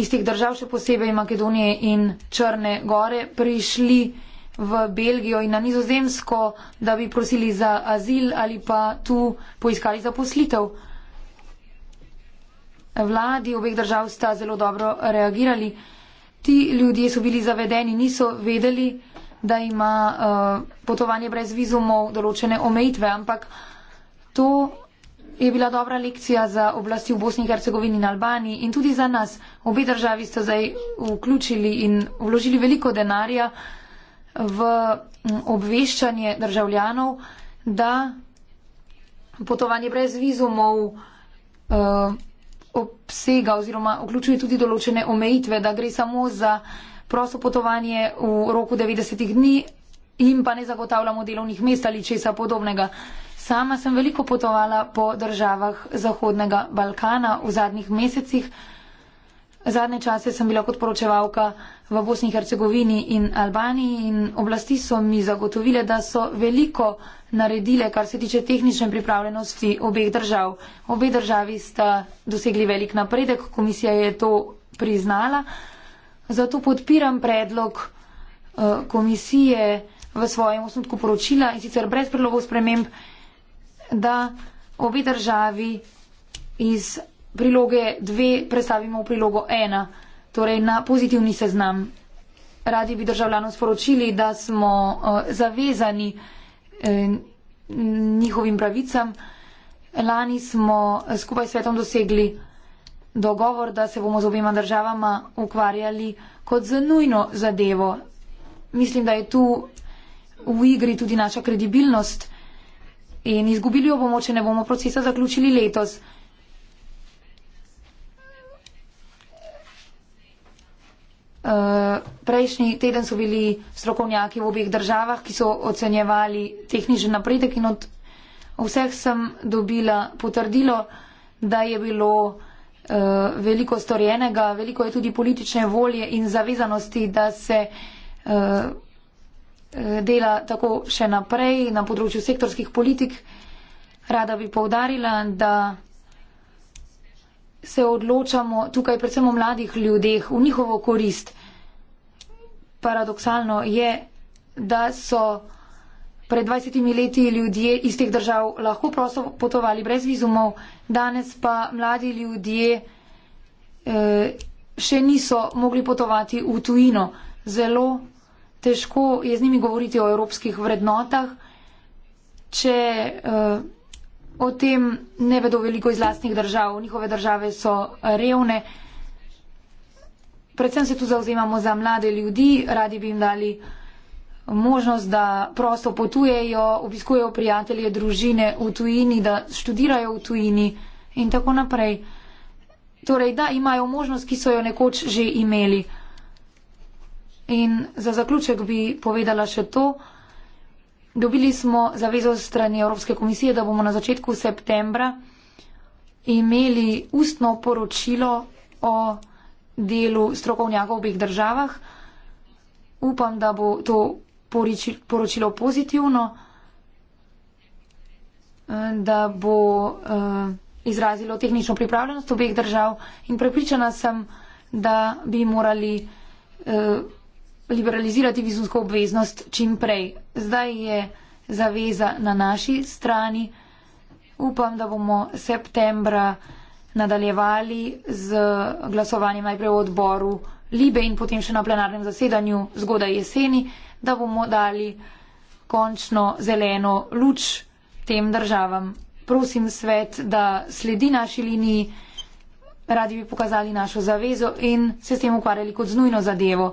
iz teh držav, še posebej Makedonije in Črne gore, prišli v Belgijo in na nizozemsko, da bi prosili za azil ali pa tu poiskali zaposlitev. Vladi obeh držav sta zelo dobro reagirali. Ti ljudje so bili zavedeni, niso vedeli, da ima uh, potovanje brez vizumov določene omejitve, ampak to je bila dobra lekcija za oblasti v Bosni in Hercegovini in Albaniji in tudi za nas. Obe državi ste zdaj vključili in vložili veliko denarja v obveščanje državljanov, da potovanje brez vizumov uh, obsega oziroma vključuje tudi določene omejitve, da gre samo za prosto potovanje v roku 90 dni in pa ne zagotavljamo delovnih mest ali česa podobnega. Uh, Sama sem veliko potovala po državah Zahodnega Balkana v zadnjih mesecih. Zadnje čase sem bila kot poročevalka v Bosni in Hercegovini in Albaniji in oblasti so mi zagotovile, da so veliko naredile, kar se tiče tehnične pripravljenosti obeh držav. Obe državi sta dosegli velik napredek, komisija je to priznala. Zato podpiram predlog eh, komisije v svojem osnutku poročila in sicer brez predlogov sprememb da obi državi iz priloge 2 predstavimo v prilogo 1, torej na pozitivni seznam. Radi bi državljanom sporočili, da smo uh, zavezani eh, njihovim pravicam. Lani smo eh, skupaj s svetom dosegli dogovor, da se bomo z obima državama ukvarjali kot za nujno zadevo. Mislim, da je tu v igri tudi naša kredibilnost in izgubili jo bomo, če ne bomo procesa zaključili letos. Uh, prejšnji teden so bili strokovnjaki v obeh državah, ki so ocenjevali tehničen napredek in od vseh sem dobila potrdilo, da je bilo uh, veliko storjenega, veliko je tudi politične volje in zavezanosti, da se uh, Eh, dela tako še naprej na področju sektorskih politik. Rada bi povdarila, da se odločamo tukaj predvsem o mladih ljudeh, v njihovo korist. Paradoksalno je, da so pred 20 leti ljudje iz teh držav lahko prosto potovali brez vizumov, danes pa mladi ljudje eh, še niso mogli potovati v tujino. Zelo težko je z njimi govoriti o evropskih vrednotah, če uh, o tem ne vedo veliko iz lastnih držav. Njihove države so revne. Predvsem se tu zauzemamo za mlade ljudi, radi bi jim dali možnost, da prosto potujejo, obiskujejo prijatelje, družine v tujini, da študirajo v tujini in tako naprej. Torej, da imajo možnost, ki so jo nekoč že imeli. In za zaključek bi povedala še to. Dobili smo zavezo strani Evropske komisije, da bomo na začetku septembra imeli ustno poročilo o delu strokovnjakov v obeh državah. Upam, da bo to poročilo pozitivno, da bo eh, izrazilo tehnično pripravljenost obeh držav in prepričana sem, da bi morali eh, liberalizirati vizumsko obveznost čim prej. Zdaj je zaveza na naši strani. Upam, da bomo septembra nadaljevali z glasovanjem najprej v odboru Libe in potem še na plenarnem zasedanju zgodaj jeseni, da bomo dali končno zeleno luč tem državam. Prosim svet, da sledi naši liniji, radi bi pokazali našo zavezo in se s tem ukvarjali kot znujno zadevo.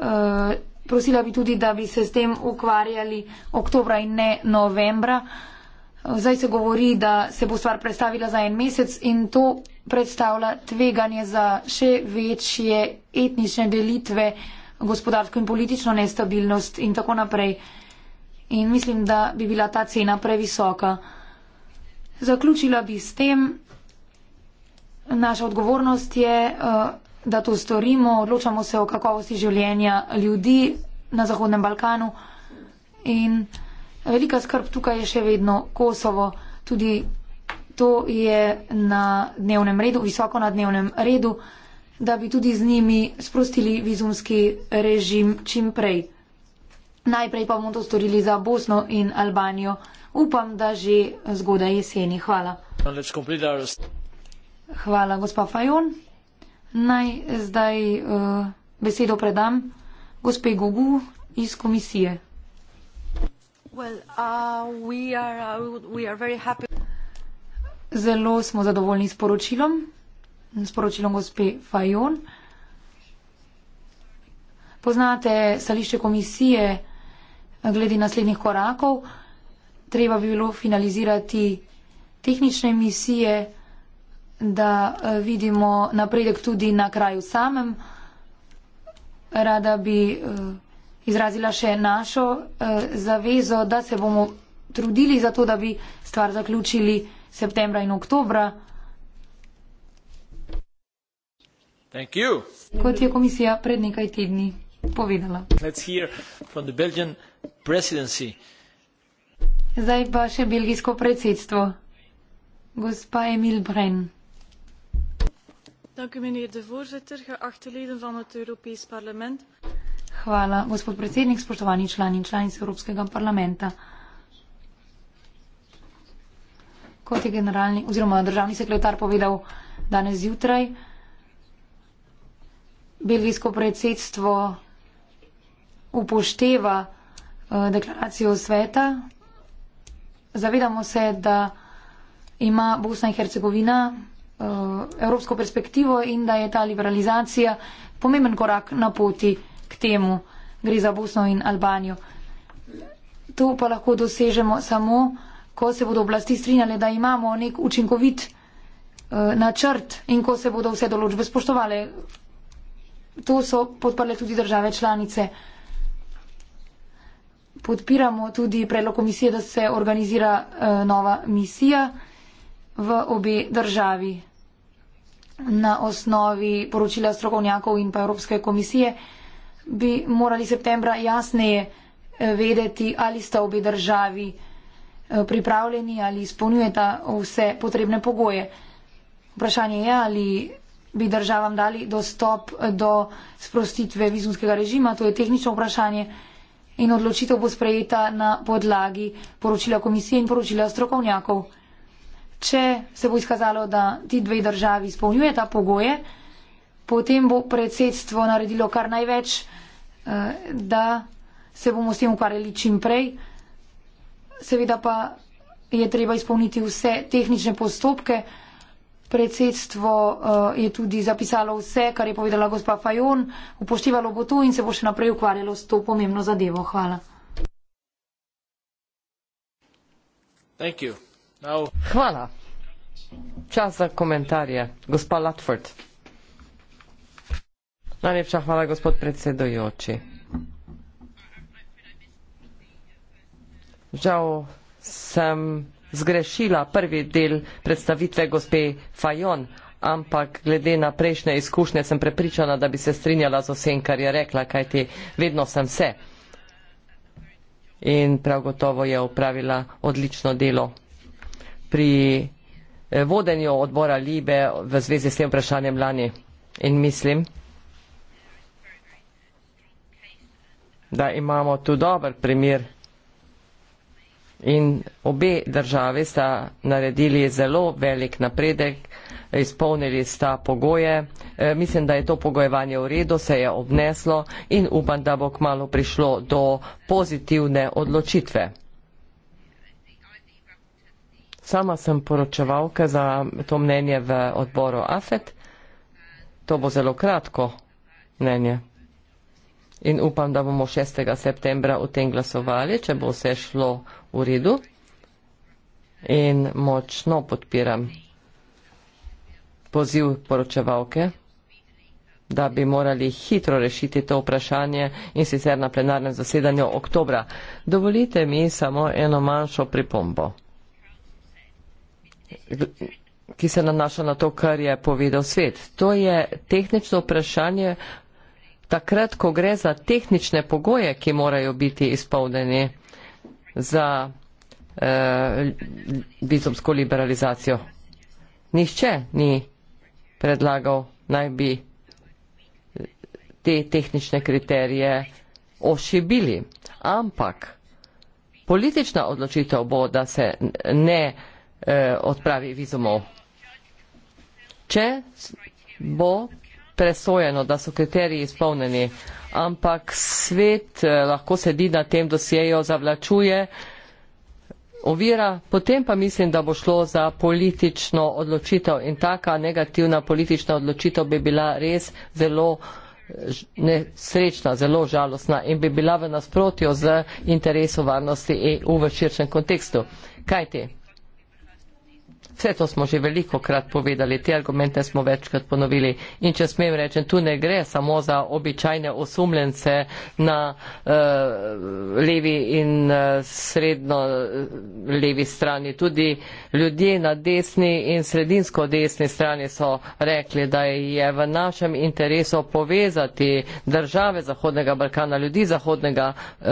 Eh, prosila bi tudi, da bi se s tem ukvarjali oktobra in ne novembra. Eh, zdaj se govori, da se bo stvar predstavila za en mesec in to predstavlja tveganje za še večje etnične delitve, gospodarsko in politično nestabilnost in tako naprej. In mislim, da bi bila ta cena previsoka. Zaključila bi s tem, naša odgovornost je. Uh, da to storimo, odločamo se o kakovosti življenja ljudi na Zahodnem Balkanu. In velika skrb tukaj je še vedno Kosovo. Tudi to je na dnevnem redu, visoko na dnevnem redu, da bi tudi z njimi sprostili vizumski režim čim prej. Najprej pa bomo to storili za Bosno in Albanijo. Upam, da že zgodaj jeseni. Hvala. Hvala, gospa Fajon. Naj zdaj uh, besedo predam gospe Gugu iz komisije. Well, uh, we are, uh, we are Zelo smo zadovoljni s poročilom, s poročilom gospe Fajon. Poznate stališče komisije glede naslednjih korakov. Treba bi bilo finalizirati tehnične misije da eh, vidimo napredek tudi na kraju samem. Rada bi eh, izrazila še našo eh, zavezo, da se bomo trudili za to, da bi stvar zaključili septembra in oktobra. Thank you. Kot je komisija pred nekaj tedni povedala. Zdaj pa še belgijsko predsedstvo. Gospa Emil Bren. Dank u, meneer de voorzitter. Geachte leden van het Europees parlement. Hvala, gospod predsednik, spoštovani člani in članice Evropskega parlamenta. Kot je generalni oziroma državni sekretar povedal danes zjutraj, belgijsko predsedstvo upošteva eh, deklaracijo sveta. Zavedamo se, da ima Bosna in Hercegovina Eh, evropsko perspektivo in da je ta liberalizacija pomemben korak na poti k temu. Gre za Bosno in Albanijo. To pa lahko dosežemo samo, ko se bodo oblasti strinjali, da imamo nek učinkovit eh, načrt in ko se bodo vse določbe spoštovale. To so podprle tudi države članice. Podpiramo tudi predlog komisije, da se organizira eh, nova misija v obe državi na osnovi poročila strokovnjakov in pa Evropske komisije, bi morali septembra jasneje eh, vedeti, ali sta obi državi eh, pripravljeni ali izpolnjujeta vse potrebne pogoje. Vprašanje je, ali bi državam dali dostop do sprostitve vizumskega režima, to je tehnično vprašanje in odločitev bo sprejeta na podlagi poročila komisije in poročila strokovnjakov če se bo izkazalo, da ti dve državi izpolnjuje ta pogoje, potem bo predsedstvo naredilo kar največ, eh, da se bomo s tem ukvarjali čim prej. Seveda pa je treba izpolniti vse tehnične postopke. Predsedstvo eh, je tudi zapisalo vse, kar je povedala gospa Fajon, upoštevalo bo to in se bo še naprej ukvarjalo s to pomembno zadevo. Hvala. Thank you. Hvala. Čas za komentarje. Gospa Latford. Najlepša hvala, gospod predsedojoči. Žal sem zgrešila prvi del predstavitve gospe Fajon, ampak glede na prejšnje izkušnje sem prepričana, da bi se strinjala z vsem, kar je rekla, kajti vedno sem se. In prav gotovo je upravila odlično delo pri eh, vodenju odbora Libe v zvezi s tem vprašanjem lani. In mislim, da imamo tu dober primer. In obe državi sta naredili zelo velik napredek, izpolnili sta pogoje. E, mislim, da je to pogojevanje v redu, se je obneslo in upam, da bo kmalo prišlo do pozitivne odločitve. Sama sem poročevalka za to mnenje v odboru AFET. To bo zelo kratko mnenje. In upam, da bomo 6. septembra o tem glasovali, če bo vse šlo v redu. In močno podpiram poziv poročevalke, da bi morali hitro rešiti to vprašanje in sicer na plenarnem zasedanju oktobra. Dovolite mi samo eno manjšo pripombo ki se nanaša na to, kar je povedal svet. To je tehnično vprašanje takrat, ko gre za tehnične pogoje, ki morajo biti izpolnjeni za eh, vizumsko liberalizacijo. Nihče ni predlagal naj bi te tehnične kriterije ošibili. Ampak politična odločitev bo, da se ne. Eh, Eh, odpravi vizumov. Če bo presojeno, da so kriteriji izpolnjeni, ampak svet eh, lahko sedi na tem dosjeju, zavlačuje, ovira, potem pa mislim, da bo šlo za politično odločitev in taka negativna politična odločitev bi bila res zelo eh, nesrečna, zelo žalostna in bi bila v nasprotju z interesu varnosti EU v širšem kontekstu. Kaj ti? Vse to smo že veliko krat povedali, te argumente smo večkrat ponovili. In če smem reči, tu ne gre samo za običajne osumljence na uh, levi in uh, srednjo eh, levi strani. Tudi ljudje na desni in sredinsko desni strani so rekli, da je v našem interesu povezati države Zahodnega Balkana, ljudi Zahodnega uh,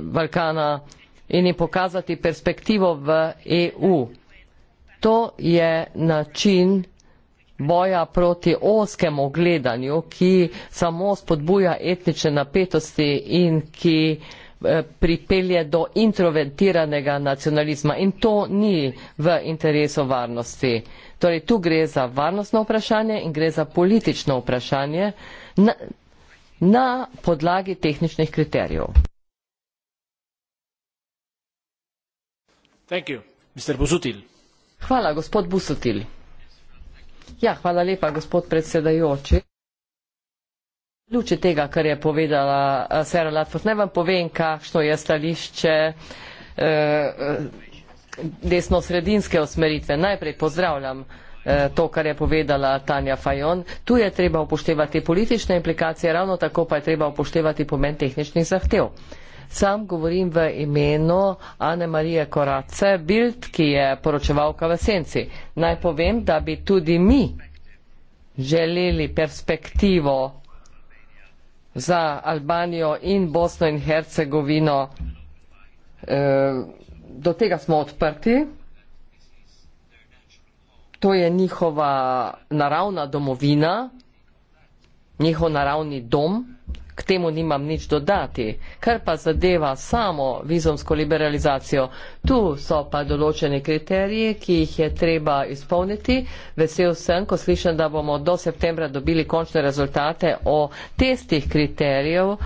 Balkana in jim pokazati perspektivo v EU. To je način boja proti oskemu gledanju, ki samo spodbuja etnične napetosti in ki eh, pripelje do introventiranega nacionalizma in to ni v interesu varnosti. Torej, tu gre za varnostno vprašanje in gre za politično vprašanje na, na podlagi tehničnih kriterijev. Hvala. Mr. Pozutil. Hvala, gospod Busotil. Ja, hvala lepa, gospod predsedajoči. Ljuče tega, kar je povedala eh, Sera Latvos, ne vam povem, kakšno je stališče eh, eh desno-sredinske osmeritve. Najprej pozdravljam eh, to, kar je povedala Tanja Fajon. Tu je treba upoštevati politične implikacije, ravno tako pa je treba upoštevati pomen tehničnih zahtev. Eh, Sam govorim v imenu Ane Marije Korace Bild, ki je poročevalka v Senci. Naj povem, da bi tudi mi želeli perspektivo za Albanijo in Bosno in Hercegovino. Eh, do tega smo odprti. To je njihova naravna domovina, njihov naravni dom, K temu nimam nič dodati, kar pa zadeva samo vizumsko liberalizacijo. Tu so pa določeni kriteriji, ki jih je treba izpolniti. Vesel sem, ko slišim, da bomo do septembra dobili končne rezultate o testih kriterijev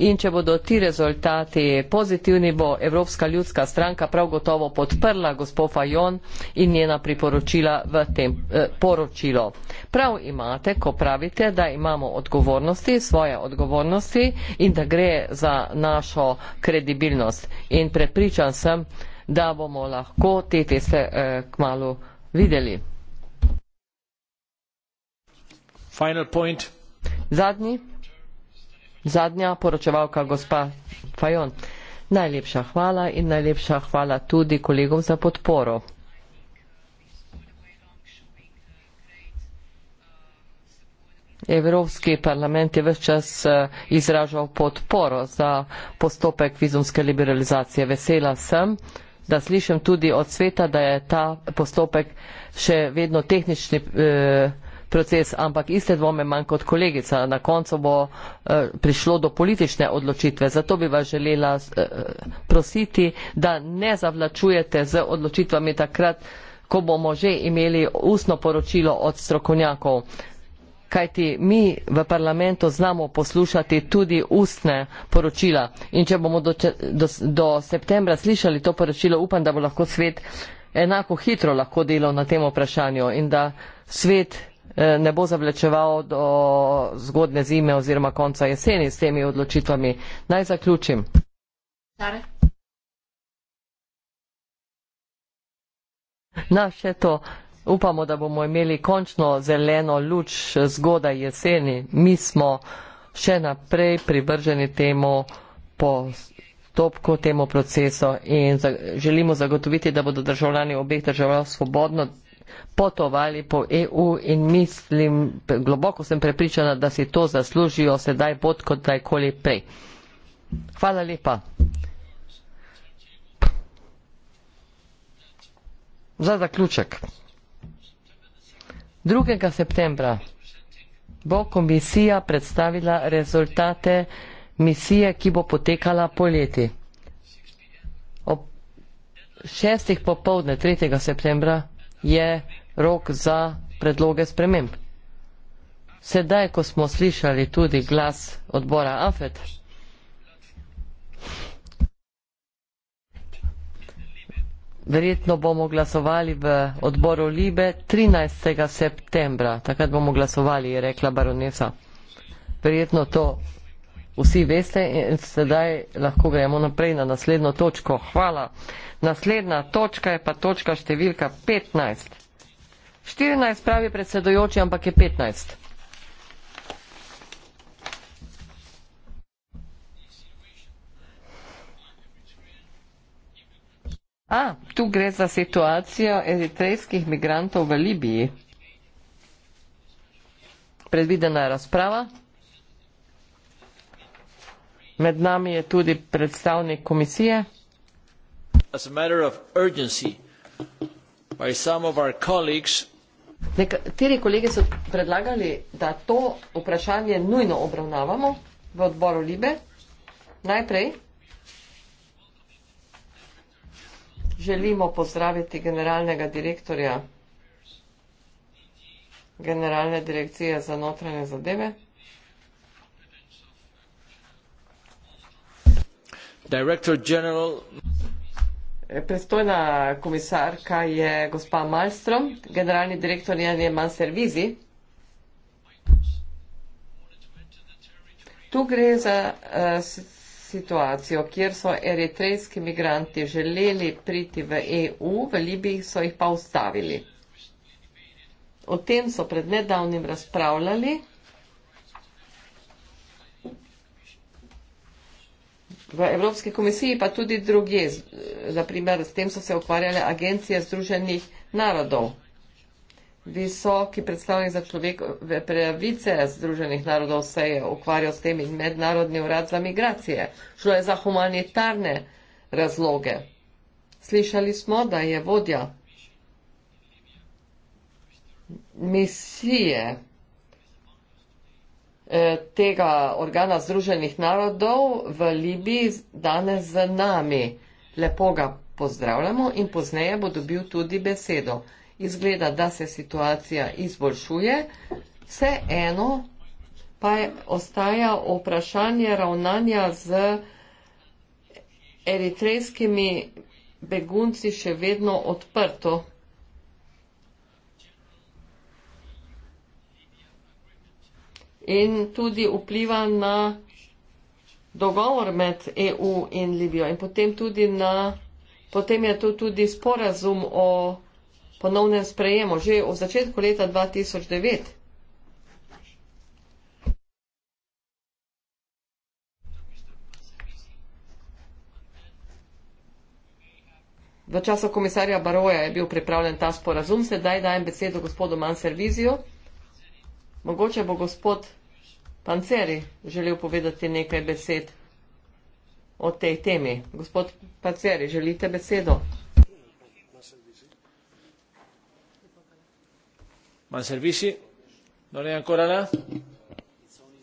in če bodo ti rezultati pozitivni, bo Evropska ljudska stranka prav gotovo podprla gospod Fajon in njena priporočila v tem eh, poročilo. Prav imate, ko pravite, da imamo odgovornosti, svoje odgovornosti in da gre za našo kredibilnost. In prepričan sem, da bomo lahko te teste eh, kmalo videli. Final point. Zadnji zadnja poročevalka gospa Fajon. Najlepša hvala in najlepša hvala tudi kolegom za podporo. Evropski parlament je vse čas eh, izražal podporo za postopek vizumske liberalizacije. Vesela sem, da slišim tudi od sveta, da je ta postopek še vedno tehnični. Eh, proces, ampak iste dvome manj kot kolegica. Na koncu bo eh, prišlo do politične odločitve. Zato bi vas želela eh, prositi, da ne zavlačujete z odločitvami takrat, ko bomo že imeli ustno poročilo od strokovnjakov. Kajti mi v parlamentu znamo poslušati tudi ustne poročila. In če bomo do, do, do septembra slišali to poročilo, upam, da bo lahko svet enako hitro lahko delal na tem vprašanju in da svet Eh, ne bo zavlečeval do zgodne zime oziroma konca jeseni s temi odločitvami. Naj zaključim. Dare. Na še to. Upamo, da bomo imeli končno zeleno luč zgodaj jeseni. Mi smo še naprej pribrženi temu postopku, temu procesu in želimo zagotoviti, da bodo državljani obeh držav svobodno potovali po EU in mislim, globoko sem prepričana, da si to zaslužijo sedaj bolj kot kdajkoli prej. Hvala lepa. Za zaključek. 2. septembra bo komisija predstavila rezultate misije, ki bo potekala poleti. Ob šestih popovdne 3. septembra je rok za predloge sprememb. Sedaj, ko smo slišali tudi glas odbora AFET, verjetno bomo glasovali v odboru Libe 13. septembra, takrat bomo glasovali, je rekla baronesa. Verjetno to vsi veste in sedaj lahko gremo naprej na naslednjo točko. Hvala. Naslednja točka je pa točka številka 15. 14 pravi predsedujoči, ampak je 15. A, tu gre za situacijo eritrejskih migrantov v Libiji. Predvidena je razprava. Med nami je tudi predstavnik komisije. As a matter of urgency, by some of our colleagues Nekateri kolegi so predlagali, da to vprašanje nujno obravnavamo v odboru Libe. Najprej želimo pozdraviti generalnega direktorja Generalne direkcije za notranje zadeve. Director General Predstojna komisarka je gospa Malmström, generalni direktor njene Manservizi. Tu gre za uh, situacijo, kjer so eritrejski migranti želeli priti v EU, v Libiji so jih pa ustavili. O tem so pred nedavnim razpravljali. v Evropski komisiji, pa tudi druge, naprimer s tem so se ukvarjale agencije Združenih narodov. Visoki predstavnik za človekove pravice Združenih narodov se je ukvarjal s tem in mednarodni urad za migracije. Šlo je za humanitarne razloge. Slišali smo, da je vodja misije Eh, tega organa Združenih narodov v Libiji danes z nami. Lepo ga pozdravljamo in pozneje bo dobil tudi besedo. Izgleda, da se situacija izboljšuje. Vse eno pa je, ostaja vprašanje ravnanja z eritrejskimi begunci še vedno odprto. in tudi vpliva na dogovor med EU in Libijo in potem tudi na. Potem je tu tudi sporazum o ponovnem sprejemu že v začetku leta 2009. V času komisarja Baroja je bil pripravljen ta sporazum, sedaj dajem besedo gospodu Manservizijo. Mogoče bo gospod Panceri želel povedati nekaj besed o tej temi. Gospod Panceri, želite besedo? Manj servisi? No, ne, ancora ne?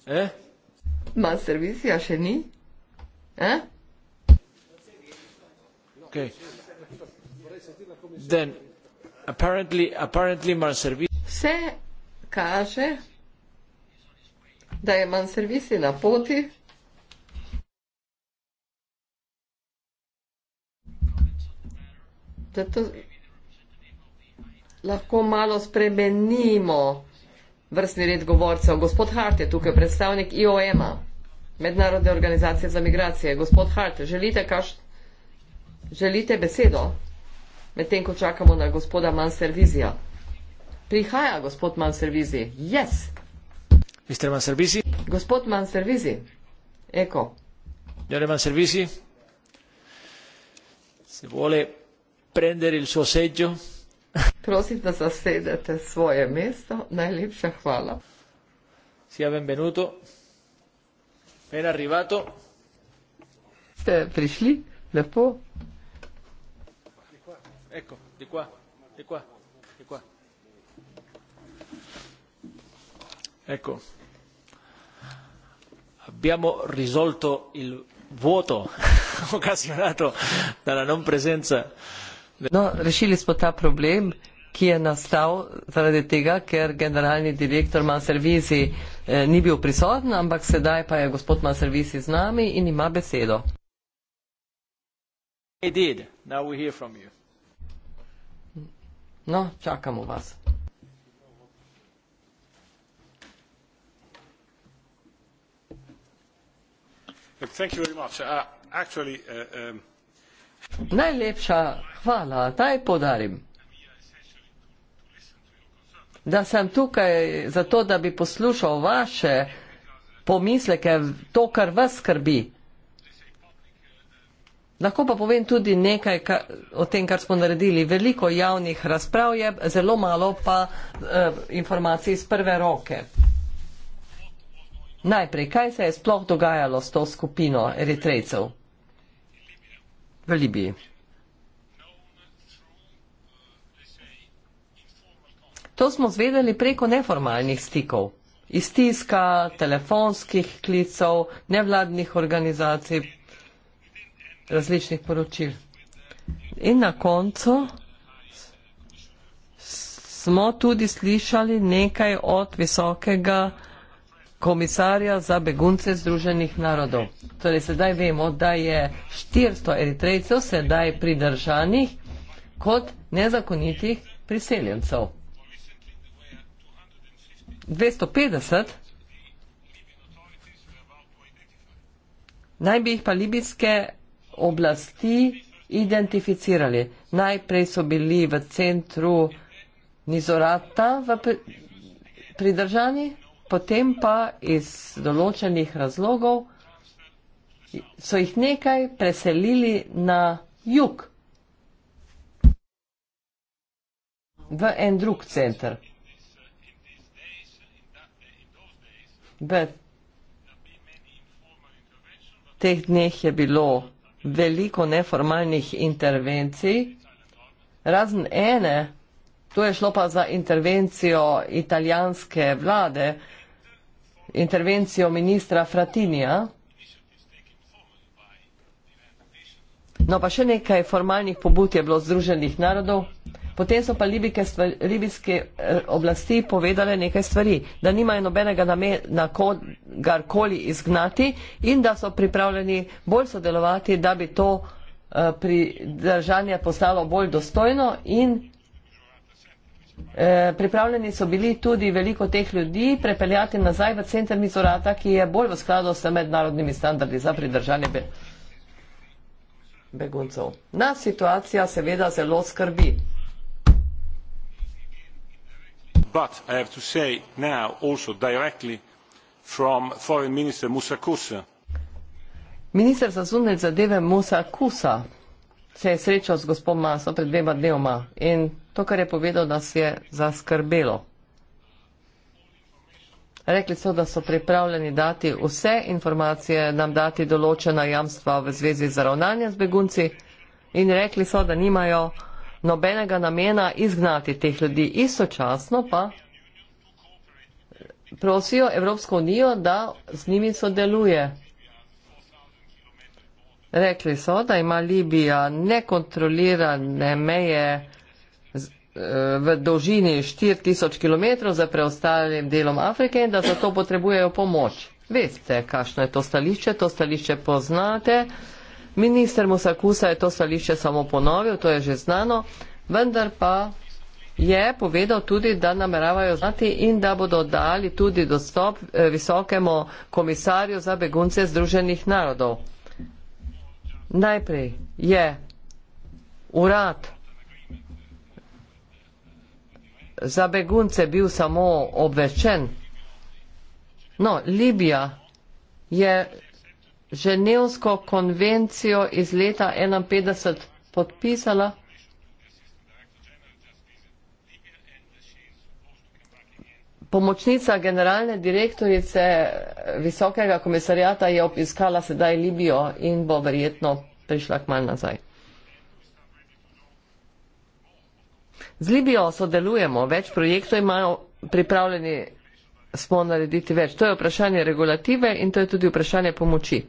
Eh? Manj servisi, a še ni? Eh? Ok. Then, apparently, apparently, manj servisi. Vse kaže, da je manj servisi na poti. Zato lahko malo spremenimo vrstni red govorcev. Gospod Hart je tukaj, predstavnik IOM-a, Mednarodne organizacije za migracije. Gospod Hart, želite, kaž... želite besedo, medtem ko čakamo na gospoda Manservizija? Prihaja gospod Manservizi. Jaz. Yes. Mister Manservisi. Gospod Manservisi, ecco. Signore ja, Manservisi, se vuole prendere il suo seggio. Prosit da zasedete svoje mesto, najlepša hvala. Sia benvenuto, ben arrivato. Ste prišli, lepo. Ecco, di qua, di qua, di qua. Ecco, abbiamo risolto il vuoto (laughs) occasionato dalla non presenza. No, rešili smo ta problem, ki je nastal zaradi tega, ker generalni direktor Maservizi eh, ni bil prisoten, ampak sedaj pa je gospod Maservizi z nami in ima besedo. No, čakamo vas. Uh, uh, um, Najlepša hvala. Naj podarim, da sem tukaj zato, da bi poslušal vaše pomisleke, to, kar vas skrbi. Lahko pa povem tudi nekaj kar, o tem, kar smo naredili. Veliko javnih razprav je, zelo malo pa eh, informacij iz prve roke. Najprej, kaj se je sploh dogajalo s to skupino eritrejcev v Libiji? To smo zvedeli preko neformalnih stikov, iz tiska, telefonskih klicev, nevladnih organizacij, različnih poročil. In na koncu smo tudi slišali nekaj od visokega komisarja za begunce Združenih narodov. Torej, sedaj vemo, da je 400 eritrejcev sedaj pridržanih kot nezakonitih priseljencev. 250 naj bi jih pa libijske oblasti identificirali. Najprej so bili v centru Nizorata v pridržanih potem pa iz določenih razlogov so jih nekaj preselili na jug v en drug center. V teh dneh je bilo veliko neformalnih intervencij, razen ene, tu je šlo pa za intervencijo italijanske vlade, intervencijo ministra Fratinija. No, pa še nekaj formalnih pobud je bilo Združenih narodov. Potem so pa libijske eh, oblasti povedale nekaj stvari, da nimajo nobenega namena kogarkoli izgnati in da so pripravljeni bolj sodelovati, da bi to eh, pridržanje postalo bolj dostojno in Eh, pripravljeni so bili tudi veliko teh ljudi prepeljati nazaj v center Mizorata, ki je bolj v skladu s mednarodnimi standardi za pridržanje beguncev. Nas situacija seveda zelo skrbi. But I have to say now also directly from foreign minister Musa Kusa. Minister za zunanje zadeve Musa Kusa se je srečal z gospod Maso pred dvema dnevoma in to, kar je povedal, nas je zaskrbelo. Rekli so, da so pripravljeni dati vse informacije, nam dati določena jamstva v zvezi z ravnanjem z begunci in rekli so, da nimajo nobenega namena izgnati teh ljudi. Istočasno pa prosijo Evropsko unijo, da z njimi sodeluje. Rekli so, da ima Libija nekontrolirane meje v dolžini 4000 km za preostalim delom Afrike in da za to potrebujejo pomoč. Veste, kakšno je to stališče, to stališče poznate. Minister Musakusa je to stališče samo ponovil, to je že znano, vendar pa je povedal tudi, da nameravajo znati in da bodo dali tudi dostop eh, visokemu komisarju za begunce Združenih narodov. Najprej je urad za begunce bil samo obveščen. No, Libija je ženevsko konvencijo iz leta 1951 podpisala, Pomočnica generalne direktorice visokega komisarjata je obiskala sedaj Libijo in bo verjetno prišla k malu nazaj. Z Libijo sodelujemo, več projektov imajo pripravljeni smo narediti več. To je vprašanje regulative in to je tudi vprašanje pomoči.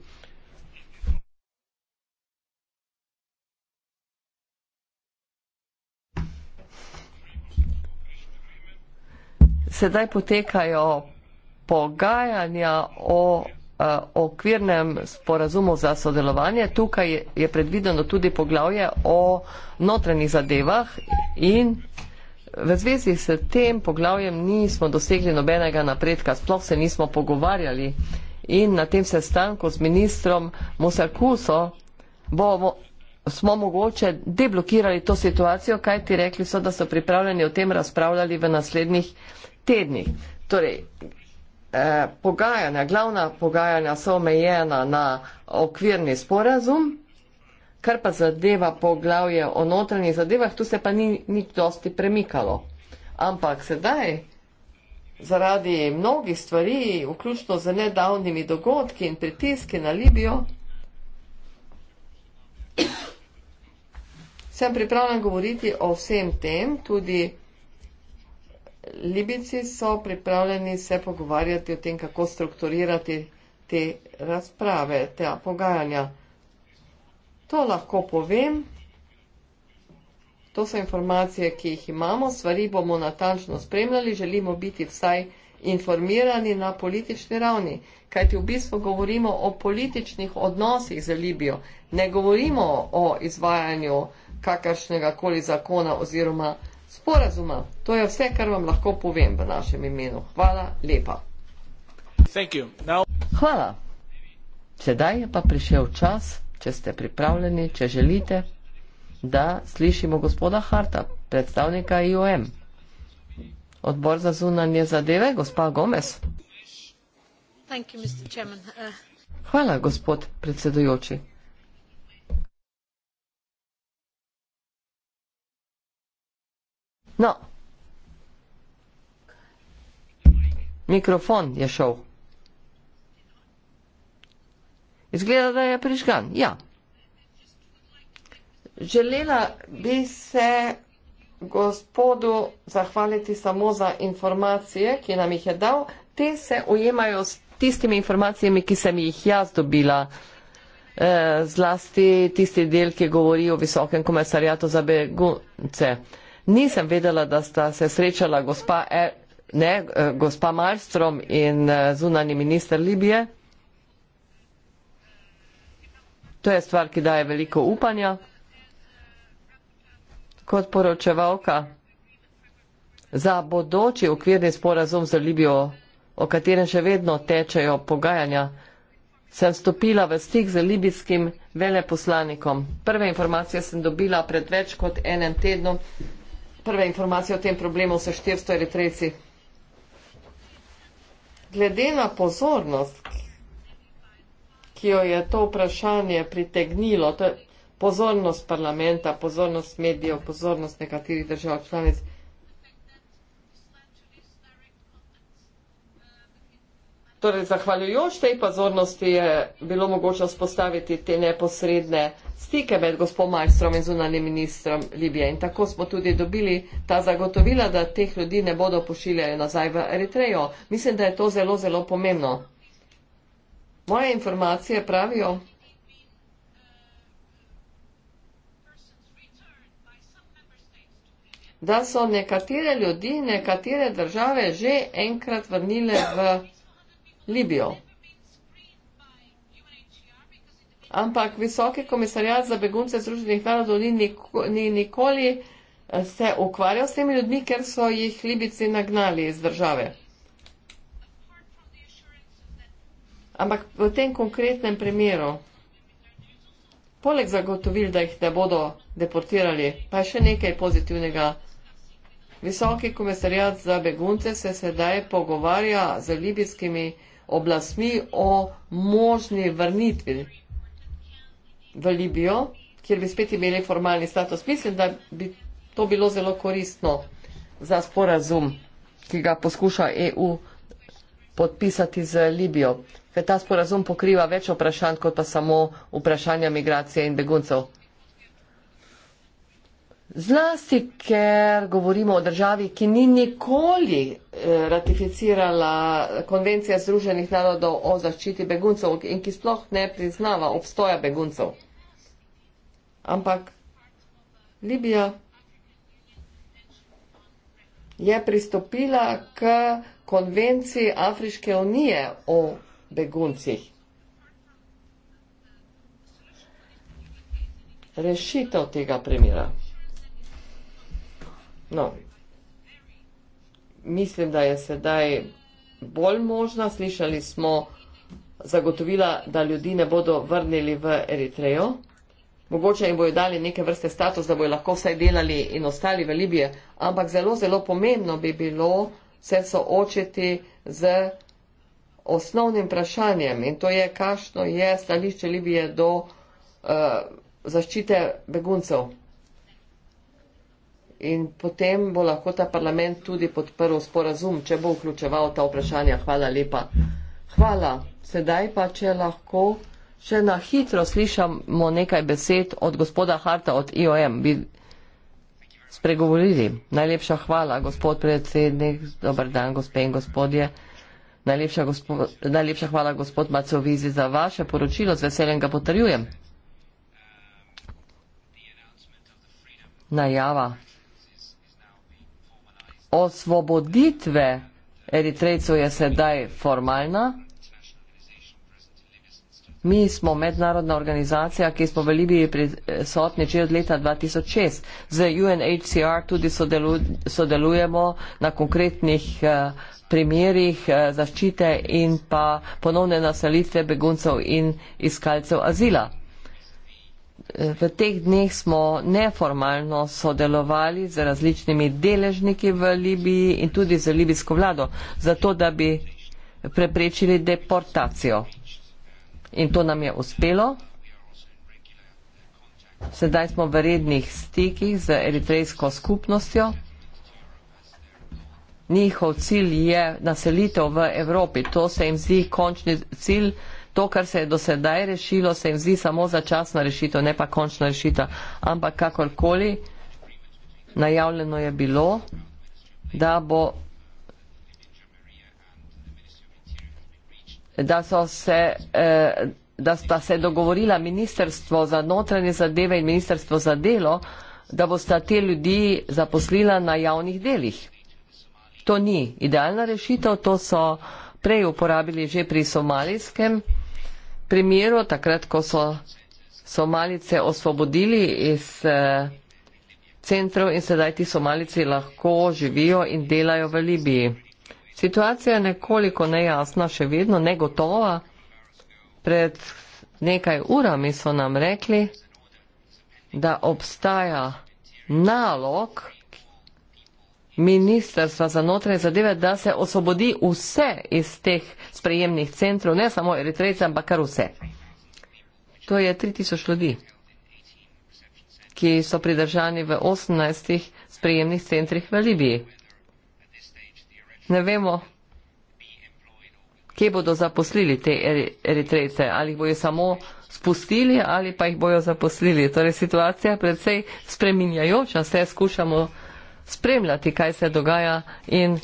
Sedaj potekajo pogajanja o Eh, okvirnem sporazumu za sodelovanje. Tukaj je predvideno tudi poglavje o notranjih zadevah in v zvezi s tem poglavjem nismo dosegli nobenega napredka, sploh se nismo pogovarjali in na tem sestanku s ministrom Musakuso bomo smo mogoče deblokirali to situacijo, kaj ti rekli so, da so pripravljeni o tem razpravljali v naslednjih tednih. Torej, eh, pogajanja, glavna pogajanja so omejena na okvirni sporazum, kar pa zadeva poglavje o notranjih zadevah, tu se pa ni nič dosti premikalo. Ampak sedaj, zaradi mnogih stvari, vključno z nedavnimi dogodki in pritiski na Libijo, sem pripravljen govoriti o vsem tem, tudi o. Libici so pripravljeni se pogovarjati o tem, kako strukturirati te razprave, te pogajanja. To lahko povem. To so informacije, ki jih imamo. Stvari bomo natančno spremljali. Želimo biti vsaj informirani na politični ravni, kajti v bistvu govorimo o političnih odnosih z Libijo. Ne govorimo o izvajanju kakršnega koli zakona oziroma sporazuma. To je vse, kar vam lahko povem v našem imenu. Hvala lepa. Now... Hvala. Sedaj je pa prišel čas, če ste pripravljeni, če želite, da slišimo gospoda Harta, predstavnika IOM. Odbor za zunanje zadeve, gospa Gomez. Uh, Hvala, gospod predsedujoči. No. Mikrofon je šel. Izgleda, da je prižgan. Ja. Želela bi se gospodu zahvaliti samo za informacije, ki nam jih je dal. Te se ujemajo s tistimi informacijami, ki sem jih jaz dobila. E, zlasti tisti del, ki govori o visokem komisarijatu za begunce nisem vedela, da sta se srečala gospa, er, ne, eh, gospa Malstrom in eh, zunani minister Libije. To je stvar, ki daje veliko upanja. Kot poročevalka za bodoči okvirni sporazum z Libijo, o katerem še vedno tečejo pogajanja, sem stopila v stik z libijskim veleposlanikom. Prve informacije sem dobila pred več kot enem tednom, prve informacije o tem problemu so 400 eritrejci. Glede na pozornost, ki jo je to vprašanje pritegnilo, to je pozornost parlamenta, pozornost medijev, pozornost nekaterih držav članic, Torej, zahvaljujoč tej pozornosti je bilo mogoče vzpostaviti te neposredne stike med gospod Majstrom in zunanim ministrom Libije. In tako smo tudi dobili ta zagotovila, da teh ljudi ne bodo pošiljali nazaj v Eritrejo. Mislim, da je to zelo, zelo pomembno. Moje informacije pravijo, da so nekatere ljudi, nekatere države že enkrat vrnile v. Yeah. Libijo. Ampak visoki komisarjat za begunce Združenih narodov ni, niko, ni nikoli eh, se ukvarjal s temi ljudmi, ker so jih Libici nagnali iz države. Ampak v tem konkretnem primeru, poleg zagotovil, da jih ne bodo deportirali, pa je še nekaj pozitivnega. Visoki komisarjat za begunce se sedaj pogovarja z libijskimi oblastmi o možni vrnitvi v Libijo, kjer bi spet imeli formalni status. Mislim, da bi to bilo zelo koristno za sporazum, ki ga poskuša EU podpisati z Libijo, ker ta sporazum pokriva več vprašanj kot pa samo vprašanja migracije in beguncev. Zlasti, ker govorimo o državi, ki ni nikoli eh, ratificirala konvencija Združenih narodov o zaščiti beguncev in ki sploh ne priznava obstoja beguncev. Ampak Libija je pristopila k konvenciji Afriške unije o beguncih. Rešitev tega primera. No, mislim, da je sedaj bolj možna. Slišali smo zagotovila, da ljudi ne bodo vrnili v Eritrejo. Mogoče jim bojo dali neke vrste status, da bojo lahko vsaj delali in ostali v Libiji, ampak zelo, zelo pomembno bi bilo se soočiti z osnovnim vprašanjem in to je, kakšno je stališče Libije do uh, zaščite beguncev in potem bo lahko ta parlament tudi podprl sporazum, če bo vključeval ta vprašanja. Hvala lepa. Hvala. Sedaj pa, če lahko še na hitro slišamo nekaj besed od gospoda Harta od IOM, bi spregovorili. Najlepša hvala, gospod predsednik. Dobar dan, gospe in gospodje. Najlepša, gospod, najlepša hvala, gospod Macovizi, za vaše poročilo. Z veseljem ga potrjujem. Najava osvoboditve Eritrejcev je sedaj formalna. Mi smo mednarodna organizacija, ki smo v Libiji prisotni že od leta 2006. Z UNHCR tudi sodelujemo na konkretnih eh, primerjih eh, zaščite in pa ponovne naselitve beguncev in iskalcev azila. V teh dneh smo neformalno sodelovali z različnimi deležniki v Libiji in tudi z libijsko vlado, zato da bi preprečili deportacijo. In to nam je uspelo. Sedaj smo v rednih stikih z eritrejsko skupnostjo. Njihov cilj je naselitev v Evropi. To se jim zdi končni cilj to, kar se je do sedaj rešilo, se jim zdi samo začasna rešitev, ne pa končna rešitev. Ampak kakorkoli, najavljeno je bilo, da bo. Da, se, eh, da sta se dogovorila Ministrstvo za notranje zadeve in Ministrstvo za delo, da bosta te ljudi zaposlila na javnih delih. To ni idealna rešitev, to so prej uporabili že pri somalijskem primeru, takrat, ko so, so malice osvobodili iz eh, centrov in sedaj ti somalici lahko živijo in delajo v Libiji. Situacija je nekoliko nejasna, še vedno negotova. Pred nekaj urami so nam rekli, da obstaja nalog, ministrstva za notranje zadeve, da se osvobodi vse iz teh sprejemnih centrov, ne samo eritrejce, ampak kar vse. To je 3000 ljudi, ki so pridržani v 18 sprejemnih centrih v Libiji. Ne vemo, kje bodo zaposlili te eritrejce, ali jih bojo samo spustili ali pa jih bojo zaposlili. Torej, situacija je predvsej spreminjajoča, vse skušamo spremljati, kaj se dogaja in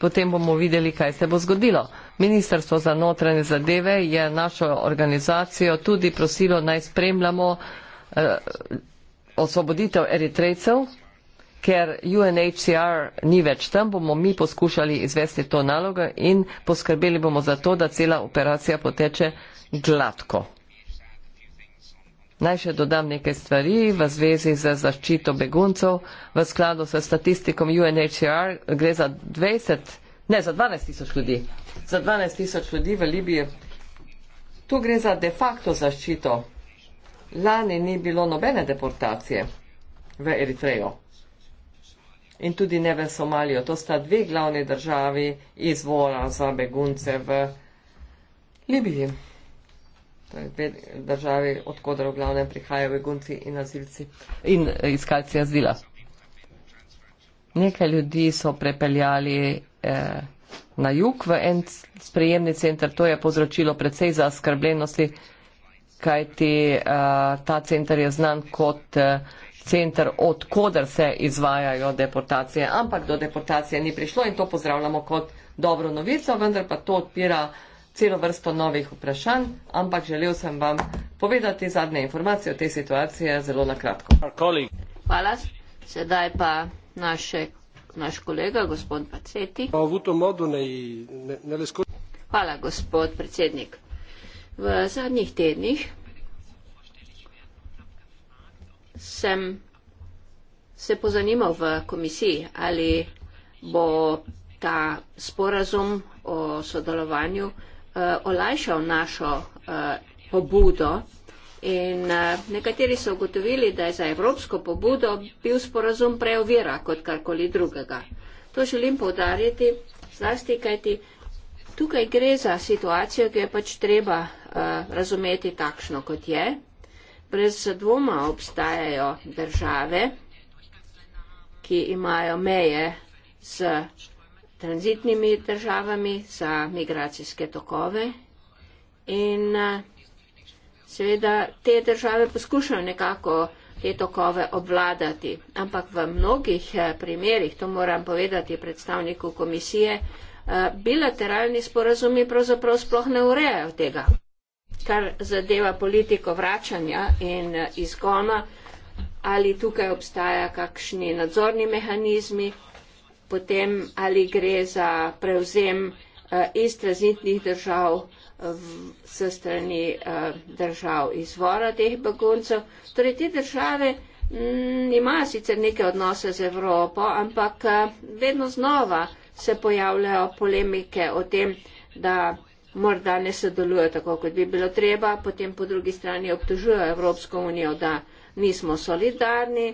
potem bomo videli, kaj se bo zgodilo. Ministrstvo za notranje zadeve je našo organizacijo tudi prosilo, naj spremljamo eh, osvoboditev eritrejcev, ker UNHCR ni več tam, bomo mi poskušali izvesti to nalogo in poskrbeli bomo za to, da cela operacija poteče gladko. Naj še dodam nekaj stvari v zvezi z zaščito beguncev. V skladu s statistikom UNHCR gre za 20, ne za 12 tisoč ljudi. Za 12 tisoč ljudi v Libiji. Tu gre za de facto zaščito. Lani ni bilo nobene deportacije v Eritrejo in tudi ne v Somalijo. To sta dve glavni državi izvora za begunce v Libiji dve državi, odkudar v glavnem prihajajo begunci in azilci in eh, iskalci azila. Nekaj ljudi so prepeljali eh, na jug v en sprejemni center. To je povzročilo precej zaskrbljenosti, kajti eh, ta center je znan kot eh, center, odkudar se izvajajo deportacije. Ampak do deportacije ni prišlo in to pozdravljamo kot dobro novico, vendar pa to odpira celo vrsto novih vprašanj, ampak želel sem vam povedati zadnje informacije o tej situaciji zelo na kratko. Hvala. Sedaj pa naše, naš kolega, gospod Paceti. Hvala, gospod predsednik. V zadnjih tednih sem se pozanimal v komisiji, ali bo ta sporazum o sodelovanju Eh, olajšal našo eh, pobudo in eh, nekateri so ugotovili, da je za evropsko pobudo bil sporazum preovira kot karkoli drugega. To želim povdariti, zlasti kajti tukaj gre za situacijo, ki je pač treba razumeti takšno, kot je. Brez dvoma obstajajo države, ki imajo meje z tranzitnimi državami, za migracijske tokove. In eh, seveda te države poskušajo nekako te tokove obvladati. Ampak v mnogih eh, primerjih, to moram povedati predstavniku komisije, eh, bilateralni sporazumi pravzaprav sploh ne urejajo tega. Kar zadeva politiko vračanja in izgona, ali tukaj obstaja kakšni nadzorni mehanizmi, potem ali gre za prevzem uh, iz tranzitnih držav eh, v, s strani uh, držav izvora teh beguncev. Torej, te države m, mm, imajo sicer neke odnose z Evropo, ampak uh, vedno znova se pojavljajo polemike o tem, da morda ne sodelujo tako, kot bi bilo treba, potem po drugi strani obtožujo Evropsko unijo, da nismo solidarni.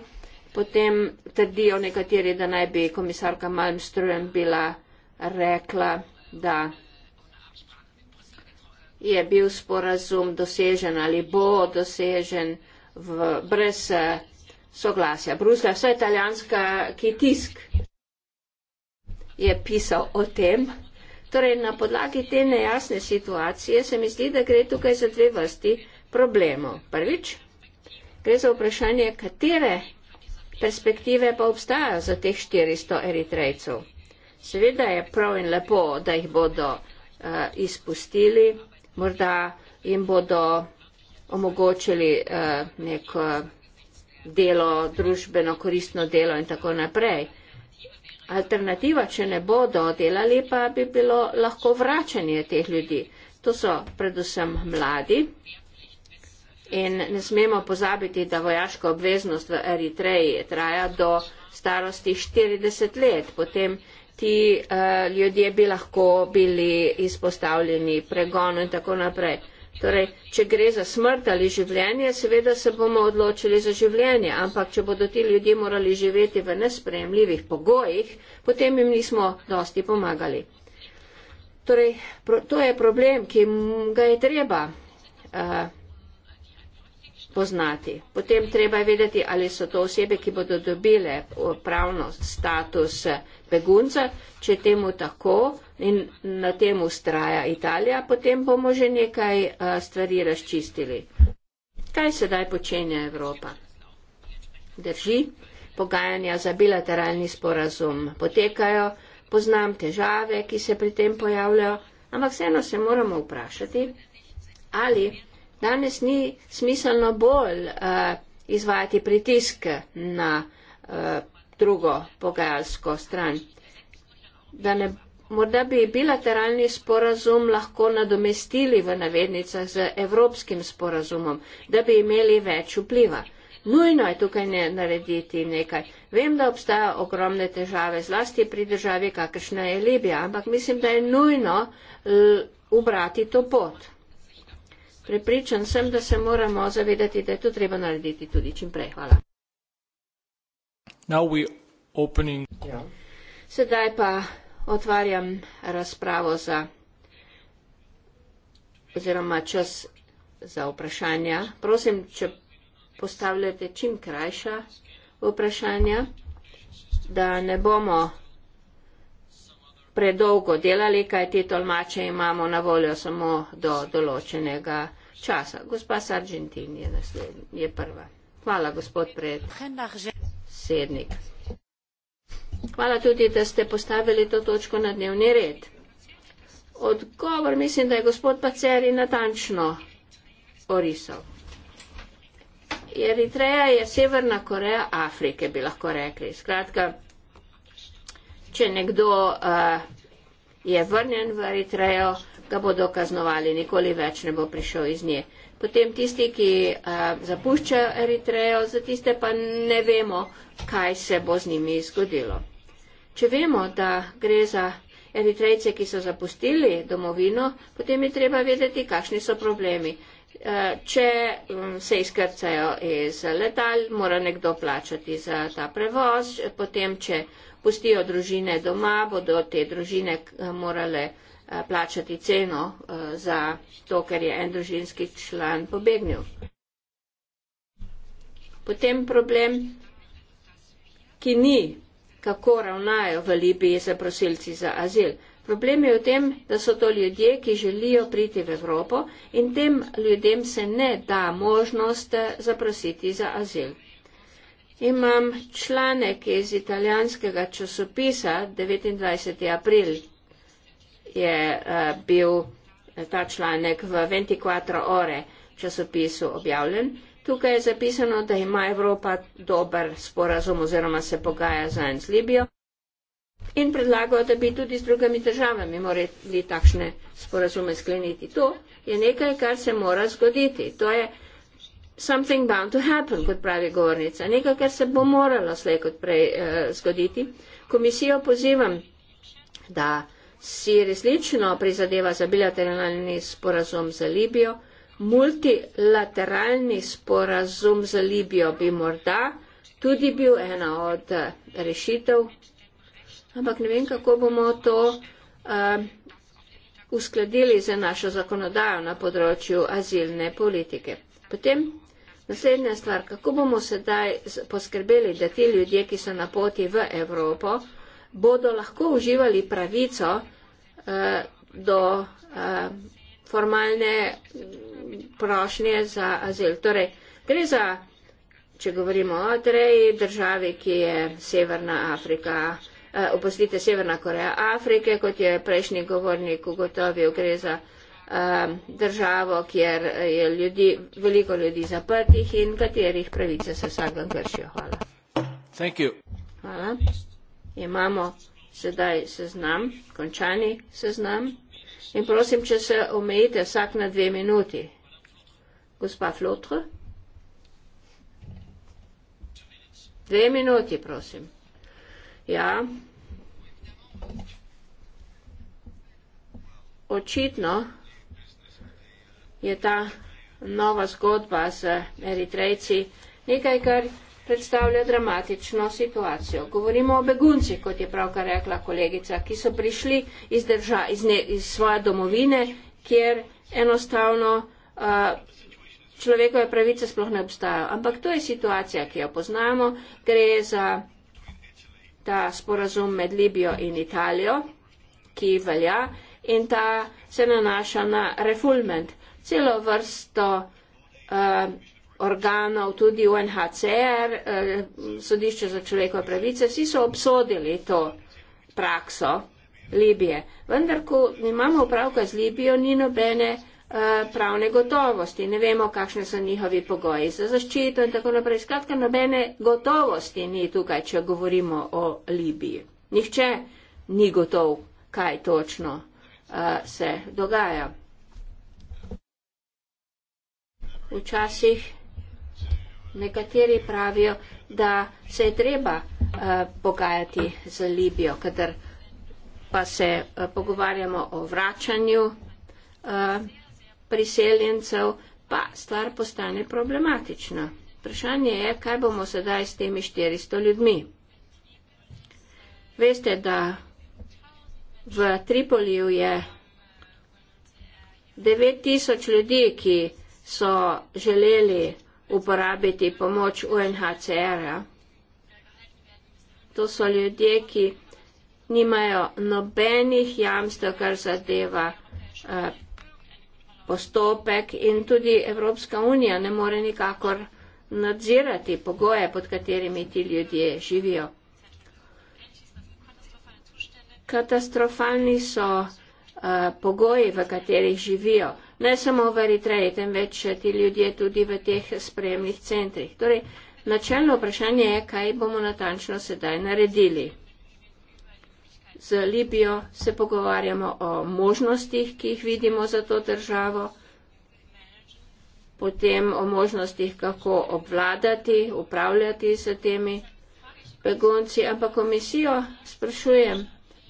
Potem trdijo nekateri, da naj bi komisarka Malmström bila rekla, da je bil sporazum dosežen ali bo dosežen v, brez eh, soglasja. Bruslja, vsa italijanska, ki tisk je pisal o tem. Torej, na podlagi te nejasne situacije se mi zdi, da gre tukaj za dve vrsti problemov. Prvič, gre za vprašanje, katere Perspektive pa obstajajo za teh 400 eritrejcev. Seveda je prav in lepo, da jih bodo uh, izpustili, morda jim bodo omogočili uh, neko delo, družbeno koristno delo in tako naprej. Alternativa, če ne bodo delali, pa bi bilo lahko vračanje teh ljudi. To so predvsem mladi, In ne smemo pozabiti, da vojaška obveznost v Eritreji traja do starosti 40 let. Potem ti uh, ljudje bi lahko bili izpostavljeni pregonu in tako naprej. Torej, če gre za smrt ali življenje, seveda se bomo odločili za življenje, ampak če bodo ti ljudje morali živeti v nespremljivih pogojih, potem jim nismo dosti pomagali. Torej, pro, to je problem, ki ga je treba uh, poznati. Potem treba vedeti, ali so to osebe, ki bodo dobile pravno status begunca, če temu tako in na tem ustraja Italija, potem bomo že nekaj eh, stvari razčistili. Kaj sedaj počenja Evropa? Drži, pogajanja za bilateralni sporazum potekajo, poznam težave, ki se pri tem pojavljajo, ampak vseeno se moramo vprašati, ali danes ni smiselno bolj uh, izvajati pritisk na uh, drugo pogajalsko stran. Da ne, morda bi bilateralni sporazum lahko nadomestili v navednicah z evropskim sporazumom, da bi imeli več vpliva. Nujno je tukaj ne narediti nekaj. Vem, da obstaja ogromne težave, zlasti pri državi, kakršna je Libija, ampak mislim, da je nujno l, eh, ubrati to pot. Prepričan sem, da se moramo zavedati, da je to treba narediti tudi čimprej. Hvala. Ja. Sedaj pa otvarjam razpravo za oziroma čas za vprašanja. Prosim, če postavljate čim krajša vprašanja, da ne bomo predolgo delali, kaj te tolmače imamo na voljo samo do določenega časa. Gospa s Argentini je, je prva. Hvala, gospod predsednik. Hvala tudi, da ste postavili to točko na dnevni red. Odgovor mislim, da je gospod Paceri natančno orisal. Eritreja je Severna Koreja Afrike, bi lahko rekli. Skratka, če nekdo uh, je vrnjen v Eritrejo, ga bodo kaznovali, nikoli več ne bo prišel iz nje. Potem tisti, ki a, zapuščajo Eritrejo, za tiste pa ne vemo, kaj se bo z njimi zgodilo. Če vemo, da gre za Eritrejce, ki so zapustili domovino, potem je treba vedeti, kakšni so problemi. Če se izkrcajo iz letal, mora nekdo plačati za ta prevoz, potem, če pustijo družine doma, bodo te družine morale Eh, plačati ceno eh, za to, ker je en družinski član pobegnil. Potem problem, ki ni, kako ravnajo v Libiji za prosilci za azil. Problem je v tem, da so to ljudje, ki želijo priti v Evropo in tem ljudem se ne da možnost eh, zaprositi za azil. Imam članek iz italijanskega časopisa 29. april je eh, bil eh, ta članek v 24 ore časopisu objavljen. Tukaj je zapisano, da ima Evropa dober sporazum oziroma se pogaja za en z Libijo in predlagajo, da bi tudi z drugimi državami morali takšne sporazume skleniti. To je nekaj, kar se mora zgoditi. To je something bound to happen, kot pravi govornica. Nekaj, kar se bo moralo slej kot prej eh, zgoditi. Komisijo pozivam, da si resnično prizadeva za bilateralni sporazum z Libijo, multilateralni sporazum z Libijo bi morda tudi bil ena od eh, rešitev, ampak ne vem, kako bomo to uh, uskladili za našo zakonodajo na področju azilne politike. Potem naslednja stvar, kako bomo sedaj poskrbeli, da ti ljudje, ki so na poti v Evropo, bodo lahko uživali pravico eh, do eh, formalne mm, prošnje za azil. Torej, gre za, če govorimo o treji državi, ki je Severna Afrika, eh, opustite Severna Koreja Afrike, kot je prejšnji govornik ugotovil, gre za eh, državo, kjer je ljudi, veliko ljudi zaprtih in katerih pravice se vsak dan kršijo. Hvala. Thank you. Hvala. Uh -huh imamo sedaj seznam, končani seznam. In prosim, če se omejite vsak na dve minuti. Gospa Flotre. Dve minuti, prosim. Ja. Očitno je ta nova zgodba z Eritrejci nekaj, kar predstavlja dramatično situacijo. Govorimo o beguncih, kot je pravkar rekla kolegica, ki so prišli iz, drža, iz, ne, iz svoje domovine, kjer enostavno uh, človekove pravice sploh ne obstajajo. Ampak to je situacija, ki jo poznamo. Gre za ta sporazum med Libijo in Italijo, ki velja in ta se nanaša na refulment. Celo vrsto. Uh, organov, tudi UNHCR, eh, sodišče za človekove pravice, vsi so obsodili to prakso Libije. Vendar, ko imamo upravka z Libijo, ni nobene eh, pravne gotovosti. Ne vemo, kakšne so njihovi pogoji za zaščito in tako naprej. Skratka, nobene gotovosti ni tukaj, če govorimo o Libiji. Nihče ni gotov, kaj točno uh, se dogaja. Včasih Nekateri pravijo, da se je treba uh, pogajati z Libijo, kadar pa se uh, pogovarjamo o vračanju uh, priseljencev, pa stvar postane problematična. Vprašanje je, kaj bomo sedaj s temi 400 ljudmi. Veste, da v Tripoliju je 9000 ljudi, ki so želeli uporabiti pomoč UNHCR-a. To so ljudje, ki nimajo nobenih jamstev, kar zadeva eh, postopek in tudi Evropska unija ne more nikakor nadzirati pogoje, pod katerimi ti ljudje živijo. Katastrofalni so uh, pogoji, v katerih živijo ne samo v Eritreji, temveč ti ljudje tudi v teh sprejemnih centrih. Torej, načelno vprašanje je, kaj bomo natančno sedaj naredili. Z Libijo se pogovarjamo o možnostih, ki jih vidimo za to državo, potem o možnostih, kako obvladati, upravljati s temi begunci, ampak komisijo sprašujem,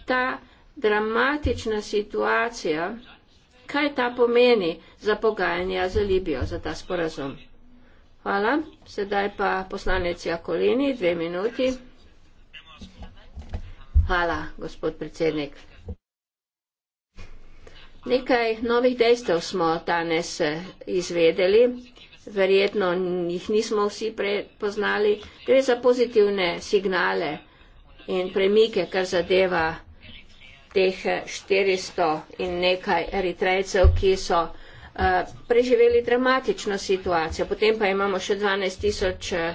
ta dramatična situacija, kaj ta pomeni za pogajanja za Libijo, za ta sporazum. Hvala. Sedaj pa poslanec Jakolini, dve minuti. Hvala, gospod predsednik. Nekaj novih dejstev smo danes eh, izvedeli. Verjetno jih nismo vsi prepoznali. Gre za pozitivne signale in premike, kar zadeva teh 400 eh, in nekaj eritrejcev, ki so eh, preživeli dramatično situacijo. Potem pa imamo še 12 tisoč eh,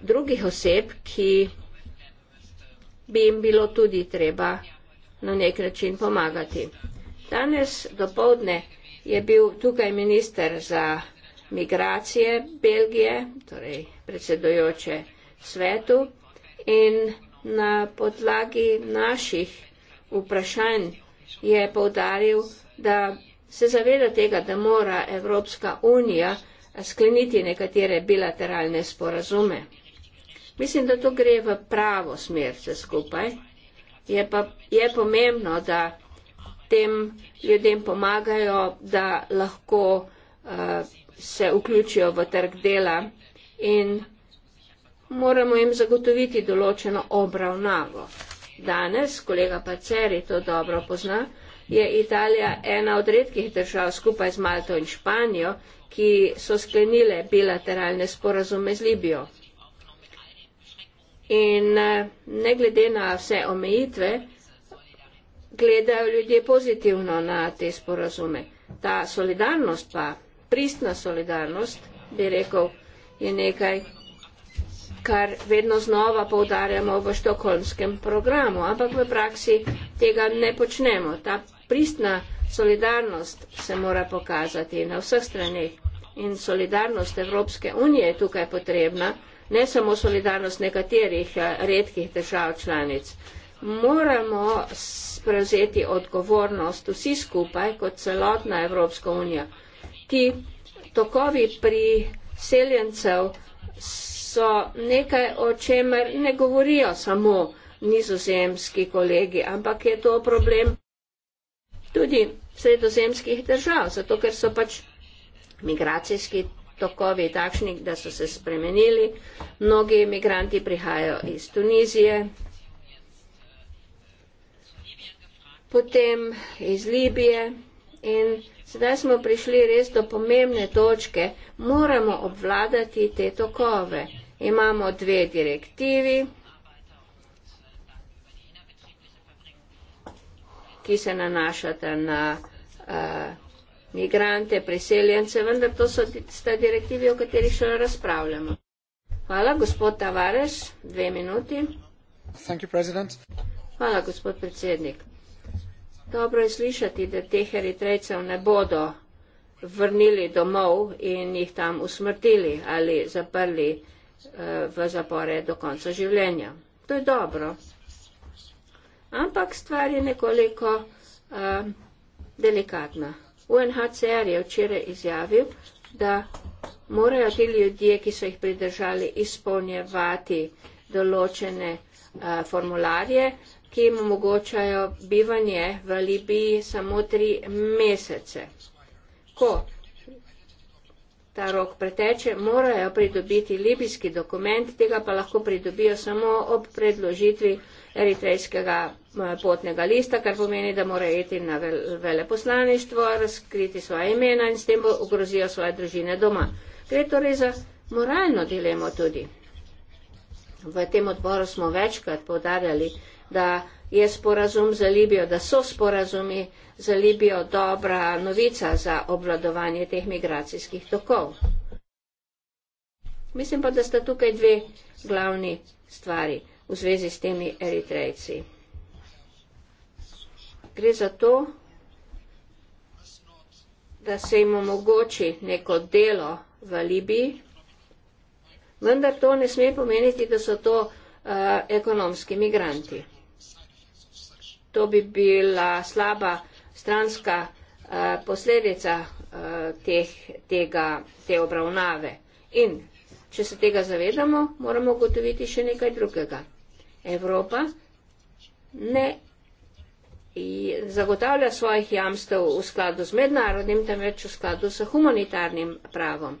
drugih oseb, ki bi jim bilo tudi treba na nek način pomagati. Danes do povdne je bil tukaj minister za migracije Belgije, torej predsedojoče svetu in na podlagi naših vprašanj, je povdaril, da se zaveda tega, da mora Evropska unija skleniti nekatere bilateralne sporazume. Mislim, da to gre v pravo smer vse skupaj. Je pa je pomembno, da tem ljudem pomagajo, da lahko uh, se vključijo v trg dela in moramo jim zagotoviti določeno obravnavo. Danes, kolega Paceri to dobro pozna, je Italija ena od redkih držav skupaj z Malto in Španijo, ki so sklenile bilateralne sporazume z Libijo. In eh, ne glede na vse omejitve, gledajo ljudje pozitivno na te sporazume. Ta solidarnost pa, pristna solidarnost, bi rekel, je nekaj, kar vedno znova poudarjamo v štokholmskem programu, ampak v praksi tega ne počnemo. Ta pristna solidarnost se mora pokazati na vseh straneh in solidarnost Evropske unije je tukaj potrebna, ne samo solidarnost nekaterih eh, redkih držav članic. Moramo sprevzeti odgovornost vsi skupaj kot celotna Evropska unija. Ti tokovi priseljencev so nekaj, o čemer ne govorijo samo nizozemski kolegi, ampak je to problem tudi sredozemskih držav, zato ker so pač migracijski tokovi takšni, da so se spremenili. Mnogi imigranti prihajajo iz Tunizije, potem iz Libije in Sedaj smo prišli res do pomembne točke. Moramo obvladati te tokove. Imamo dve direktivi, ki se nanašata na uh, migrante, priseljence, vendar to so sta direktivi, o katerih še razpravljamo. Hvala, gospod Tavares, dve minuti. Hvala, gospod predsednik. Dobro je slišati, da teh eritrejcev ne bodo vrnili domov in jih tam usmrtili ali zaprli eh, v zapore do konca življenja. To je dobro. Ampak stvar je nekoliko uh, delikatna. UNHCR je včeraj izjavil, da morajo ti ljudje, ki so jih pridržali, izpolnjevati določene uh, formularje, ki jim omogočajo bivanje v Libiji samo tri mesece. Ko ta rok preteče, morajo pridobiti libijski dokument, tega pa lahko pridobijo samo ob predložitvi eritrejskega eh, potnega lista, kar pomeni, da morajo iti na veleposlaništvo, razkriti svoje imena in s tem ogrozijo svoje družine doma. Gre torej za moralno dilemo tudi. V tem odboru smo večkrat povdarjali da je sporazum za Libijo, da so sporazumi za Libijo dobra novica za obvladovanje teh migracijskih tokov. Mislim pa, da sta tukaj dve glavni stvari v zvezi s temi eritrejci. Gre za to, da se jim omogoči neko delo v Libiji, vendar to ne sme pomeniti, da so to uh, ekonomski migranti to bi bila slaba stranska eh, posledica eh, teh, tega, te obravnave. In če se tega zavedamo, moramo ugotoviti še nekaj drugega. Evropa ne zagotavlja svojih jamstev v skladu z mednarodnim, temveč v skladu s humanitarnim pravom.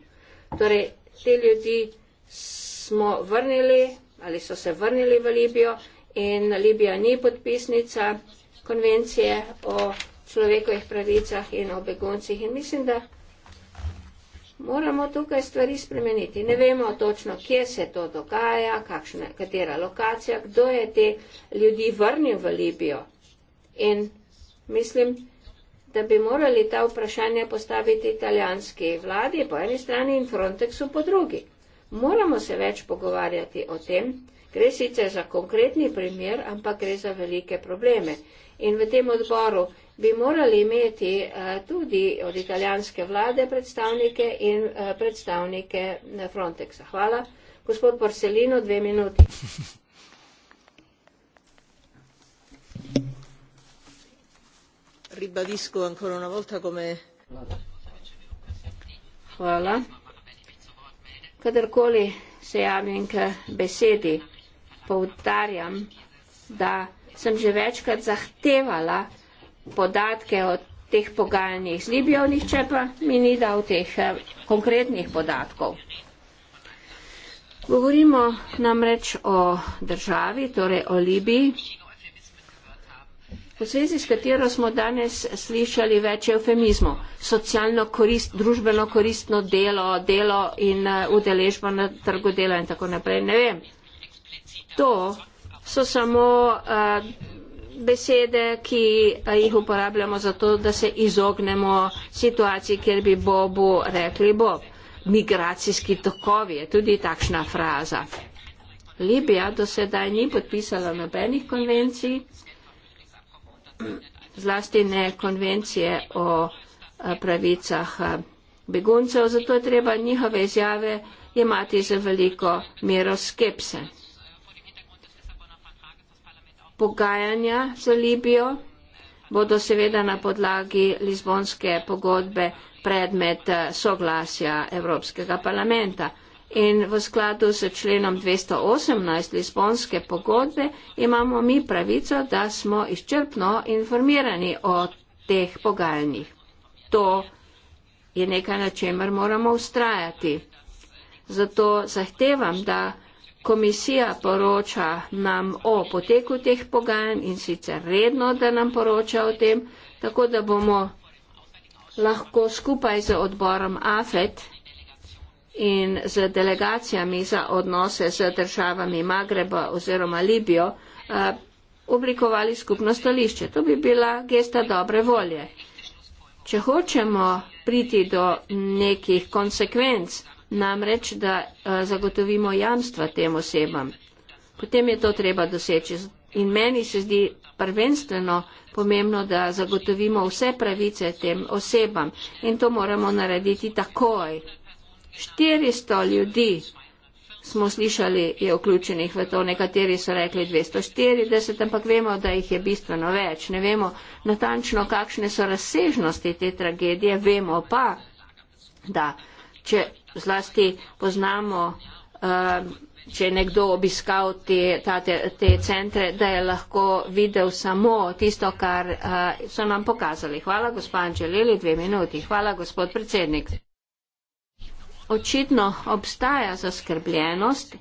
Torej, te ljudi smo vrnili ali so se vrnili v Libijo in Libija ni podpisnica konvencije o človekovih pravicah in o beguncih. In mislim, da moramo tukaj stvari spremeniti. Ne vemo točno, kje se to dogaja, kakšna, katera lokacija, kdo je te ljudi vrnil v Libijo. In mislim, da bi morali ta vprašanja postaviti italijanski vladi po eni strani in Frontexu po drugi. Moramo se več pogovarjati o tem, Gre sicer za konkretni primer, ampak gre za velike probleme. In v tem odboru bi morali imeti eh, tudi od italijanske vlade predstavnike in eh, predstavnike eh, Frontexa. Hvala. Gospod Porcelino, dve minuti. Ribadisko ancora una volta come. Hvala. Kadarkoli se javim k besedi poudarjam, da sem že večkrat zahtevala podatke o teh pogajanjih z Libijo, nihče pa mi ni dal teh eh, konkretnih podatkov. Govorimo namreč o državi, torej o Libiji, v zvezi s katero smo danes slišali več eufemizmov. Socialno korist, družbeno koristno delo, delo in eh, udeležba na trgu dela in tako naprej. Ne vem, To so samo uh, besede, ki eh, jih uporabljamo zato, da se izognemo situaciji, kjer bi Bobu rekli Bob. Migracijski tokovi je tudi takšna fraza. Libija do sedaj ni podpisala nobenih konvencij, zlasti ne konvencije o eh, pravicah beguncev, zato je treba njihove izjave jemati za veliko mero skepse pogajanja za Libijo bodo seveda na podlagi Lizbonske pogodbe predmet eh, soglasja Evropskega parlamenta. In v skladu s členom 218 Lizbonske pogodbe imamo mi pravico, da smo izčrpno informirani o teh pogajanjih. To je nekaj, na čemer moramo ustrajati. Zato zahtevam, da Komisija poroča nam o poteku teh pogajanj in sicer redno, da nam poroča o tem, tako da bomo lahko skupaj z odborom AFET in z delegacijami za odnose z državami Magreba oziroma Libijo eh, oblikovali skupno stališče. To bi bila gesta dobre volje. Če hočemo priti do nekih konsekvenc namreč, da eh, zagotovimo jamstva tem osebam. Potem je to treba doseči. In meni se zdi prvenstveno pomembno, da zagotovimo vse pravice tem osebam. In to moramo narediti takoj. 400 ljudi smo slišali je vključenih v to, nekateri so rekli 240, ampak vemo, da jih je bistveno več. Ne vemo natančno, kakšne so razsežnosti te tragedije, vemo pa, da če zlasti poznamo, eh, če je nekdo obiskal te, ta, te, te centre, da je lahko videl samo tisto, kar eh, so nam pokazali. Hvala, gospod Želeli, dve minuti. Hvala, gospod predsednik. Očitno obstaja zaskrbljenost,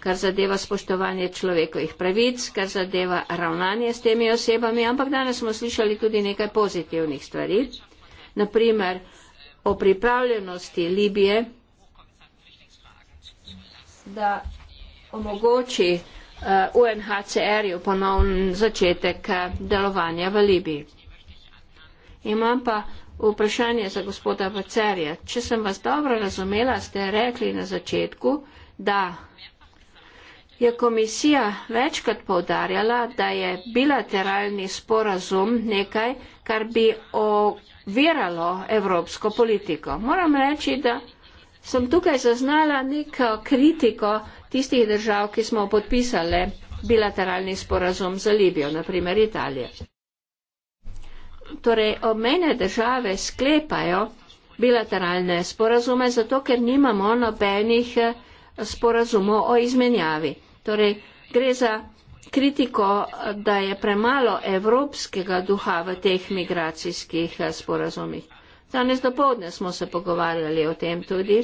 kar zadeva spoštovanje človekovih pravic, kar zadeva ravnanje s temi osebami, ampak danes smo slišali tudi nekaj pozitivnih stvari. Naprimer, o pripravljenosti Libije, da omogoči eh, UNHCR-ju ponovni začetek eh, delovanja v Libiji. Imam pa vprašanje za gospoda Vacerja. Če sem vas dobro razumela, ste rekli na začetku, da je komisija večkrat povdarjala, da je bilateralni sporazum nekaj, kar bi viralo evropsko politiko. Moram reči, da sem tukaj zaznala neko kritiko tistih držav, ki smo podpisali bilateralni sporazum za Libijo, naprimer Italijo. Torej, omene države sklepajo bilateralne sporazume, zato ker nimamo nobenih eh, sporazumov o izmenjavi. Torej, gre za kritiko, da je premalo evropskega duha v teh migracijskih eh, sporazumih. Danes dopoledne smo se pogovarjali o tem tudi.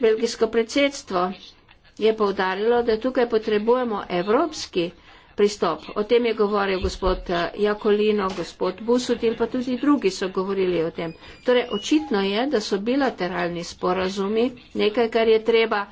Belgijsko predsedstvo je povdarilo, da tukaj potrebujemo evropski pristop. O tem je govoril gospod eh, Jakolino, gospod Busut in pa tudi drugi so govorili o tem. Torej, očitno je, da so bilateralni sporazumi nekaj, kar je treba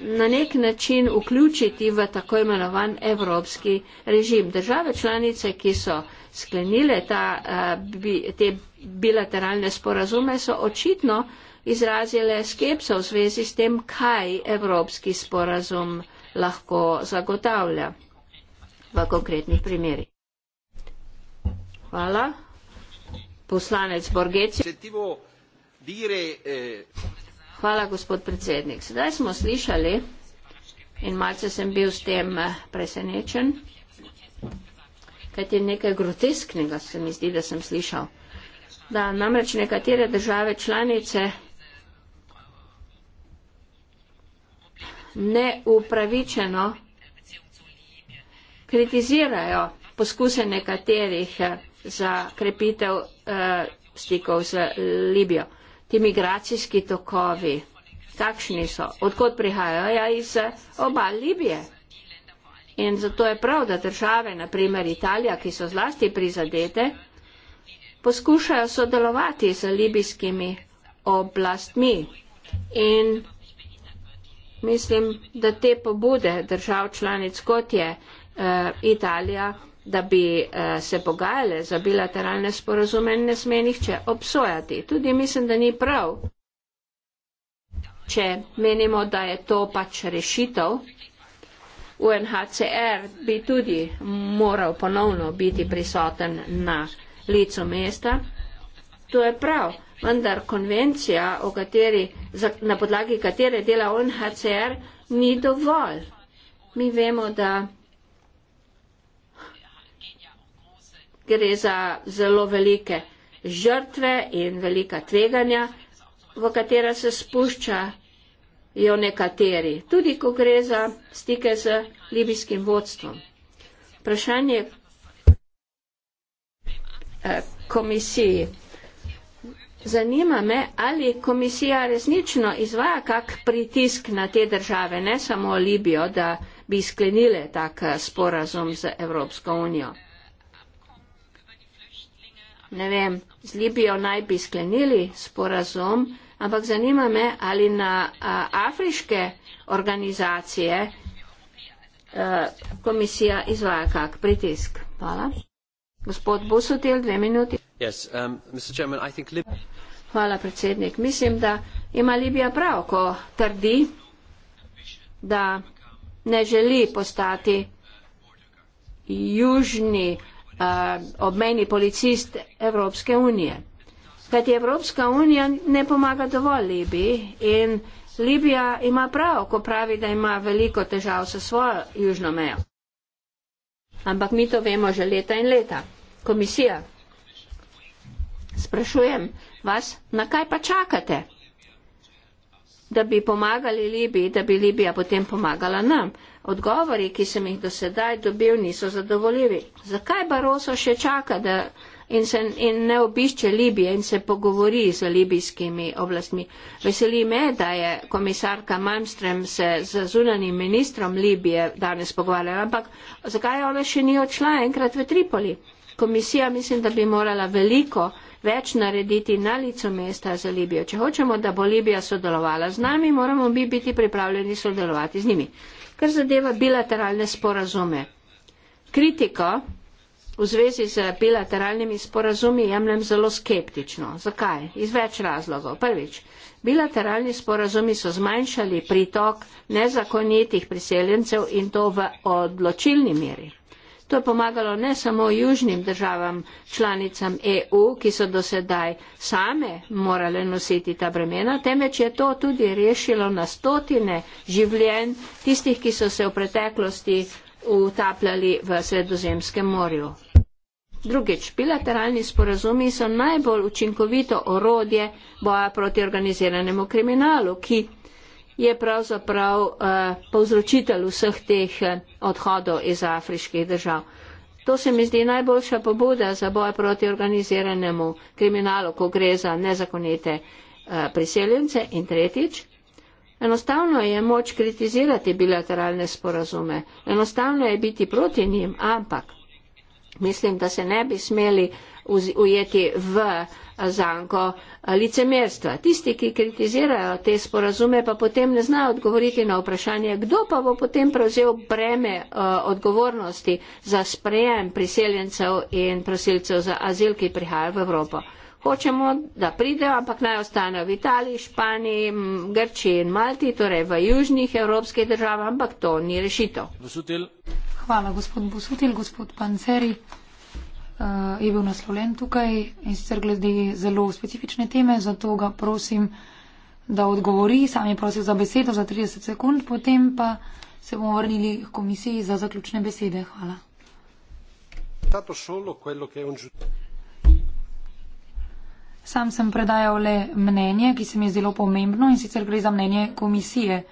na nek način vključiti v tako imenovan evropski režim. Države članice, ki so sklenile ta, eh, bi, te bilateralne sporazume, so očitno izrazile skepso v zvezi s tem, kaj evropski sporazum lahko zagotavlja v konkretnih primerih. Hvala. Poslanec Borgeci. Hvala, gospod predsednik. Sedaj smo slišali in malce sem bil s tem eh, presenečen, kajti nekaj grotesknega se mi zdi, da sem slišal. Da namreč nekatere države članice neupravičeno kritizirajo poskuse nekaterih eh, za krepitev eh, stikov z Libijo ti migracijski tokovi, kakšni so, odkot prihajajo, ja, iz eh, obal Libije. In zato je prav, da države, naprimer Italija, ki so zlasti prizadete, poskušajo sodelovati z libijskimi oblastmi. In mislim, da te pobude držav članic, kot je eh, Italija, da bi uh, se pogajale za bilateralne sporozume, ne sme nihče obsojati. Tudi mislim, da ni prav, če menimo, da je to pač rešitev. UNHCR bi tudi moral ponovno biti prisoten na licu mesta. To je prav, vendar konvencija, kateri, za, na podlagi katere dela UNHCR, ni dovolj. Mi vemo, da gre za zelo velike žrtve in velika tveganja, v katera se spuščajo nekateri, tudi ko gre za stike z libijskim vodstvom. Vprašanje eh, komisiji. Zanima me, ali komisija resnično izvaja kak pritisk na te države, ne samo Libijo, da bi sklenile tak eh, sporazum z Evropsko unijo ne vem, z Libijo naj bi sklenili sporazum, ampak zanima me, ali na a, afriške organizacije a, komisija izvaja kak pritisk. Hvala. Gospod Busutil, dve minuti. Yes, um, Mr. Chairman, I think Hvala, predsednik. Mislim, da ima Libija prav, ko trdi, da ne želi postati južni Eh, obmejni policist Evropske unije. Kajti Evropska unija ne pomaga dovolj Libiji in Libija ima prav, ko pravi, da ima veliko težav s svojo južno mejo. Ampak mi to vemo že leta in leta. Komisija, sprašujem vas, na kaj pa čakate? da bi pomagali Libiji, da bi Libija potem pomagala nam. Odgovori, ki sem jih do sedaj dobil, niso zadovoljivi. Zakaj Baroso še čaka da, in, se, in ne obišče Libije in se pogovori z libijskimi oblastmi? Veseli me, da je komisarka Malmström se z zunanim ministrom Libije danes pogovarjala, ampak zakaj ona še ni odšla enkrat v Tripoli? Komisija mislim, da bi morala veliko več narediti na licu mesta za Libijo. Če hočemo, da bo Libija sodelovala z nami, moramo mi biti pripravljeni sodelovati z njimi kar zadeva bilateralne sporazume. Kritiko v zvezi z bilateralnimi sporazumi jemljem zelo skeptično. Zakaj? Iz več razlogov. Prvič, bilateralni sporazumi so zmanjšali pritok nezakonitih priseljencev in to v odločilni meri. To je pomagalo ne samo južnim državam, članicam EU, ki so do sedaj same morale nositi ta bremena, temveč je to tudi rešilo na stotine življenj tistih, ki so se v preteklosti utapljali v sredozemskem morju. Drugič, bilateralni sporazumi so najbolj učinkovito orodje boja proti organiziranemu kriminalu, ki je pravzaprav eh, povzročitelj vseh teh eh, odhodov iz afriških držav. To se mi zdi najboljša pobuda za boj proti organiziranemu kriminalu, ko gre za nezakonite eh, priseljence. In tretjič, enostavno je moč kritizirati bilateralne sporazume, enostavno je biti proti njim, ampak mislim, da se ne bi smeli ujeti v zanko eh, licemerstva. Tisti, ki kritizirajo te sporazume, pa potem ne znajo odgovoriti na vprašanje, kdo pa bo potem prevzel breme eh, odgovornosti za sprejem priseljencev in prosilcev za azil, ki prihajajo v Evropo. Hočemo, da pridejo, ampak naj ostanejo v Italiji, Španiji, Grčiji in Malti, torej v južnih evropskih državah, ampak to ni rešitev. Hvala, gospod Busutil, gospod Panceri uh, je bil naslovljen tukaj in sicer glede zelo specifične teme, zato ga prosim, da odgovori. Sam je prosil za besedo za 30 sekund, potem pa se bomo vrnili k komisiji za zaključne besede. Hvala. Sam sem predajal le mnenje, ki se mi je zelo pomembno in sicer gre za mnenje komisije.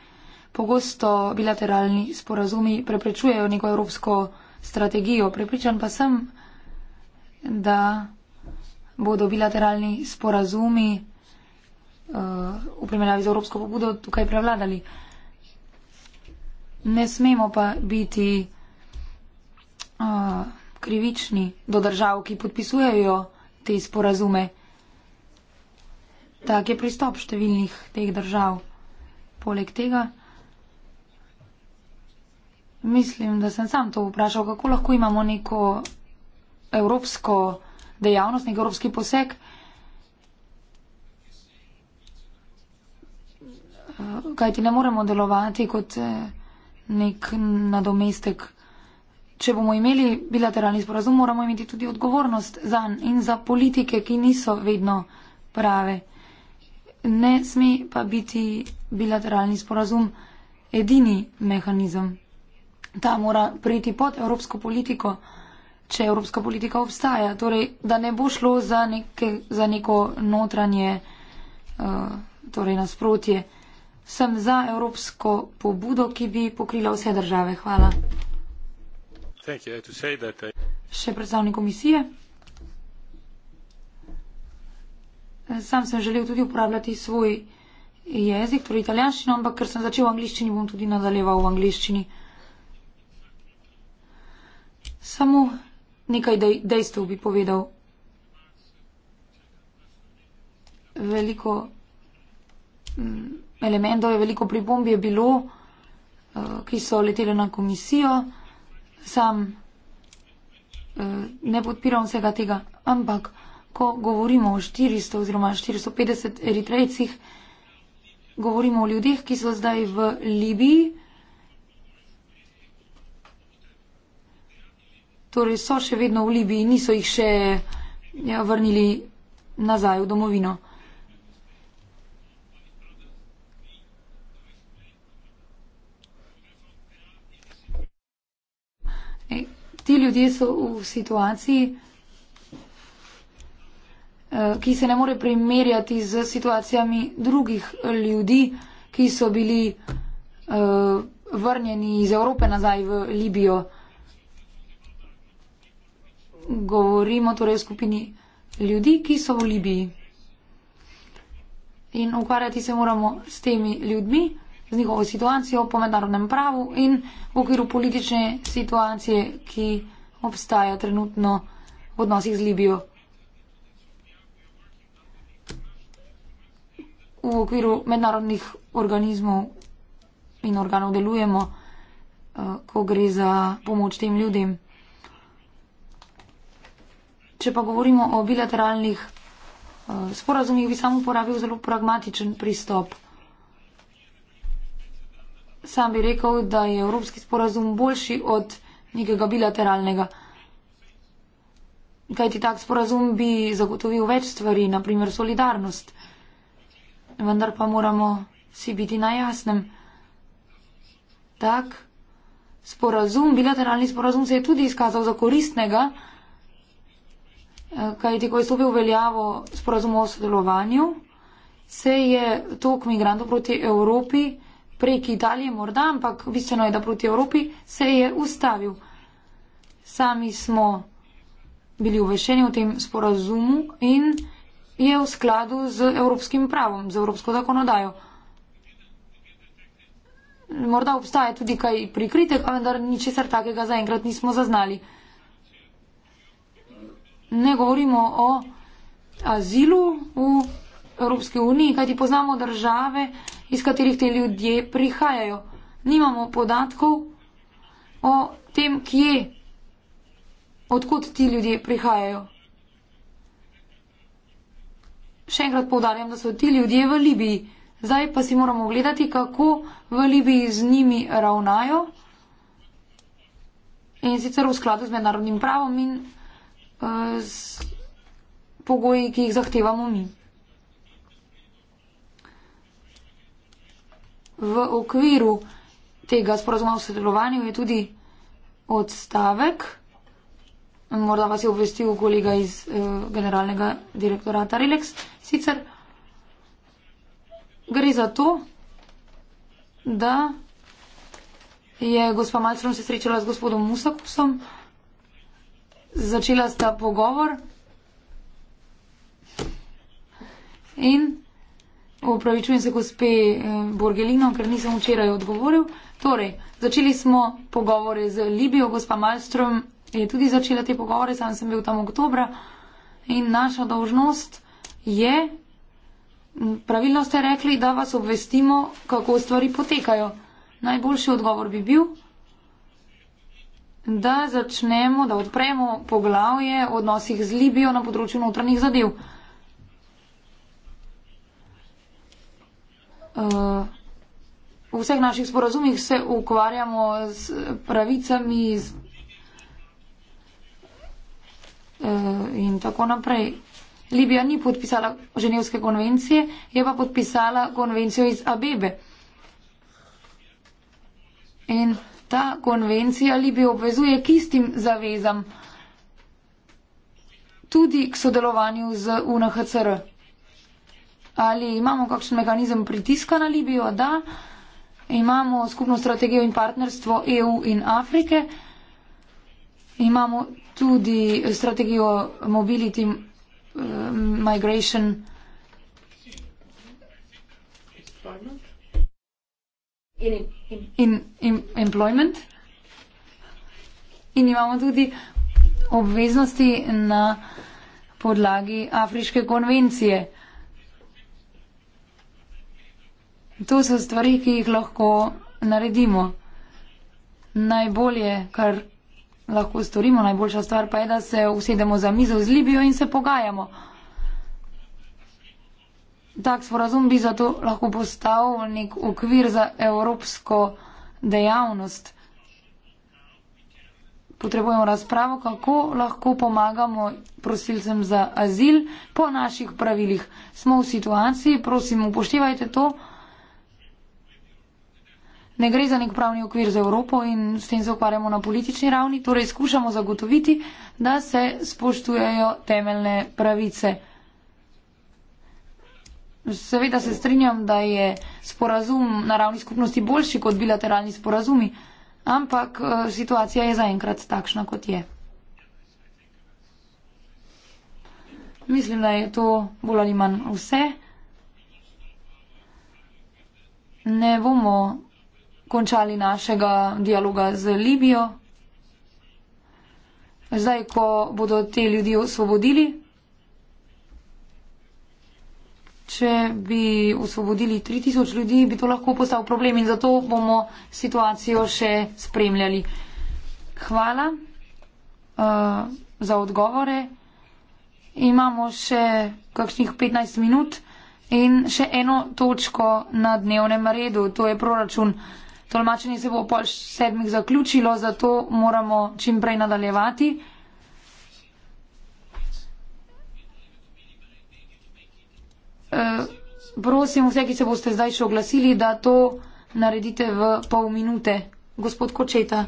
Pogosto bilateralni sporazumi preprečujejo neko evropsko strategijo. Prepričan pa sem, da bodo bilateralni sporazumi uh, v primerjavi z Evropsko pobudo tukaj prevladali. Ne smemo pa biti uh, krivični do držav, ki podpisujejo te sporazume. Tak je pristop številnih teh držav. Poleg tega, mislim, da sem sam to vprašal, kako lahko imamo neko evropsko dejavnost, nek evropski poseg. Kaj ti ne moremo delovati kot eh, nek nadomestek. Če bomo imeli bilateralni sporazum, moramo imeti tudi odgovornost za njega in za politike, ki niso vedno prave. Ne sme pa biti bilateralni sporazum edini mehanizem. Ta mora priti pod evropsko politiko če evropska politika obstaja. Torej, da ne bo šlo za, neke, za neko notranje uh, torej nasprotje. Sem za evropsko pobudo, ki bi pokrila vse države. Hvala. Še predstavnik komisije. Sam sem želel tudi uporabljati svoj jezik, torej italijanščino, ampak ker sem začel v angliščini, bom tudi nadaljeval v angliščini. Samo nekaj dejstev bi povedal. Veliko mm, elementov, veliko pripomb je bilo, eh, ki so letele na komisijo. Sam eh, ne podpiram vsega tega, ampak ko govorimo o 400 oziroma 450 eritrejcih, govorimo o ljudeh, ki so zdaj v Libiji. torej so še vedno v Libiji, niso jih še ja, vrnili nazaj v domovino. E, ti ljudje so v situaciji, e, ki se ne more primerjati z situacijami drugih ljudi, ki so bili uh, vrnjeni iz Evrope nazaj v Libijo govorimo torej o skupini ljudi, ki so v Libiji. In ukvarjati se moramo s temi ljudmi, z njihovo situacijo po mednarodnem pravu in v okviru politične situacije, ki obstaja trenutno v odnosih z Libijo. V okviru mednarodnih organizmov in organov delujemo, eh, ko gre za pomoč tem ljudem. Če pa govorimo o bilateralnih eh, sporazumih, bi sam uporabil zelo pragmatičen pristop. Sam bi rekel, da je evropski sporazum boljši od nekega bilateralnega. Kaj ti tak sporazum bi zagotovil več stvari, naprimer solidarnost. Vendar pa moramo si biti na jasnem. Tak sporazum, bilateralni sporazum se je tudi izkazal za koristnega, Eh, kajti ko je stopil veljavo sporazum o sodelovanju, se je tok migrantov proti Evropi prek Italije morda, ampak bistveno je, da proti Evropi se je ustavil. Sami smo bili uvešeni v tem sporazumu in je v skladu z evropskim pravom, z evropsko zakonodajo. Morda obstaja tudi kaj prikritek, vendar ničesar takega zaenkrat nismo zaznali ne govorimo o azilu v Evropski uniji, kajti poznamo države, iz katerih te ljudje prihajajo. Nimamo podatkov o tem, kje, odkot ti ljudje prihajajo. Še enkrat povdarjam, da so ti ljudje v Libiji. Zdaj pa si moramo gledati, kako v Libiji z njimi ravnajo in sicer v skladu z mednarodnim pravom in z pogoji, ki jih zahtevamo mi. V okviru tega sporozuma o sodelovanju je tudi odstavek, morda vas je obvestil kolega iz eh, generalnega direktorata Relex, sicer gre za to, da je gospa Malcrom se srečala z gospodom Musakusom, začela sta pogovor. In upravičujem se gospe eh, Borgelino, ker nisem včeraj odgovoril. Torej, začeli smo pogovore z Libijo, gospa Malmström je tudi začela te pogovore, sam sem bil tam oktobra. In naša dožnost je, pravilno ste rekli, da vas obvestimo, kako stvari potekajo. Najboljši odgovor bi bil, da začnemo, da odpremo poglavje o odnosih z Libijo na področju notranjih zadev. Eh, v vseh naših sporazumih se ukvarjamo z pravicami z eh, in tako naprej. Libija ni podpisala ženevske konvencije, je pa podpisala konvencijo iz Abebe. In ta konvencija Libijo obvezuje k istim zavezam, tudi k sodelovanju z UNHCR. Ali imamo kakšen mehanizem pritiska na Libijo? Da. Imamo skupno strategijo in partnerstvo EU in Afrike. Imamo tudi strategijo Mobility eh, Migration. in, in, in, in employment. In imamo tudi obveznosti na podlagi Afriške konvencije. To so stvari, ki jih lahko naredimo. Najbolje, kar lahko storimo, najboljša stvar pa je, da se usedemo za mizo z Libijo in se pogajamo. Tak sporazum bi zato lahko postal nek okvir za evropsko dejavnost. Potrebujemo razpravo, kako lahko pomagamo prosilcem za azil po naših pravilih. Smo v situaciji, prosim, upoštevajte to. Ne gre za nek pravni okvir za Evropo in s tem se ukvarjamo na politični ravni, torej skušamo zagotoviti, da se spoštujejo temeljne pravice. Seveda se strinjam, da je sporazum na ravni skupnosti boljši kot bilateralni sporazumi, ampak eh, situacija je zaenkrat takšna, kot je. Mislim, da je to bolj ali manj vse. Ne bomo končali našega dialoga z Libijo. Zdaj, ko bodo te ljudi osvobodili, Če bi osvobodili 3000 ljudi, bi to lahko postal problem in zato bomo situacijo še spremljali. Hvala uh, za odgovore. Imamo še kakšnih 15 minut in še eno točko na dnevnem redu, to je proračun. Tolmačenje se bo pol sedmih zaključilo, zato moramo čim prej nadaljevati. Eh, prosim vse, ki se boste zdaj še oglasili, da to naredite v pol minute. Gospod Kočeta.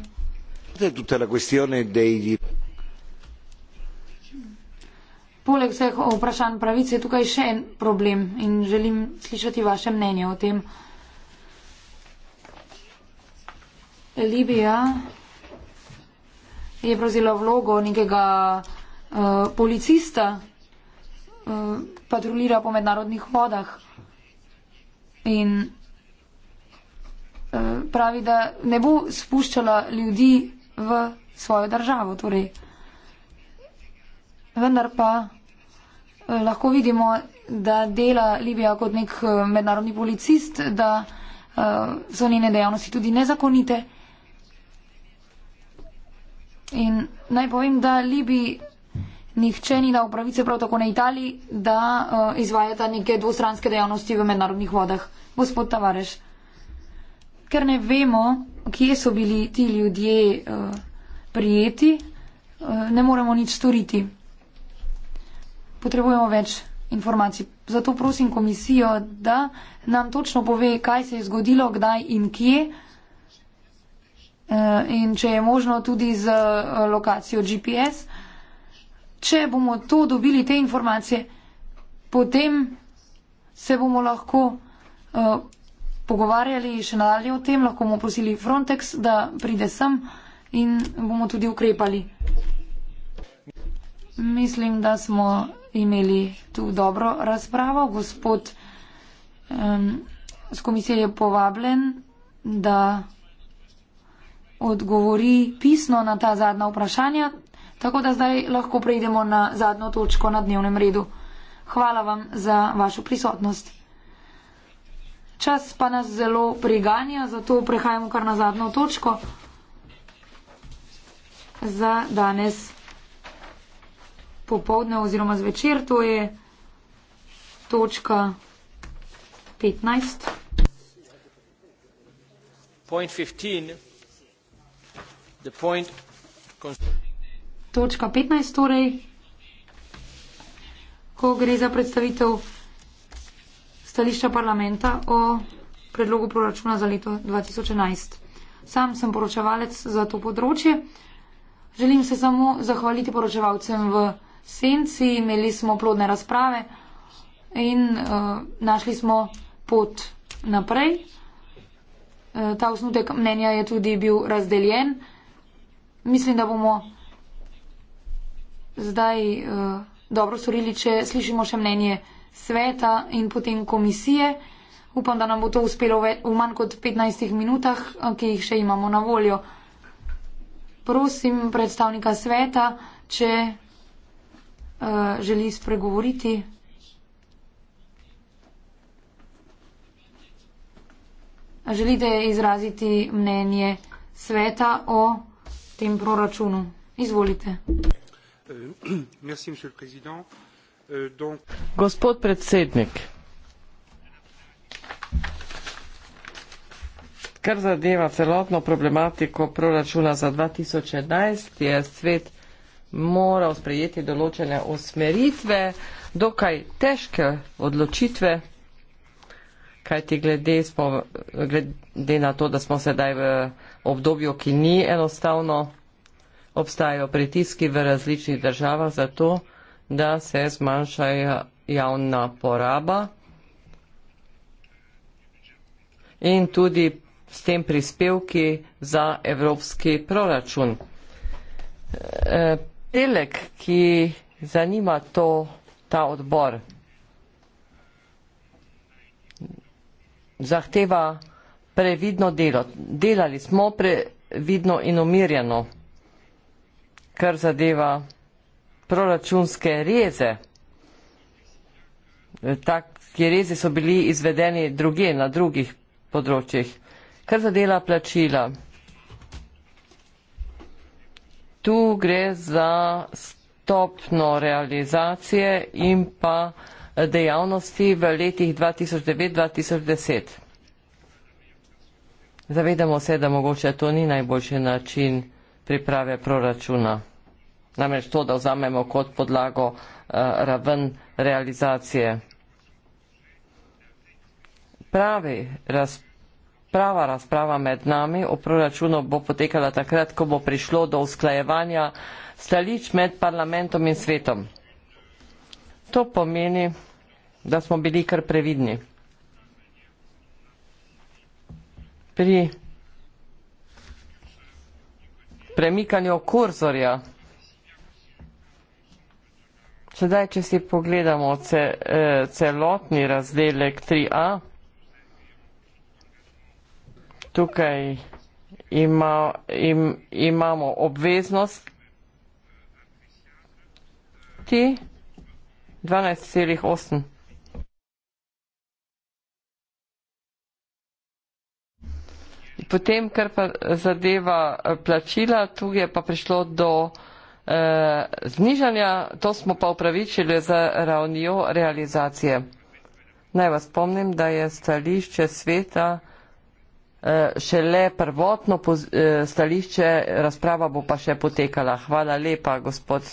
Poleg vseh vprašanj pravice je tukaj še en problem in želim slišati vaše mnenje o tem. Libija je prevzela vlogo nekega uh, policista, Eh, patrulira po mednarodnih vodah in eh, pravi, da ne bo spuščala ljudi v svojo državo. Torej. Vendar pa eh, lahko vidimo, da dela Libija kot nek mednarodni policist, da so njene dejavnosti tudi nezakonite. In naj povem, da Libiji nihče ni dal pravice, prav tako ne Italiji, da uh, izvajata neke dvostranske dejavnosti v mednarodnih vodah. Gospod Tavares, ker ne vemo, kje so bili ti ljudje uh, prijeti, uh, ne moremo nič storiti. Potrebujemo več informacij. Zato prosim komisijo, da nam točno pove, kaj se je zgodilo, kdaj in kje. In če je možno tudi z lokacijo GPS, Če bomo to dobili, te informacije, potem se bomo lahko uh, pogovarjali še nadalje o tem, lahko bomo prosili Frontex, da pride sem in bomo tudi ukrepali. Mislim, da smo imeli tu dobro razpravo. Gospod um, z komisije je povabljen, da odgovori pisno na ta zadnja vprašanja. Tako da zdaj lahko preidemo na zadnjo točko na dnevnem redu. Hvala vam za vašo prisotnost. Čas pa nas zelo priganja, zato prehajamo kar na zadnjo točko za danes popovdne oziroma zvečer. To je točka 15. Point 15. The point točka 15, torej, ko gre za predstavitev stališča parlamenta o predlogu proračuna za leto 2011. Sam sem poročevalec za to področje. Želim se samo zahvaliti poročevalcem v senci. Imeli smo plodne razprave in uh, našli smo pot naprej. Eh, ta osnutek mnenja je tudi bil razdeljen. Mislim, da bomo zdaj uh, dobro storili, če slišimo še mnenje sveta in potem komisije. Upam, da nam bo to uspelo v manj kot 15 minutah, eh, ki jih še imamo na voljo. Prosim predstavnika sveta, če uh, želi spregovoriti. Želite izraziti mnenje sveta o tem proračunu? Izvolite. Euh, (clears throat) euh, Gospod predsednik, kar zadeva celotno problematiko proračuna za 2011, je svet moral sprejeti določene usmeritve, dokaj težke odločitve, kajti glede, spo, glede na to, da smo sedaj v obdobju, ki ni enostavno, obstajajo pritiski v različnih državah za to, da se zmanjša ja, javna poraba in tudi s tem prispevki za evropski proračun. Delek, e, ki zanima to, ta odbor, zahteva previdno delo. Delali smo previdno in umirjeno kar zadeva proračunske reze. Taki reze so bili izvedeni druge na drugih področjih. Kar zadeva plačila. Tu gre za stopno realizacije in pa dejavnosti v letih 2009-2010. Zavedamo se, da mogoče to ni najboljši način priprave proračuna namreč to, da vzamemo kot podlago eh, raven realizacije. Pravi razpoložljiv. Prava razprava med nami o proračunu bo potekala takrat, ko bo prišlo do usklajevanja stališč med parlamentom in svetom. To pomeni, da smo bili kar previdni. Pri premikanju kurzorja Sedaj, če si pogledamo ce, eh, celotni razdelek 3a, tukaj ima, im, imamo obveznost T 12,8. Potem, kar pa zadeva e, plačila, tu je pa prišlo do Eh, znižanja to smo pa upravičili za ravnijo realizacije. Naj vas spomnim, da je stališče sveta eh, šele prvotno eh, stališče, razprava bo pa še potekala. Hvala lepa, gospod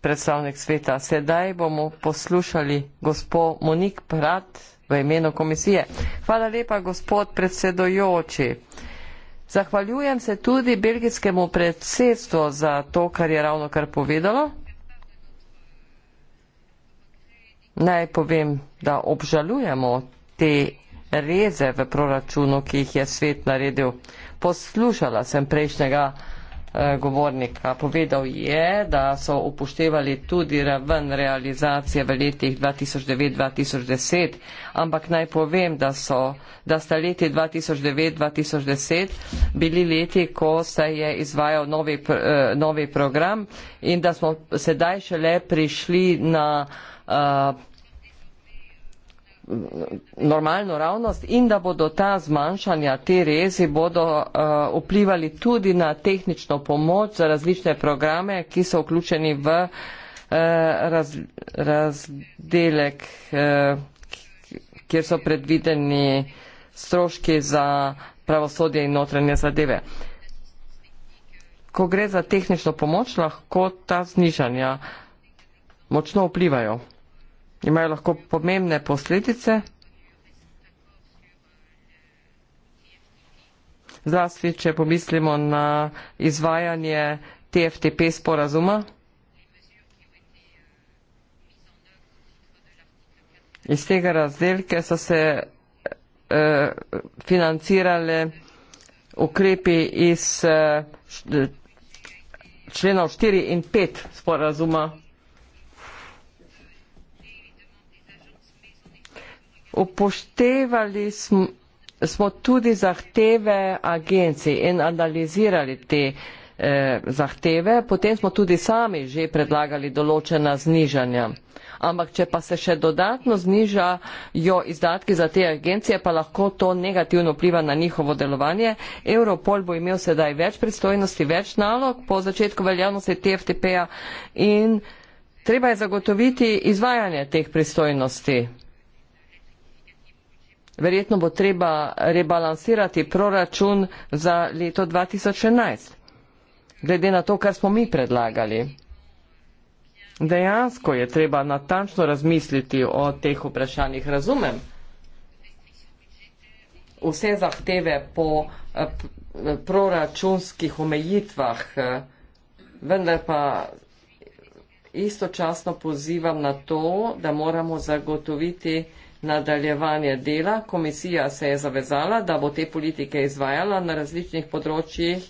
predstavnik sveta. Sedaj bomo poslušali gospod Monik Prat v imenu komisije. Hvala lepa, gospod predsedojoči. Zahvaljujem se tudi belgijskemu predsedstvu za to, kar je ravno kar povedalo. Naj povem, da obžalujemo te reze v proračunu, ki jih je svet naredil. Poslušala sem prejšnjega Eh, govornik. Povedal je, da so upoštevali tudi raven realizacije v letih 2009-2010, ampak naj povem, da, so, da sta leti 2009-2010 bili leti, ko se je izvajal novi, eh, novi program in da smo sedaj šele prišli na uh, normalno ravnost in da bodo ta zmanjšanja, te rezi bodo uh, vplivali tudi na tehnično pomoč za različne programe, ki so vključeni v uh, raz, razdelek, uh, kjer so predvideni stroški za pravosodje in notranje zadeve. Ko gre za tehnično pomoč, lahko ta znižanja močno vplivajo imajo lahko pomembne posledice, zlasti, če pomislimo na izvajanje TFTP sporazuma. Iz tega razdelke so se eh, financirale ukrepi iz eh, členov 4 in 5 sporazuma. upoštevali smo, smo tudi zahteve agencij in analizirali te eh, zahteve, potem smo tudi sami že predlagali določena znižanja. Ampak če pa se še dodatno znižajo izdatki za te agencije, pa lahko to negativno pliva na njihovo delovanje. Europol bo imel sedaj več pristojnosti, več nalog po začetku veljavnosti TFTP-a in treba je zagotoviti izvajanje teh pristojnosti verjetno bo treba rebalansirati proračun za leto 2011, glede na to, kar smo mi predlagali. Dejansko je treba natančno razmisliti o teh vprašanjih. Razumem vse zahteve po eh, proračunskih omejitvah, eh, vendar pa istočasno pozivam na to, da moramo zagotoviti nadaljevanje dela. Komisija se je zavezala, da bo te politike izvajala na različnih področjih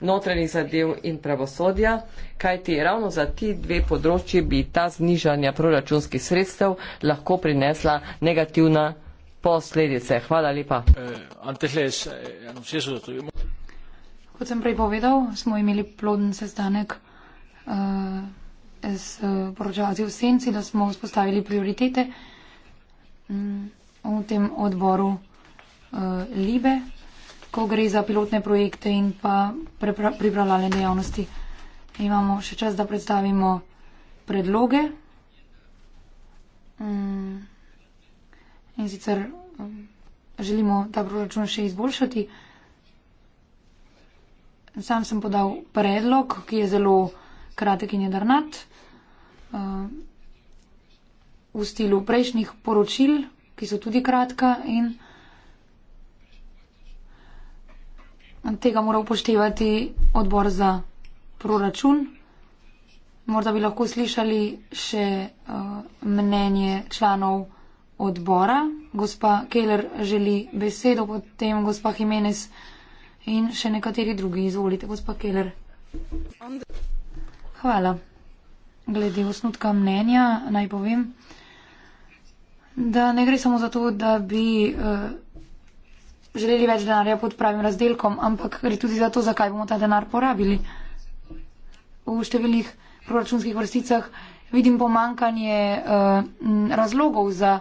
notranjih zadev in pravosodja, kajti ravno za ti dve področji bi ta znižanja proračunskih sredstev lahko prinesla negativna posledice. Hvala lepa. Eh, eh, Kot sem prej povedal, smo imeli ploden sestanek uh, s poročevalci v senci, da smo vzpostavili prioritete. Mm, v tem odboru eh, Libe, ko gre za pilotne projekte in pa pripravljalne dejavnosti. Imamo še čas, da predstavimo predloge. Mm, in sicer mm, želimo ta proračun še izboljšati. Sam sem podal predlog, ki je zelo kratek in jedrnat. Eh, v stilu prejšnjih poročil, ki so tudi kratka in tega mora upoštevati odbor za proračun. Morda bi lahko slišali še uh, mnenje članov odbora. Gospa Keller želi besedo, potem gospa Jimenez in še nekateri drugi. Izvolite, gospa Keller. Hvala. Glede osnutka mnenja naj povem da ne gre samo za to, da bi uh, želeli več denarja pod pravim razdelkom, ampak gre tudi za to, zakaj bomo ta denar porabili. V številnih proračunskih vrsticah vidim pomankanje uh, razlogov za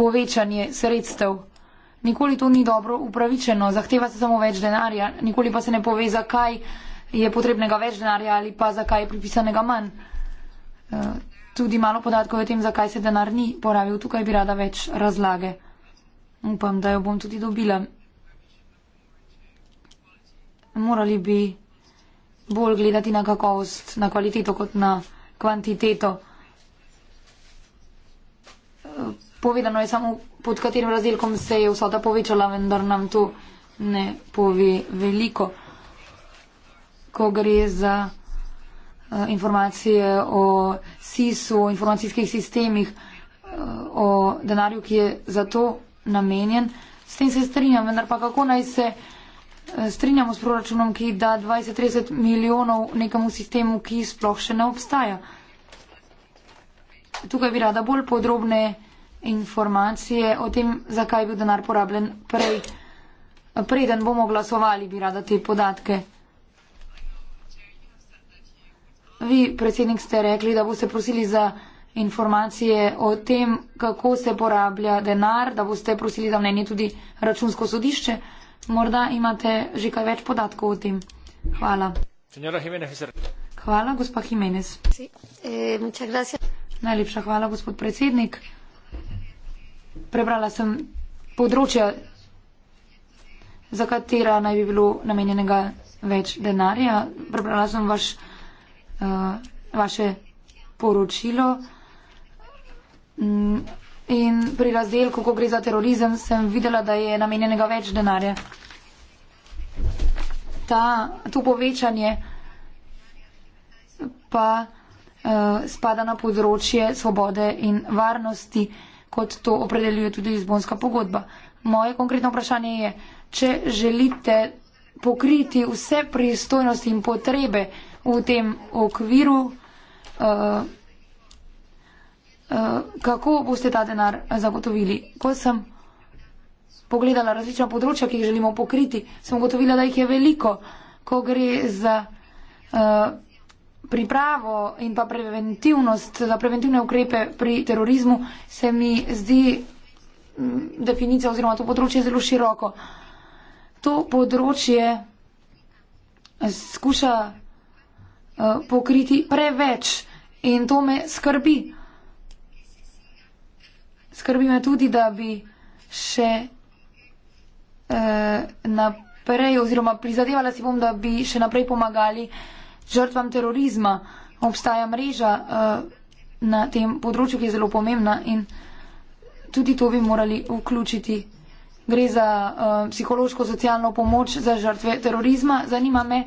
povečanje sredstev. Nikoli to ni dobro upravičeno, zahteva se samo več denarja, nikoli pa se ne pove, zakaj je potrebnega več denarja ali pa zakaj je pripisanega manj. Uh, tudi malo podatkov o tem, zakaj se denar ni porabil. Tukaj bi rada več razlage. Upam, da jo bom tudi dobila. Morali bi bolj gledati na kakovost, na kvaliteto kot na kvantiteto. Povedano je samo, pod katerim razdelkom se je vsota povečala, vendar nam to ne pove veliko. Ko gre za. Eh, informacije o SIS-u, o informacijskih sistemih, eh, o denarju, ki je za to namenjen. S tem se strinjam, vendar pa kako naj se eh, strinjamo s proračunom, ki da 20-30 milijonov nekemu sistemu, ki sploh še ne obstaja. Tukaj bi rada bolj podrobne informacije o tem, zakaj je bil denar porabljen prej. Preden bomo glasovali, bi rada te podatke. Vi, predsednik, ste rekli, da boste prosili za informacije o tem, kako se porablja denar, da boste prosili za mnenje tudi računsko sodišče. Morda imate že kaj več podatkov o tem. Hvala. Er- hvala, gospa Jimenez. Eh, Najlepša hvala, gospod predsednik. Prebrala sem področja, za katera naj bi bilo namenjenega več denarja. Prebrala sem vaš uh, vaše poročilo. Mm, in pri razdelku, ko gre za terorizem, sem videla, da je namenjenega več denarja. Ta, to povečanje pa uh, spada na področje svobode in varnosti, kot to opredeljuje tudi izbonska pogodba. Moje konkretno vprašanje je, če želite pokriti vse pristojnosti in potrebe, uh, v tem okviru. Uh, uh, kako boste ta denar zagotovili? Ko sem pogledala različna področja, ki jih želimo pokriti, sem ugotovila, da jih je veliko, ko gre za uh, pripravo in pa preventivnost, za preventivne ukrepe pri terorizmu, se mi zdi mm, definicija oziroma to področje zelo široko. To področje skuša Eh, pokriti preveč in to me skrbi. Skrbi me tudi, da bi še uh, naprej oziroma prizadevala si bom, da bi še naprej pomagali žrtvam terorizma. Obstaja mreža uh, na tem področju, ki je zelo pomembna in tudi to bi morali vključiti. Gre za uh, psihološko-socialno pomoč za žrtve terorizma. Zanima me, uh,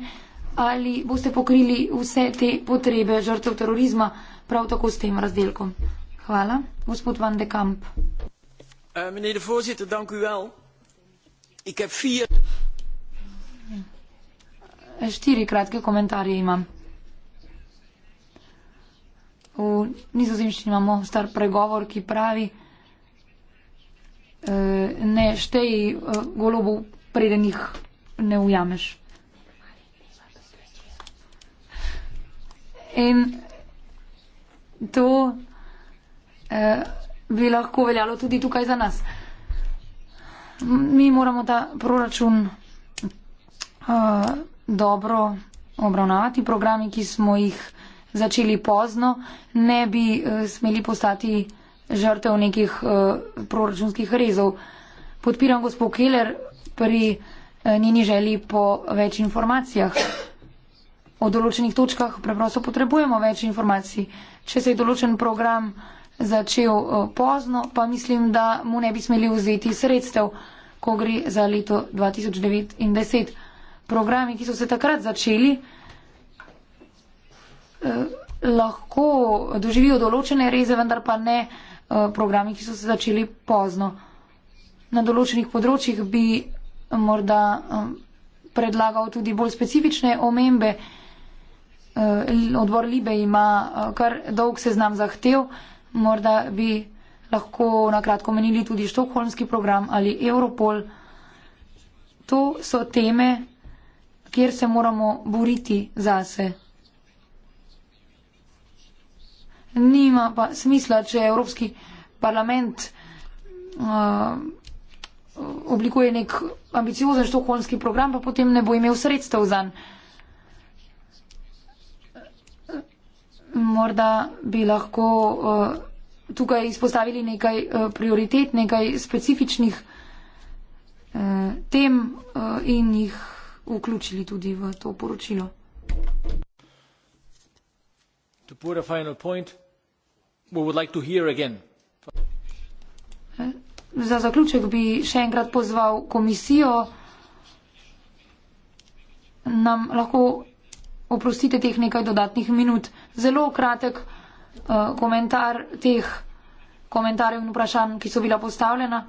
ali boste pokrili vse te potrebe žrtev terorizma prav tako s tem razdelkom. Hvala. Gospod Van de Kamp. Eh, eh, štiri kratke komentarje imam. V nizozemščini imamo star pregovor, ki pravi, eh, ne šteji golobov, preden jih ne ujameš. In to eh, bi lahko veljalo tudi tukaj za nas. Mi moramo ta proračun eh, dobro obravnavati. Programi, ki smo jih začeli pozno, ne bi eh, smeli postati žrtev nekih eh, proračunskih rezov. Podpiram gospod Keller pri eh, njeni želi po več informacijah o določenih točkah preprosto potrebujemo več informacij. Če se je določen program začel eh, pozno, pa mislim, da mu ne bi smeli vzeti sredstev, ko gre za leto 2009 in 2010. Programi, ki so se takrat začeli, eh, lahko doživijo določene reze, vendar pa ne eh, programi, ki so se začeli pozno. Na določenih področjih bi morda predlagal tudi bolj specifične omembe, Eh, odbor Libe ima eh, kar dolg seznam zahtev. Morda bi lahko na kratko menili tudi Štokholmski program ali Europol. To so teme, kjer se moramo boriti zase. Nima pa smisla, če Evropski parlament uh, oblikuje nek ambiciozen štokholmski program, pa potem ne bo imel sredstev zanj. morda bi lahko eh, tukaj izpostavili nekaj eh, prioritet, nekaj specifičnih eh, tem in jih vključili tudi v to poročilo. Za zaključek bi še enkrat pozval komisijo, nam lahko oprostite teh nekaj dodatnih minut. Zelo kratek uh, komentar teh komentarjev in vprašanj, ki so bila postavljena.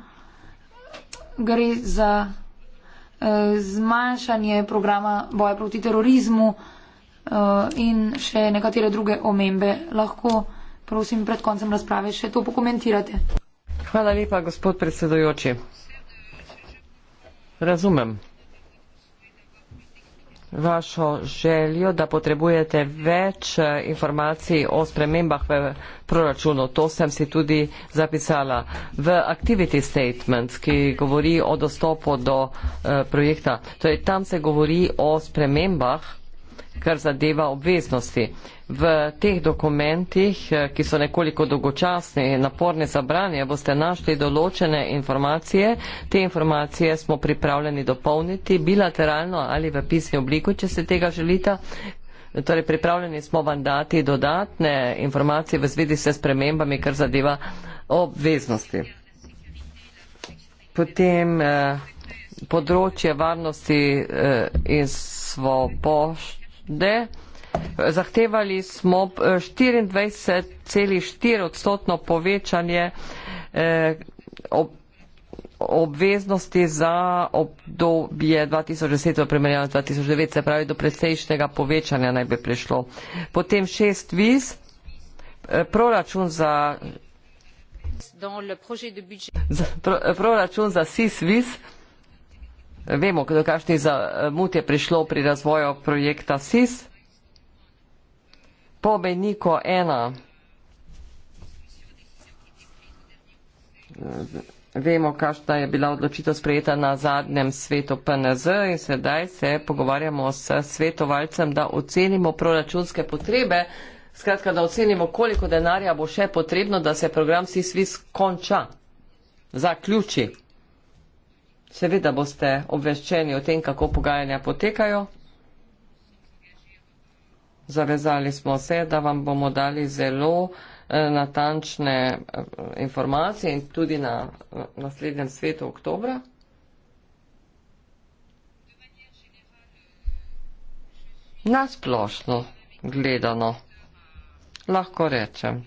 Gre za uh, zmanjšanje programa boja proti terorizmu uh, in še nekatere druge omembe. Lahko, prosim, pred koncem razprave še to pokomentirate. Hvala lepa, gospod predsedojoči. Razumem vašo željo, da potrebujete več eh, informacij o spremembah v proračunu. To sem si tudi zapisala v Activity Statement, ki govori o dostopu do uh, projekta. Torej, tam se govori o spremembah kar zadeva obveznosti. V teh dokumentih, eh, ki so nekoliko dolgočasni in naporni za branje, boste našli določene informacije. Te informacije smo pripravljeni dopolniti bilateralno ali v pisni obliku, če se tega želite. Torej, pripravljeni smo vam dati dodatne informacije v zvedi se s premembami, kar zadeva obveznosti. Potem eh, področje varnosti eh, in svobošče da zahtevali smo 24,4 eh, odstotno povečanje eh, ob obveznosti za obdobje 2010 v primerjavi 2009, se pravi do precejšnjega povečanja naj bi prišlo. Potem šest viz, eh, proračun za Dans le projet de budget. Proračun za SIS-VIS. Vemo, do kakšnih zamud je prišlo pri razvoju projekta SIS. Po Beniko 1 vemo, kakšna je bila odločitev sprejeta na zadnjem svetu PNZ in sedaj se pogovarjamo s svetovalcem, da ocenimo proračunske potrebe, skratka, da ocenimo, koliko denarja bo še potrebno, da se program SIS-VIS konča, zaključi. Seveda boste obveščeni o tem, kako pogajanja potekajo. Zavezali smo se, da vam bomo dali zelo eh, natančne eh, informacije in tudi na eh, naslednjem svetu oktobra. Nasplošno gledano lahko rečem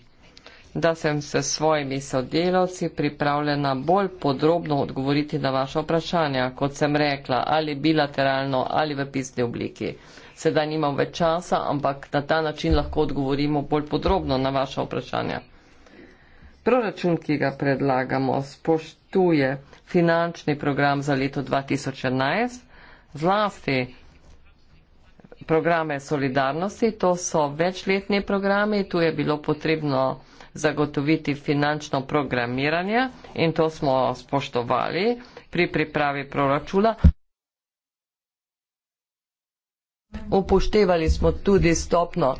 da sem se s svojimi sodelavci pripravljena bolj podrobno odgovoriti na vaše vprašanja, kot sem rekla, ali bilateralno ali v pisni obliki. Sedaj nimam več časa, ampak na ta način lahko odgovorimo bolj podrobno na vaše vprašanja. Proračun, ki ga predlagamo, spoštuje finančni program za leto 2011, zlasti programe solidarnosti, to so večletni programi, tu je bilo potrebno zagotoviti finančno programiranje in to smo spoštovali pri pripravi proračuna. Upoštevali smo tudi stopno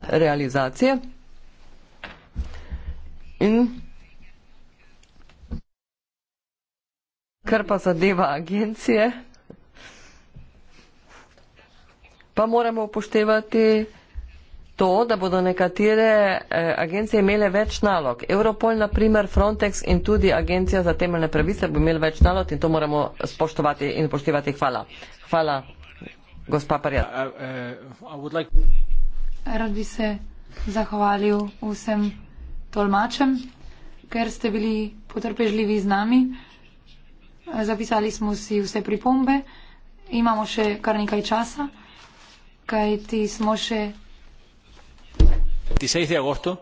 realizacije in kar pa zadeva agencije, pa moramo upoštevati to, da bodo nekatere eh, agencije imele več nalog. Europol, na primer, Frontex in tudi Agencija za temeljne pravice bo imela več nalog in to moramo spoštovati in poštivati. Hvala. Hvala, gospa Parjat. Uh, uh, Rad bi se zahvalil vsem tolmačem, ker ste bili potrpežljivi z nami. Zapisali smo si vse pripombe. Imamo še kar nekaj časa, kaj ti smo še veintiséis de agosto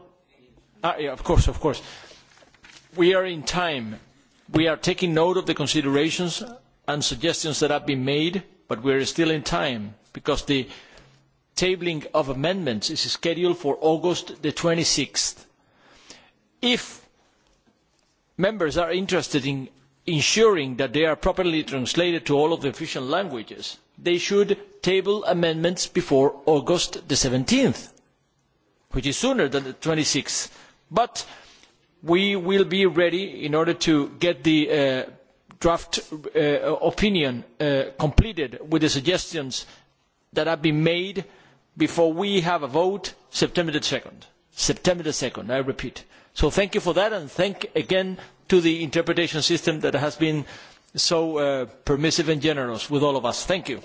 ah, we are in time. we are taking note of the considerations and suggestions that have been made but we are still in time because the tabling of amendments is scheduled for august twenty sixth. if members are interested in ensuring that they are properly translated to all of the official languages they should table amendments before august seventeen th which is sooner than the twenty sixth but we will be ready in order to get the uh, draft uh, opinion uh, completed with the suggestions that have been made before we have a vote on september two september two i repeat. so thank you for that and thanks again to the interpretation system that has been so permissive and generous with all of us. thank you.